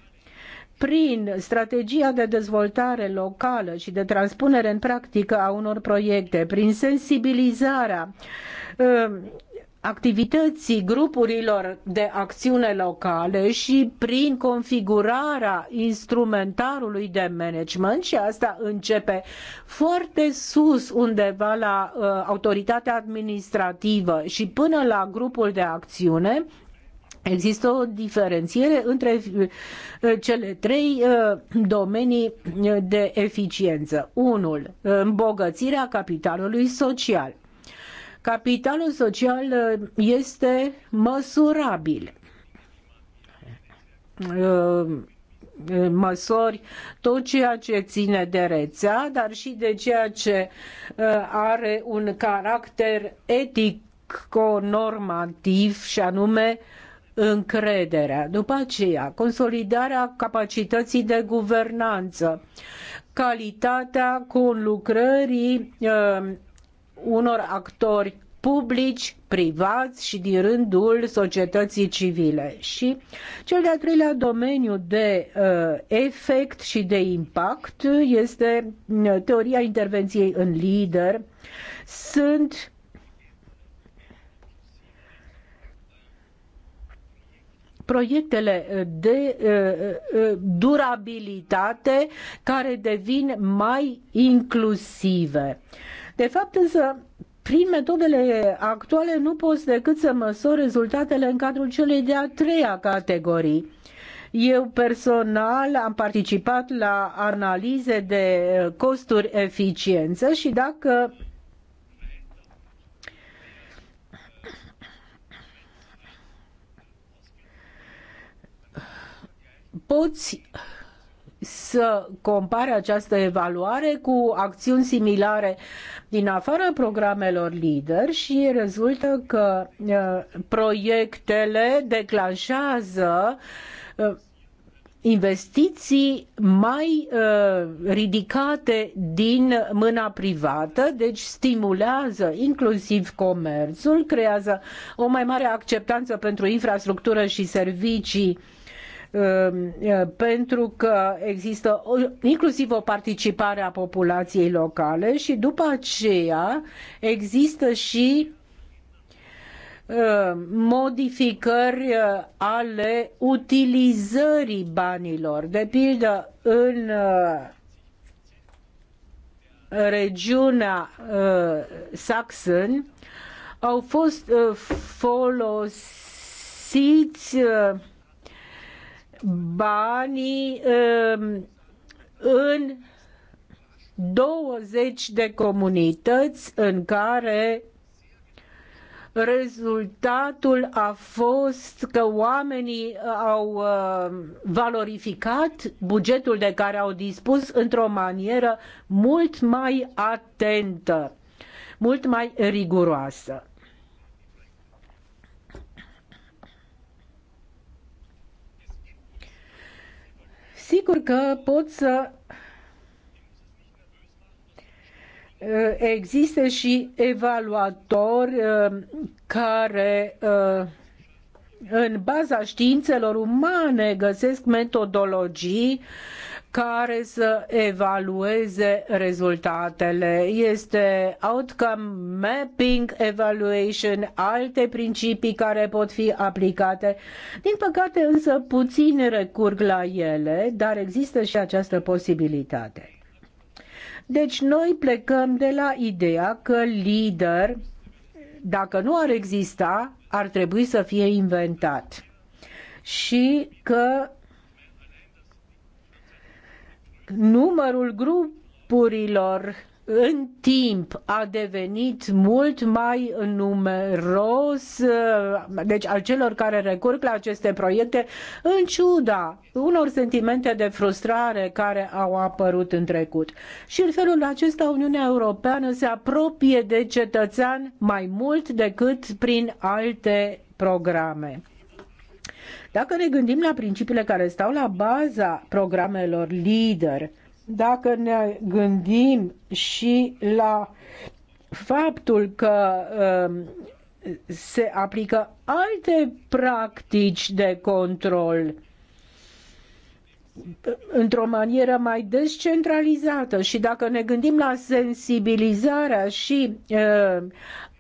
prin strategia de dezvoltare locală și de transpunere în practică a unor proiecte, prin sensibilizarea ă, activității grupurilor de acțiune locale și prin configurarea instrumentarului de management și asta începe foarte sus undeva la uh, autoritatea administrativă și până la grupul de acțiune, Există o diferențiere între eh, cele trei eh, domenii eh, de eficiență. Unul, îmbogățirea capitalului social. Capitalul social este măsurabil. Măsori tot ceea ce ține de rețea, dar și de ceea ce are un caracter etic, normativ și anume uh, încrederea. După aceea, consolidarea capacității de guvernanță, calitatea conlucrării uh, unor actori publici, privați și din rândul societății civile. Și cel de-al treilea domeniu de uh, efect și de impact este uh, teoria intervenției în lider. Sunt proiectele eh, de eh, eh, durabilitate care devin mai inclusive. De fapt însă, prin metodele actuale nu poți decât să măsori rezultatele în cadrul celei de-a treia categorii. Eu personal am participat la analize de costuri eficiență și dacă poți să compare această evaluare cu acțiuni similare din afara programelor lider și rezultă că uh, proiectele declanșează uh, investiții mai uh, ridicate din mâna privată, deci stimulează inclusiv comerțul, creează o mai mare acceptanță pentru infrastructură și servicii Um, uh, pentru că există inclusiv o participare a populației locale și după aceea există și uh, modificări uh, ale utilizării banilor. De pildă, în regiunea Saxon au fost folosiți banii um, în 20 de comunități în care rezultatul a fost că oamenii au uh, valorificat bugetul de care au dispus într-o manieră mult mai atentă, mult mai riguroasă. Sigur că pot să uh, existe și evaluatori uh, care uh, în baza științelor umane găsesc metodologii care să evalueze rezultatele. Este outcome mapping evaluation, alte principii care pot fi aplicate. Din păcate însă puțin recurg la ele, dar există și această posibilitate. Deci noi plecăm de la ideea că lider, dacă nu ar exista, ar trebui să fie inventat și că numărul grupurilor în timp a devenit mult mai numeros, uh, deci al celor care recurg la aceste proiecte, în ciuda unor sentimente de frustrare care au apărut în trecut. Și în felul acesta Uniunea Europeană se apropie de cetățean mai mult decât prin alte programe. Dacă ne gândim la principiile care stau la baza programelor LEADER, dacă ne gândim și la faptul că um, se aplică alte practici de control într-o manieră mai descentralizată și dacă ne gândim la sensibilizarea și uh,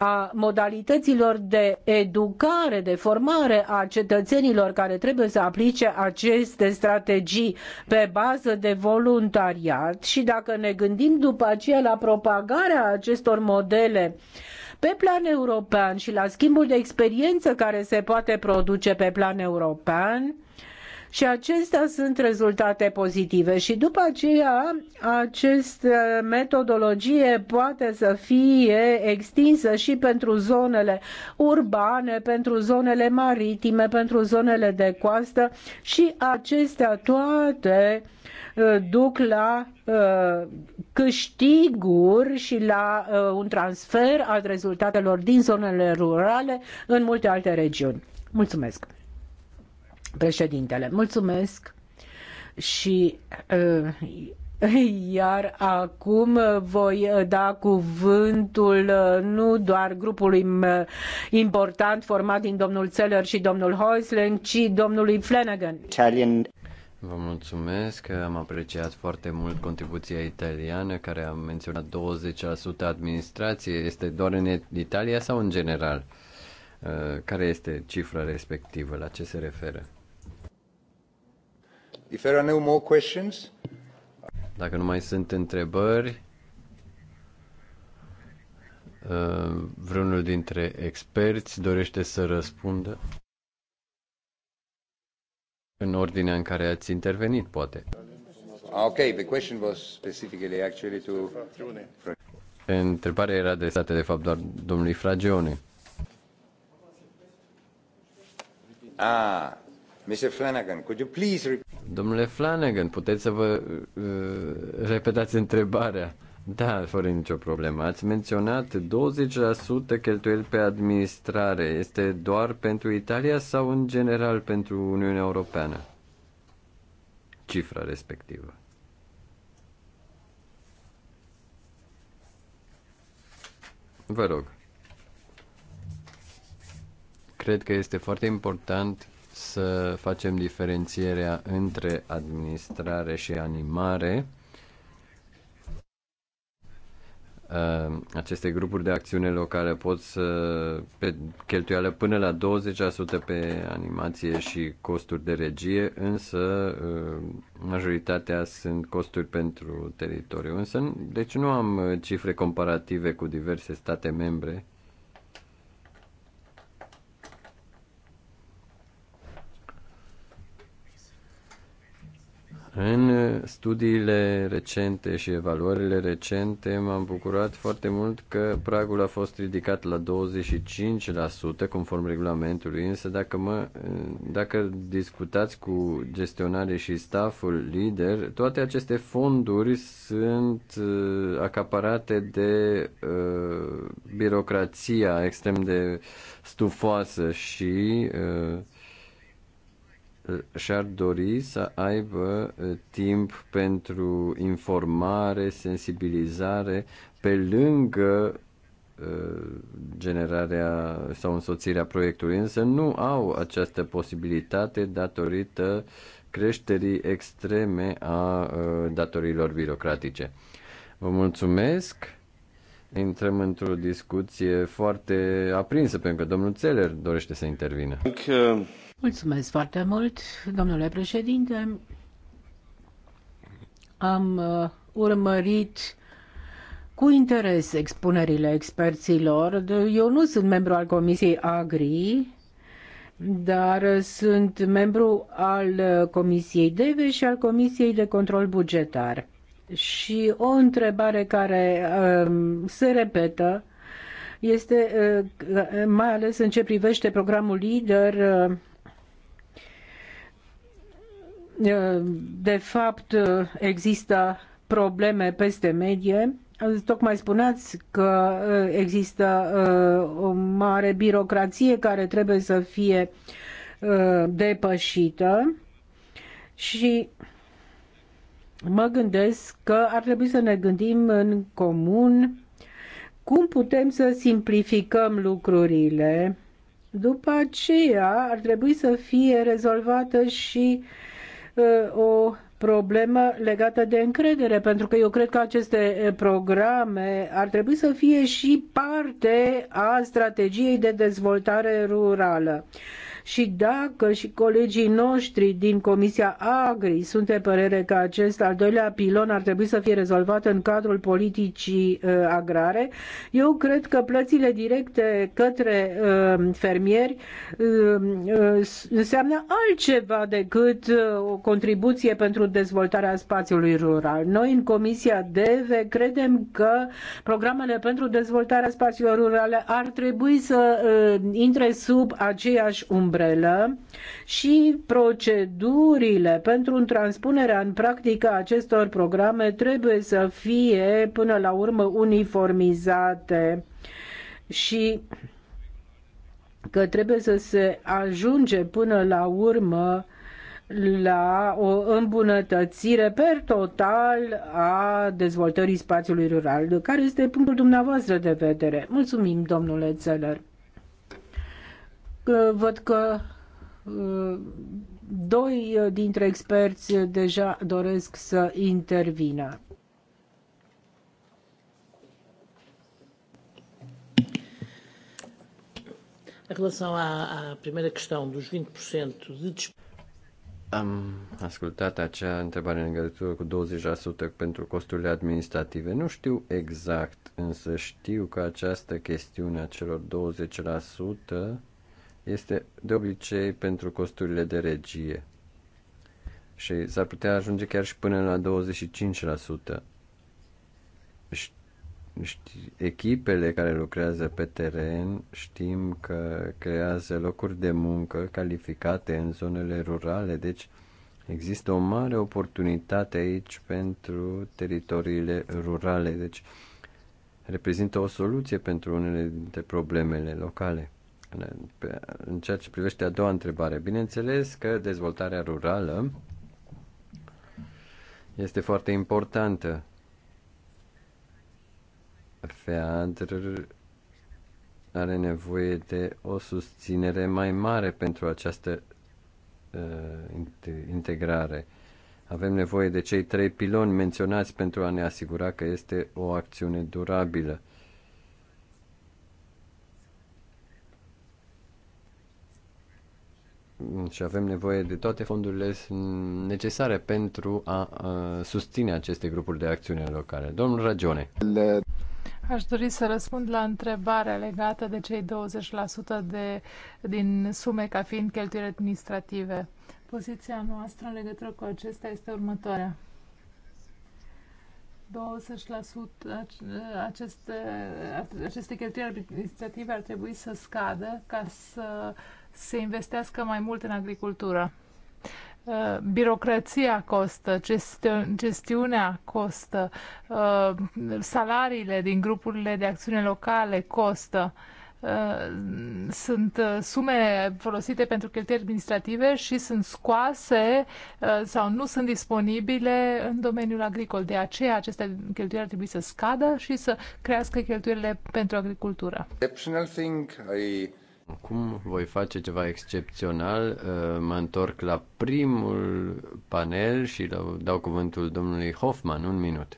a modalităților de educare, de formare a cetățenilor care trebuie să aplice aceste strategii pe bază de voluntariat și dacă ne gândim după aceea la propagarea acestor modele pe plan european și la schimbul de experiență care se poate produce pe plan european, și acestea sunt rezultate pozitive și după aceea această metodologie poate să fie extinsă și pentru zonele urbane, pentru zonele maritime, pentru zonele de coastă și acestea toate uh, duc la uh, câștiguri și la uh, un transfer al rezultatelor din zonele rurale în multe alte regiuni. Mulțumesc! Președintele, mulțumesc și uh, iar acum voi da cuvântul uh, nu doar grupului uh, important format din domnul Zeller și domnul Häusling, ci domnului Flanagan. Italian. Vă mulțumesc că am apreciat foarte mult contribuția italiană care a menționat 20% administrație. Este doar în Italia sau în general? Care este cifra respectivă? La ce se referă? If there are no more questions... Dacă nu mai sunt întrebări, uh, vreunul dintre experți dorește să răspundă în ordinea în care ați intervenit, poate. Okay, the question was specifically actually to... Întrebarea era adresată, de fapt, doar domnului Fragione. Ah, Mr. Flanagan, could you please... Domnule Flanagan, puteți să vă uh, repetați întrebarea? Da, fără nicio problemă. Ați menționat 20% cheltuieli pe administrare. Este doar pentru Italia sau în general pentru Uniunea Europeană? Cifra respectivă. Vă rog. Cred că este foarte important să facem diferențierea între administrare și animare. Ehm, aceste grupuri de acțiune locale pot să pe cheltuială până la 20% pe animație și costuri de regie, însă ehm, majoritatea sunt costuri pentru teritoriu. Însă, deci nu am cifre comparative cu diverse state membre În uh, studiile recente și evaluările recente m-am bucurat foarte mult că pragul a fost ridicat la 25% conform regulamentului, însă dacă, mă, uh, dacă discutați cu gestionare și stafful lider, toate aceste fonduri sunt uh, acaparate de uh, birocrația extrem de stufoasă și uh, și-ar dori să aibă timp pentru informare, sensibilizare, pe lângă generarea sau însoțirea proiectului, însă nu au această posibilitate datorită creșterii extreme a datorilor birocratice. Vă mulțumesc! Intrăm într-o discuție foarte aprinsă, pentru că domnul Țeler dorește să intervină. Încă... Mulțumesc foarte mult, domnule președinte. Am uh, urmărit cu interes expunerile experților. Eu nu sunt membru al Comisiei Agri, dar sunt membru al uh, Comisiei DEVE și al Comisiei de Control Bugetar. Și o întrebare care uh, se repetă este, uh, mai ales în ce privește programul LIDER, uh, Eh, de fapt eh, există probleme peste medie. Eh, tocmai spuneați că există o mare birocrație care trebuie să fie depășită și mă gândesc că ar trebui să ne gândim în comun cum putem să simplificăm lucrurile. După aceea ar trebui să fie rezolvată și uh, Uh, o problemă legată de încredere, pentru că eu cred că aceste uh, programe ar trebui să fie și parte a strategiei de dezvoltare rurală și dacă și colegii noștri din Comisia Agri sunt de părere că acest al doilea pilon ar trebui să fie rezolvat în cadrul politicii uh, agrare, eu cred că plățile directe către uh, fermieri uh, înseamnă altceva decât o contribuție pentru dezvoltarea spațiului rural. Noi în Comisia DEVE credem că programele pentru dezvoltarea spațiului rural ar trebui să intre sub aceeași umbră umbrelă și procedurile pentru transpunerea în practică acestor programe trebuie să fie până la urmă uniformizate și că trebuie să se ajunge până la urmă la o îmbunătățire per total a dezvoltării spațiului rural. Care este punctul dumneavoastră de vedere? Mulțumim, domnule Țeler. Văd că uh, doi uh, dintre experți deja doresc să intervină. În relație la prima întrebare, 20% de Am ascultat acea întrebare în legătură cu 20% pentru costurile administrative. Nu știu exact, însă știu că această chestiune a celor este de obicei pentru costurile de regie și s-ar putea ajunge chiar și până la 25%. Echipele care lucrează pe teren știm că creează locuri de muncă calificate în zonele rurale, deci există o mare oportunitate aici pentru teritoriile rurale, deci reprezintă o soluție pentru unele dintre problemele locale. În ceea ce privește a doua întrebare, bineînțeles că dezvoltarea rurală este foarte importantă. FEADR are nevoie de o susținere mai mare pentru această uh, integrare. Avem nevoie de cei trei piloni menționați pentru a ne asigura că este o acțiune durabilă. și avem nevoie de toate fondurile necesare pentru a susține aceste grupuri de acțiune locale. Domnul Ragione. Aș dori să răspund la întrebarea legată de cei 20% de, din sume ca fiind cheltuieli administrative. Poziția noastră în legătură cu acestea este următoarea. 20% aceste, aceste cheltuieli administrative ar trebui să scadă ca să uh, se investească mai mult în agricultură. Uh, birocrația costă, gestiunea costă, uh, salariile din grupurile de acțiune locale costă uh, sunt sume folosite pentru cheltuieli administrative și sunt scoase sau nu sunt disponibile în domeniul agricol. De aceea aceste cheltuieli ar trebui să scadă și să crească cheltuielile pentru agricultură. Thing, I Acum voi face ceva excepțional. Uh, mă întorc la primul panel și dau cuvântul domnului Hoffman, un minut.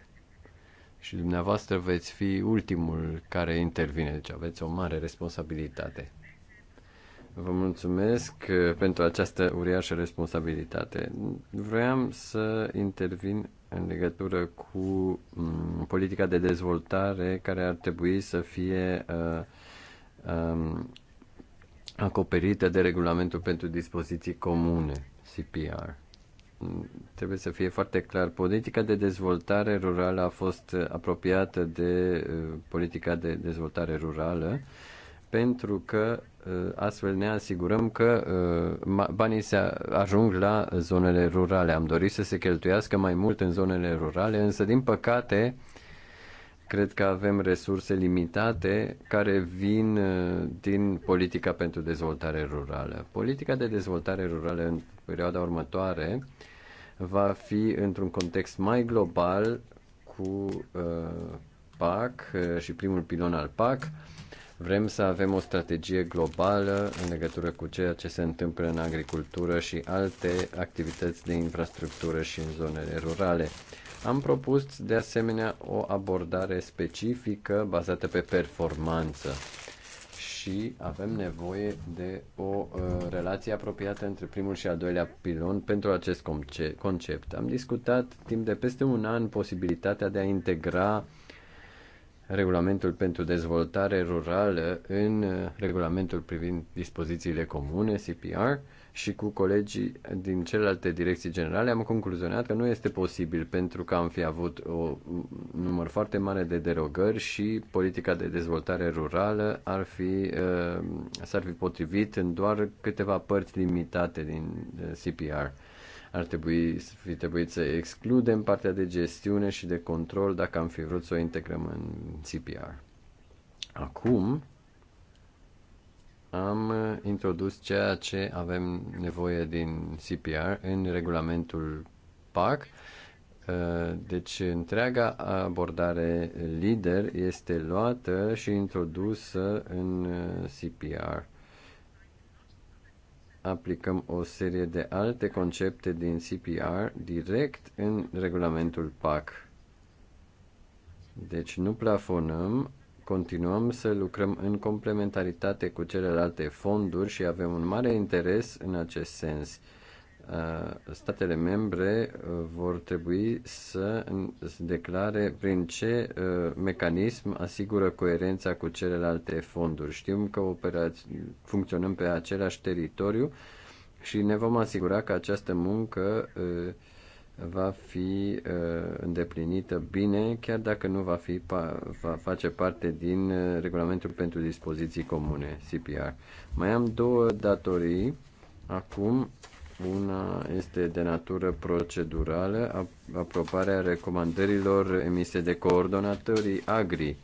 Și dumneavoastră veți fi ultimul care intervine, deci aveți o mare responsabilitate. Vă mulțumesc uh, pentru această uriașă responsabilitate. Vroiam să intervin în legătură cu mm, politica de dezvoltare care ar trebui să fie uh, um, acoperită de regulamentul pentru dispoziții comune, CPR. Trebuie să fie foarte clar. Politica de dezvoltare rurală a fost apropiată de uh, politica de dezvoltare rurală pentru că uh, astfel ne asigurăm că uh, banii se ajung la zonele rurale. Am dorit să se cheltuiască mai mult în zonele rurale, însă din păcate Cred că avem resurse limitate care vin uh, din politica pentru dezvoltare rurală. Politica de dezvoltare rurală în perioada următoare va fi într-un context mai global cu uh, PAC uh, și primul pilon al PAC. Vrem să avem o strategie globală în legătură cu ceea ce se întâmplă în agricultură și alte activități de infrastructură și în zonele rurale. Am propus de asemenea o abordare specifică bazată pe performanță și avem nevoie de o uh, relație apropiată între primul și al doilea pilon pentru acest concept. Am discutat timp de peste un an posibilitatea de a integra regulamentul pentru dezvoltare rurală în uh, regulamentul privind dispozițiile comune, CPR, și cu colegii din celelalte direcții generale am concluzionat că nu este posibil pentru că am fi avut o număr foarte mare de derogări și politica de dezvoltare rurală ar fi, uh, s-ar fi potrivit în doar câteva părți limitate din uh, CPR. Ar trebui fi trebuit să excludem partea de gestiune și de control dacă am fi vrut să o integrăm în CPR. Acum, am uh, introdus ceea ce avem nevoie din CPR în regulamentul PAC. Uh, deci întreaga abordare lider este luată și introdusă în uh, CPR. Aplicăm o serie de alte concepte din CPR direct în regulamentul PAC. Deci nu plafonăm, Continuăm să lucrăm în complementaritate cu celelalte fonduri și avem un mare interes în acest sens. Uh, statele membre uh, vor trebui să declare prin ce uh, mecanism asigură coerența cu celelalte fonduri. Știm că funcționăm pe același teritoriu și ne vom asigura că această muncă uh, va fi uh, îndeplinită bine, chiar dacă nu va, fi, va face parte din uh, regulamentul pentru dispoziții comune, CPR. Mai am două datorii. Acum, una este de natură procedurală, aprobarea recomandărilor emise de coordonatorii agri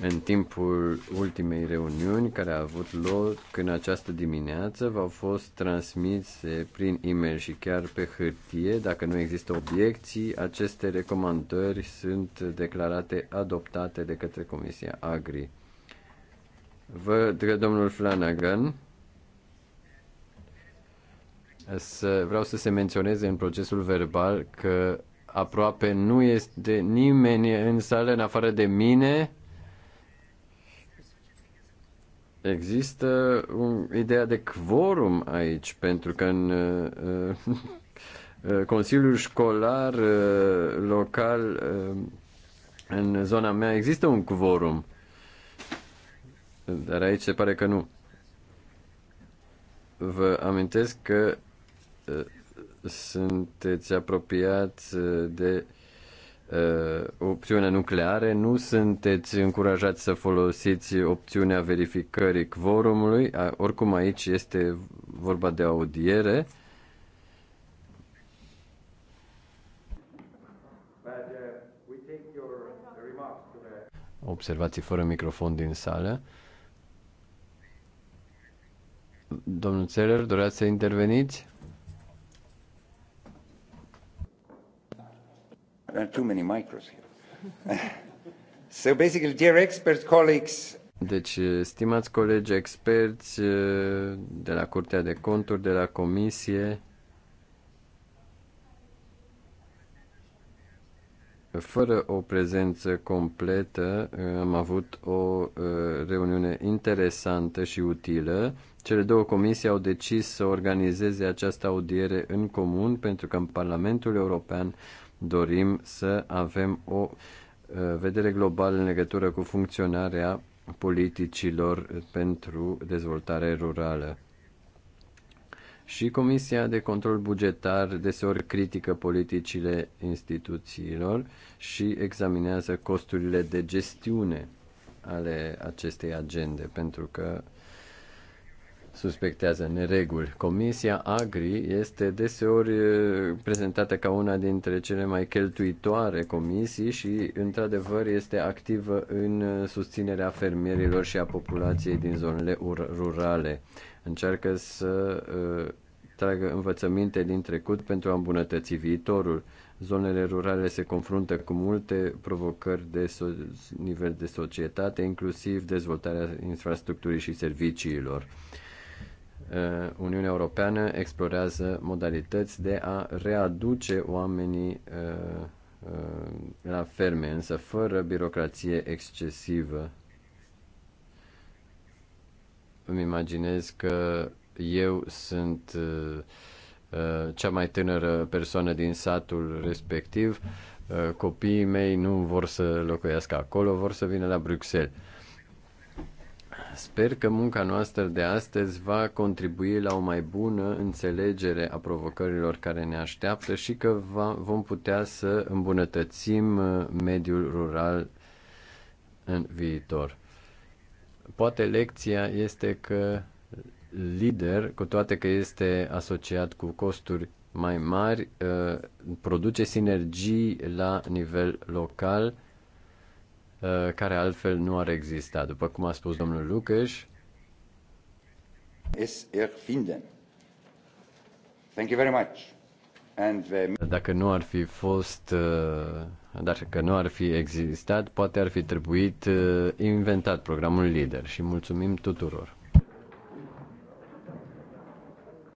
în timpul ultimei reuniuni care a avut loc în această dimineață, v-au fost transmise prin e-mail și chiar pe hârtie. Dacă nu există obiecții, aceste recomandări sunt declarate adoptate de către Comisia Agri. Văd că domnul Flanagan să, vreau să se menționeze în procesul verbal că aproape nu este nimeni în sală în afară de mine Există un, um, ideea de quorum aici, pentru că în uh, uh, Consiliul Școlar uh, Local uh, în zona mea există un quorum, dar aici se pare că nu. Vă amintesc că uh, sunteți apropiați uh, de Uh, opțiunea nucleare, nu sunteți încurajați să folosiți opțiunea verificării quorumului. Oricum aici este vorba de audiere. Uh, Observații fără microfon din sală. Domnul Țeler, doreați să interveniți? There are too many micros here. so basically, dear experts, colleagues, deci, uh, stimați colegi experți uh, de la Curtea de Conturi, de la Comisie, fără o prezență completă, uh, am avut o reuniune interesantă și utilă. Cele două comisii au decis să organizeze această audiere în comun pentru că în Parlamentul European dorim să avem o uh, vedere globală în legătură cu funcționarea politicilor pentru dezvoltare rurală. Și Comisia de Control Bugetar deseori critică politicile instituțiilor și examinează costurile de gestiune ale acestei agende, pentru că suspectează nereguli. Comisia Agri este deseori prezentată ca una dintre cele mai cheltuitoare comisii și, într-adevăr, este activă în susținerea fermierilor și a populației din zonele rurale. Încearcă să tragă învățăminte din trecut pentru a îmbunătăți viitorul. Zonele rurale se confruntă cu multe provocări de so- nivel de societate, inclusiv dezvoltarea infrastructurii și serviciilor Uh, Uniunea Europeană explorează modalități de a readuce oamenii uh, uh, la ferme, însă fără birocrație excesivă. Îmi imaginez că eu sunt cea mai tânără persoană din satul respectiv. Copiii mei nu vor să locuiască acolo, vor să vină la Bruxelles Sper că munca noastră de astăzi va contribui la o mai bună înțelegere a provocărilor care ne așteaptă și că va, vom putea să îmbunătățim uh, mediul rural în viitor. Poate lecția este că lider, cu toate că este asociat cu costuri mai mari, uh, produce sinergii la nivel local Uh, care altfel nu ar exista. După cum a spus domnul Lucas, Thank you very much. And the... Dacă nu ar fi fost, uh, dacă nu ar fi existat, poate ar fi trebuit uh, inventat programul LIDER și mulțumim tuturor.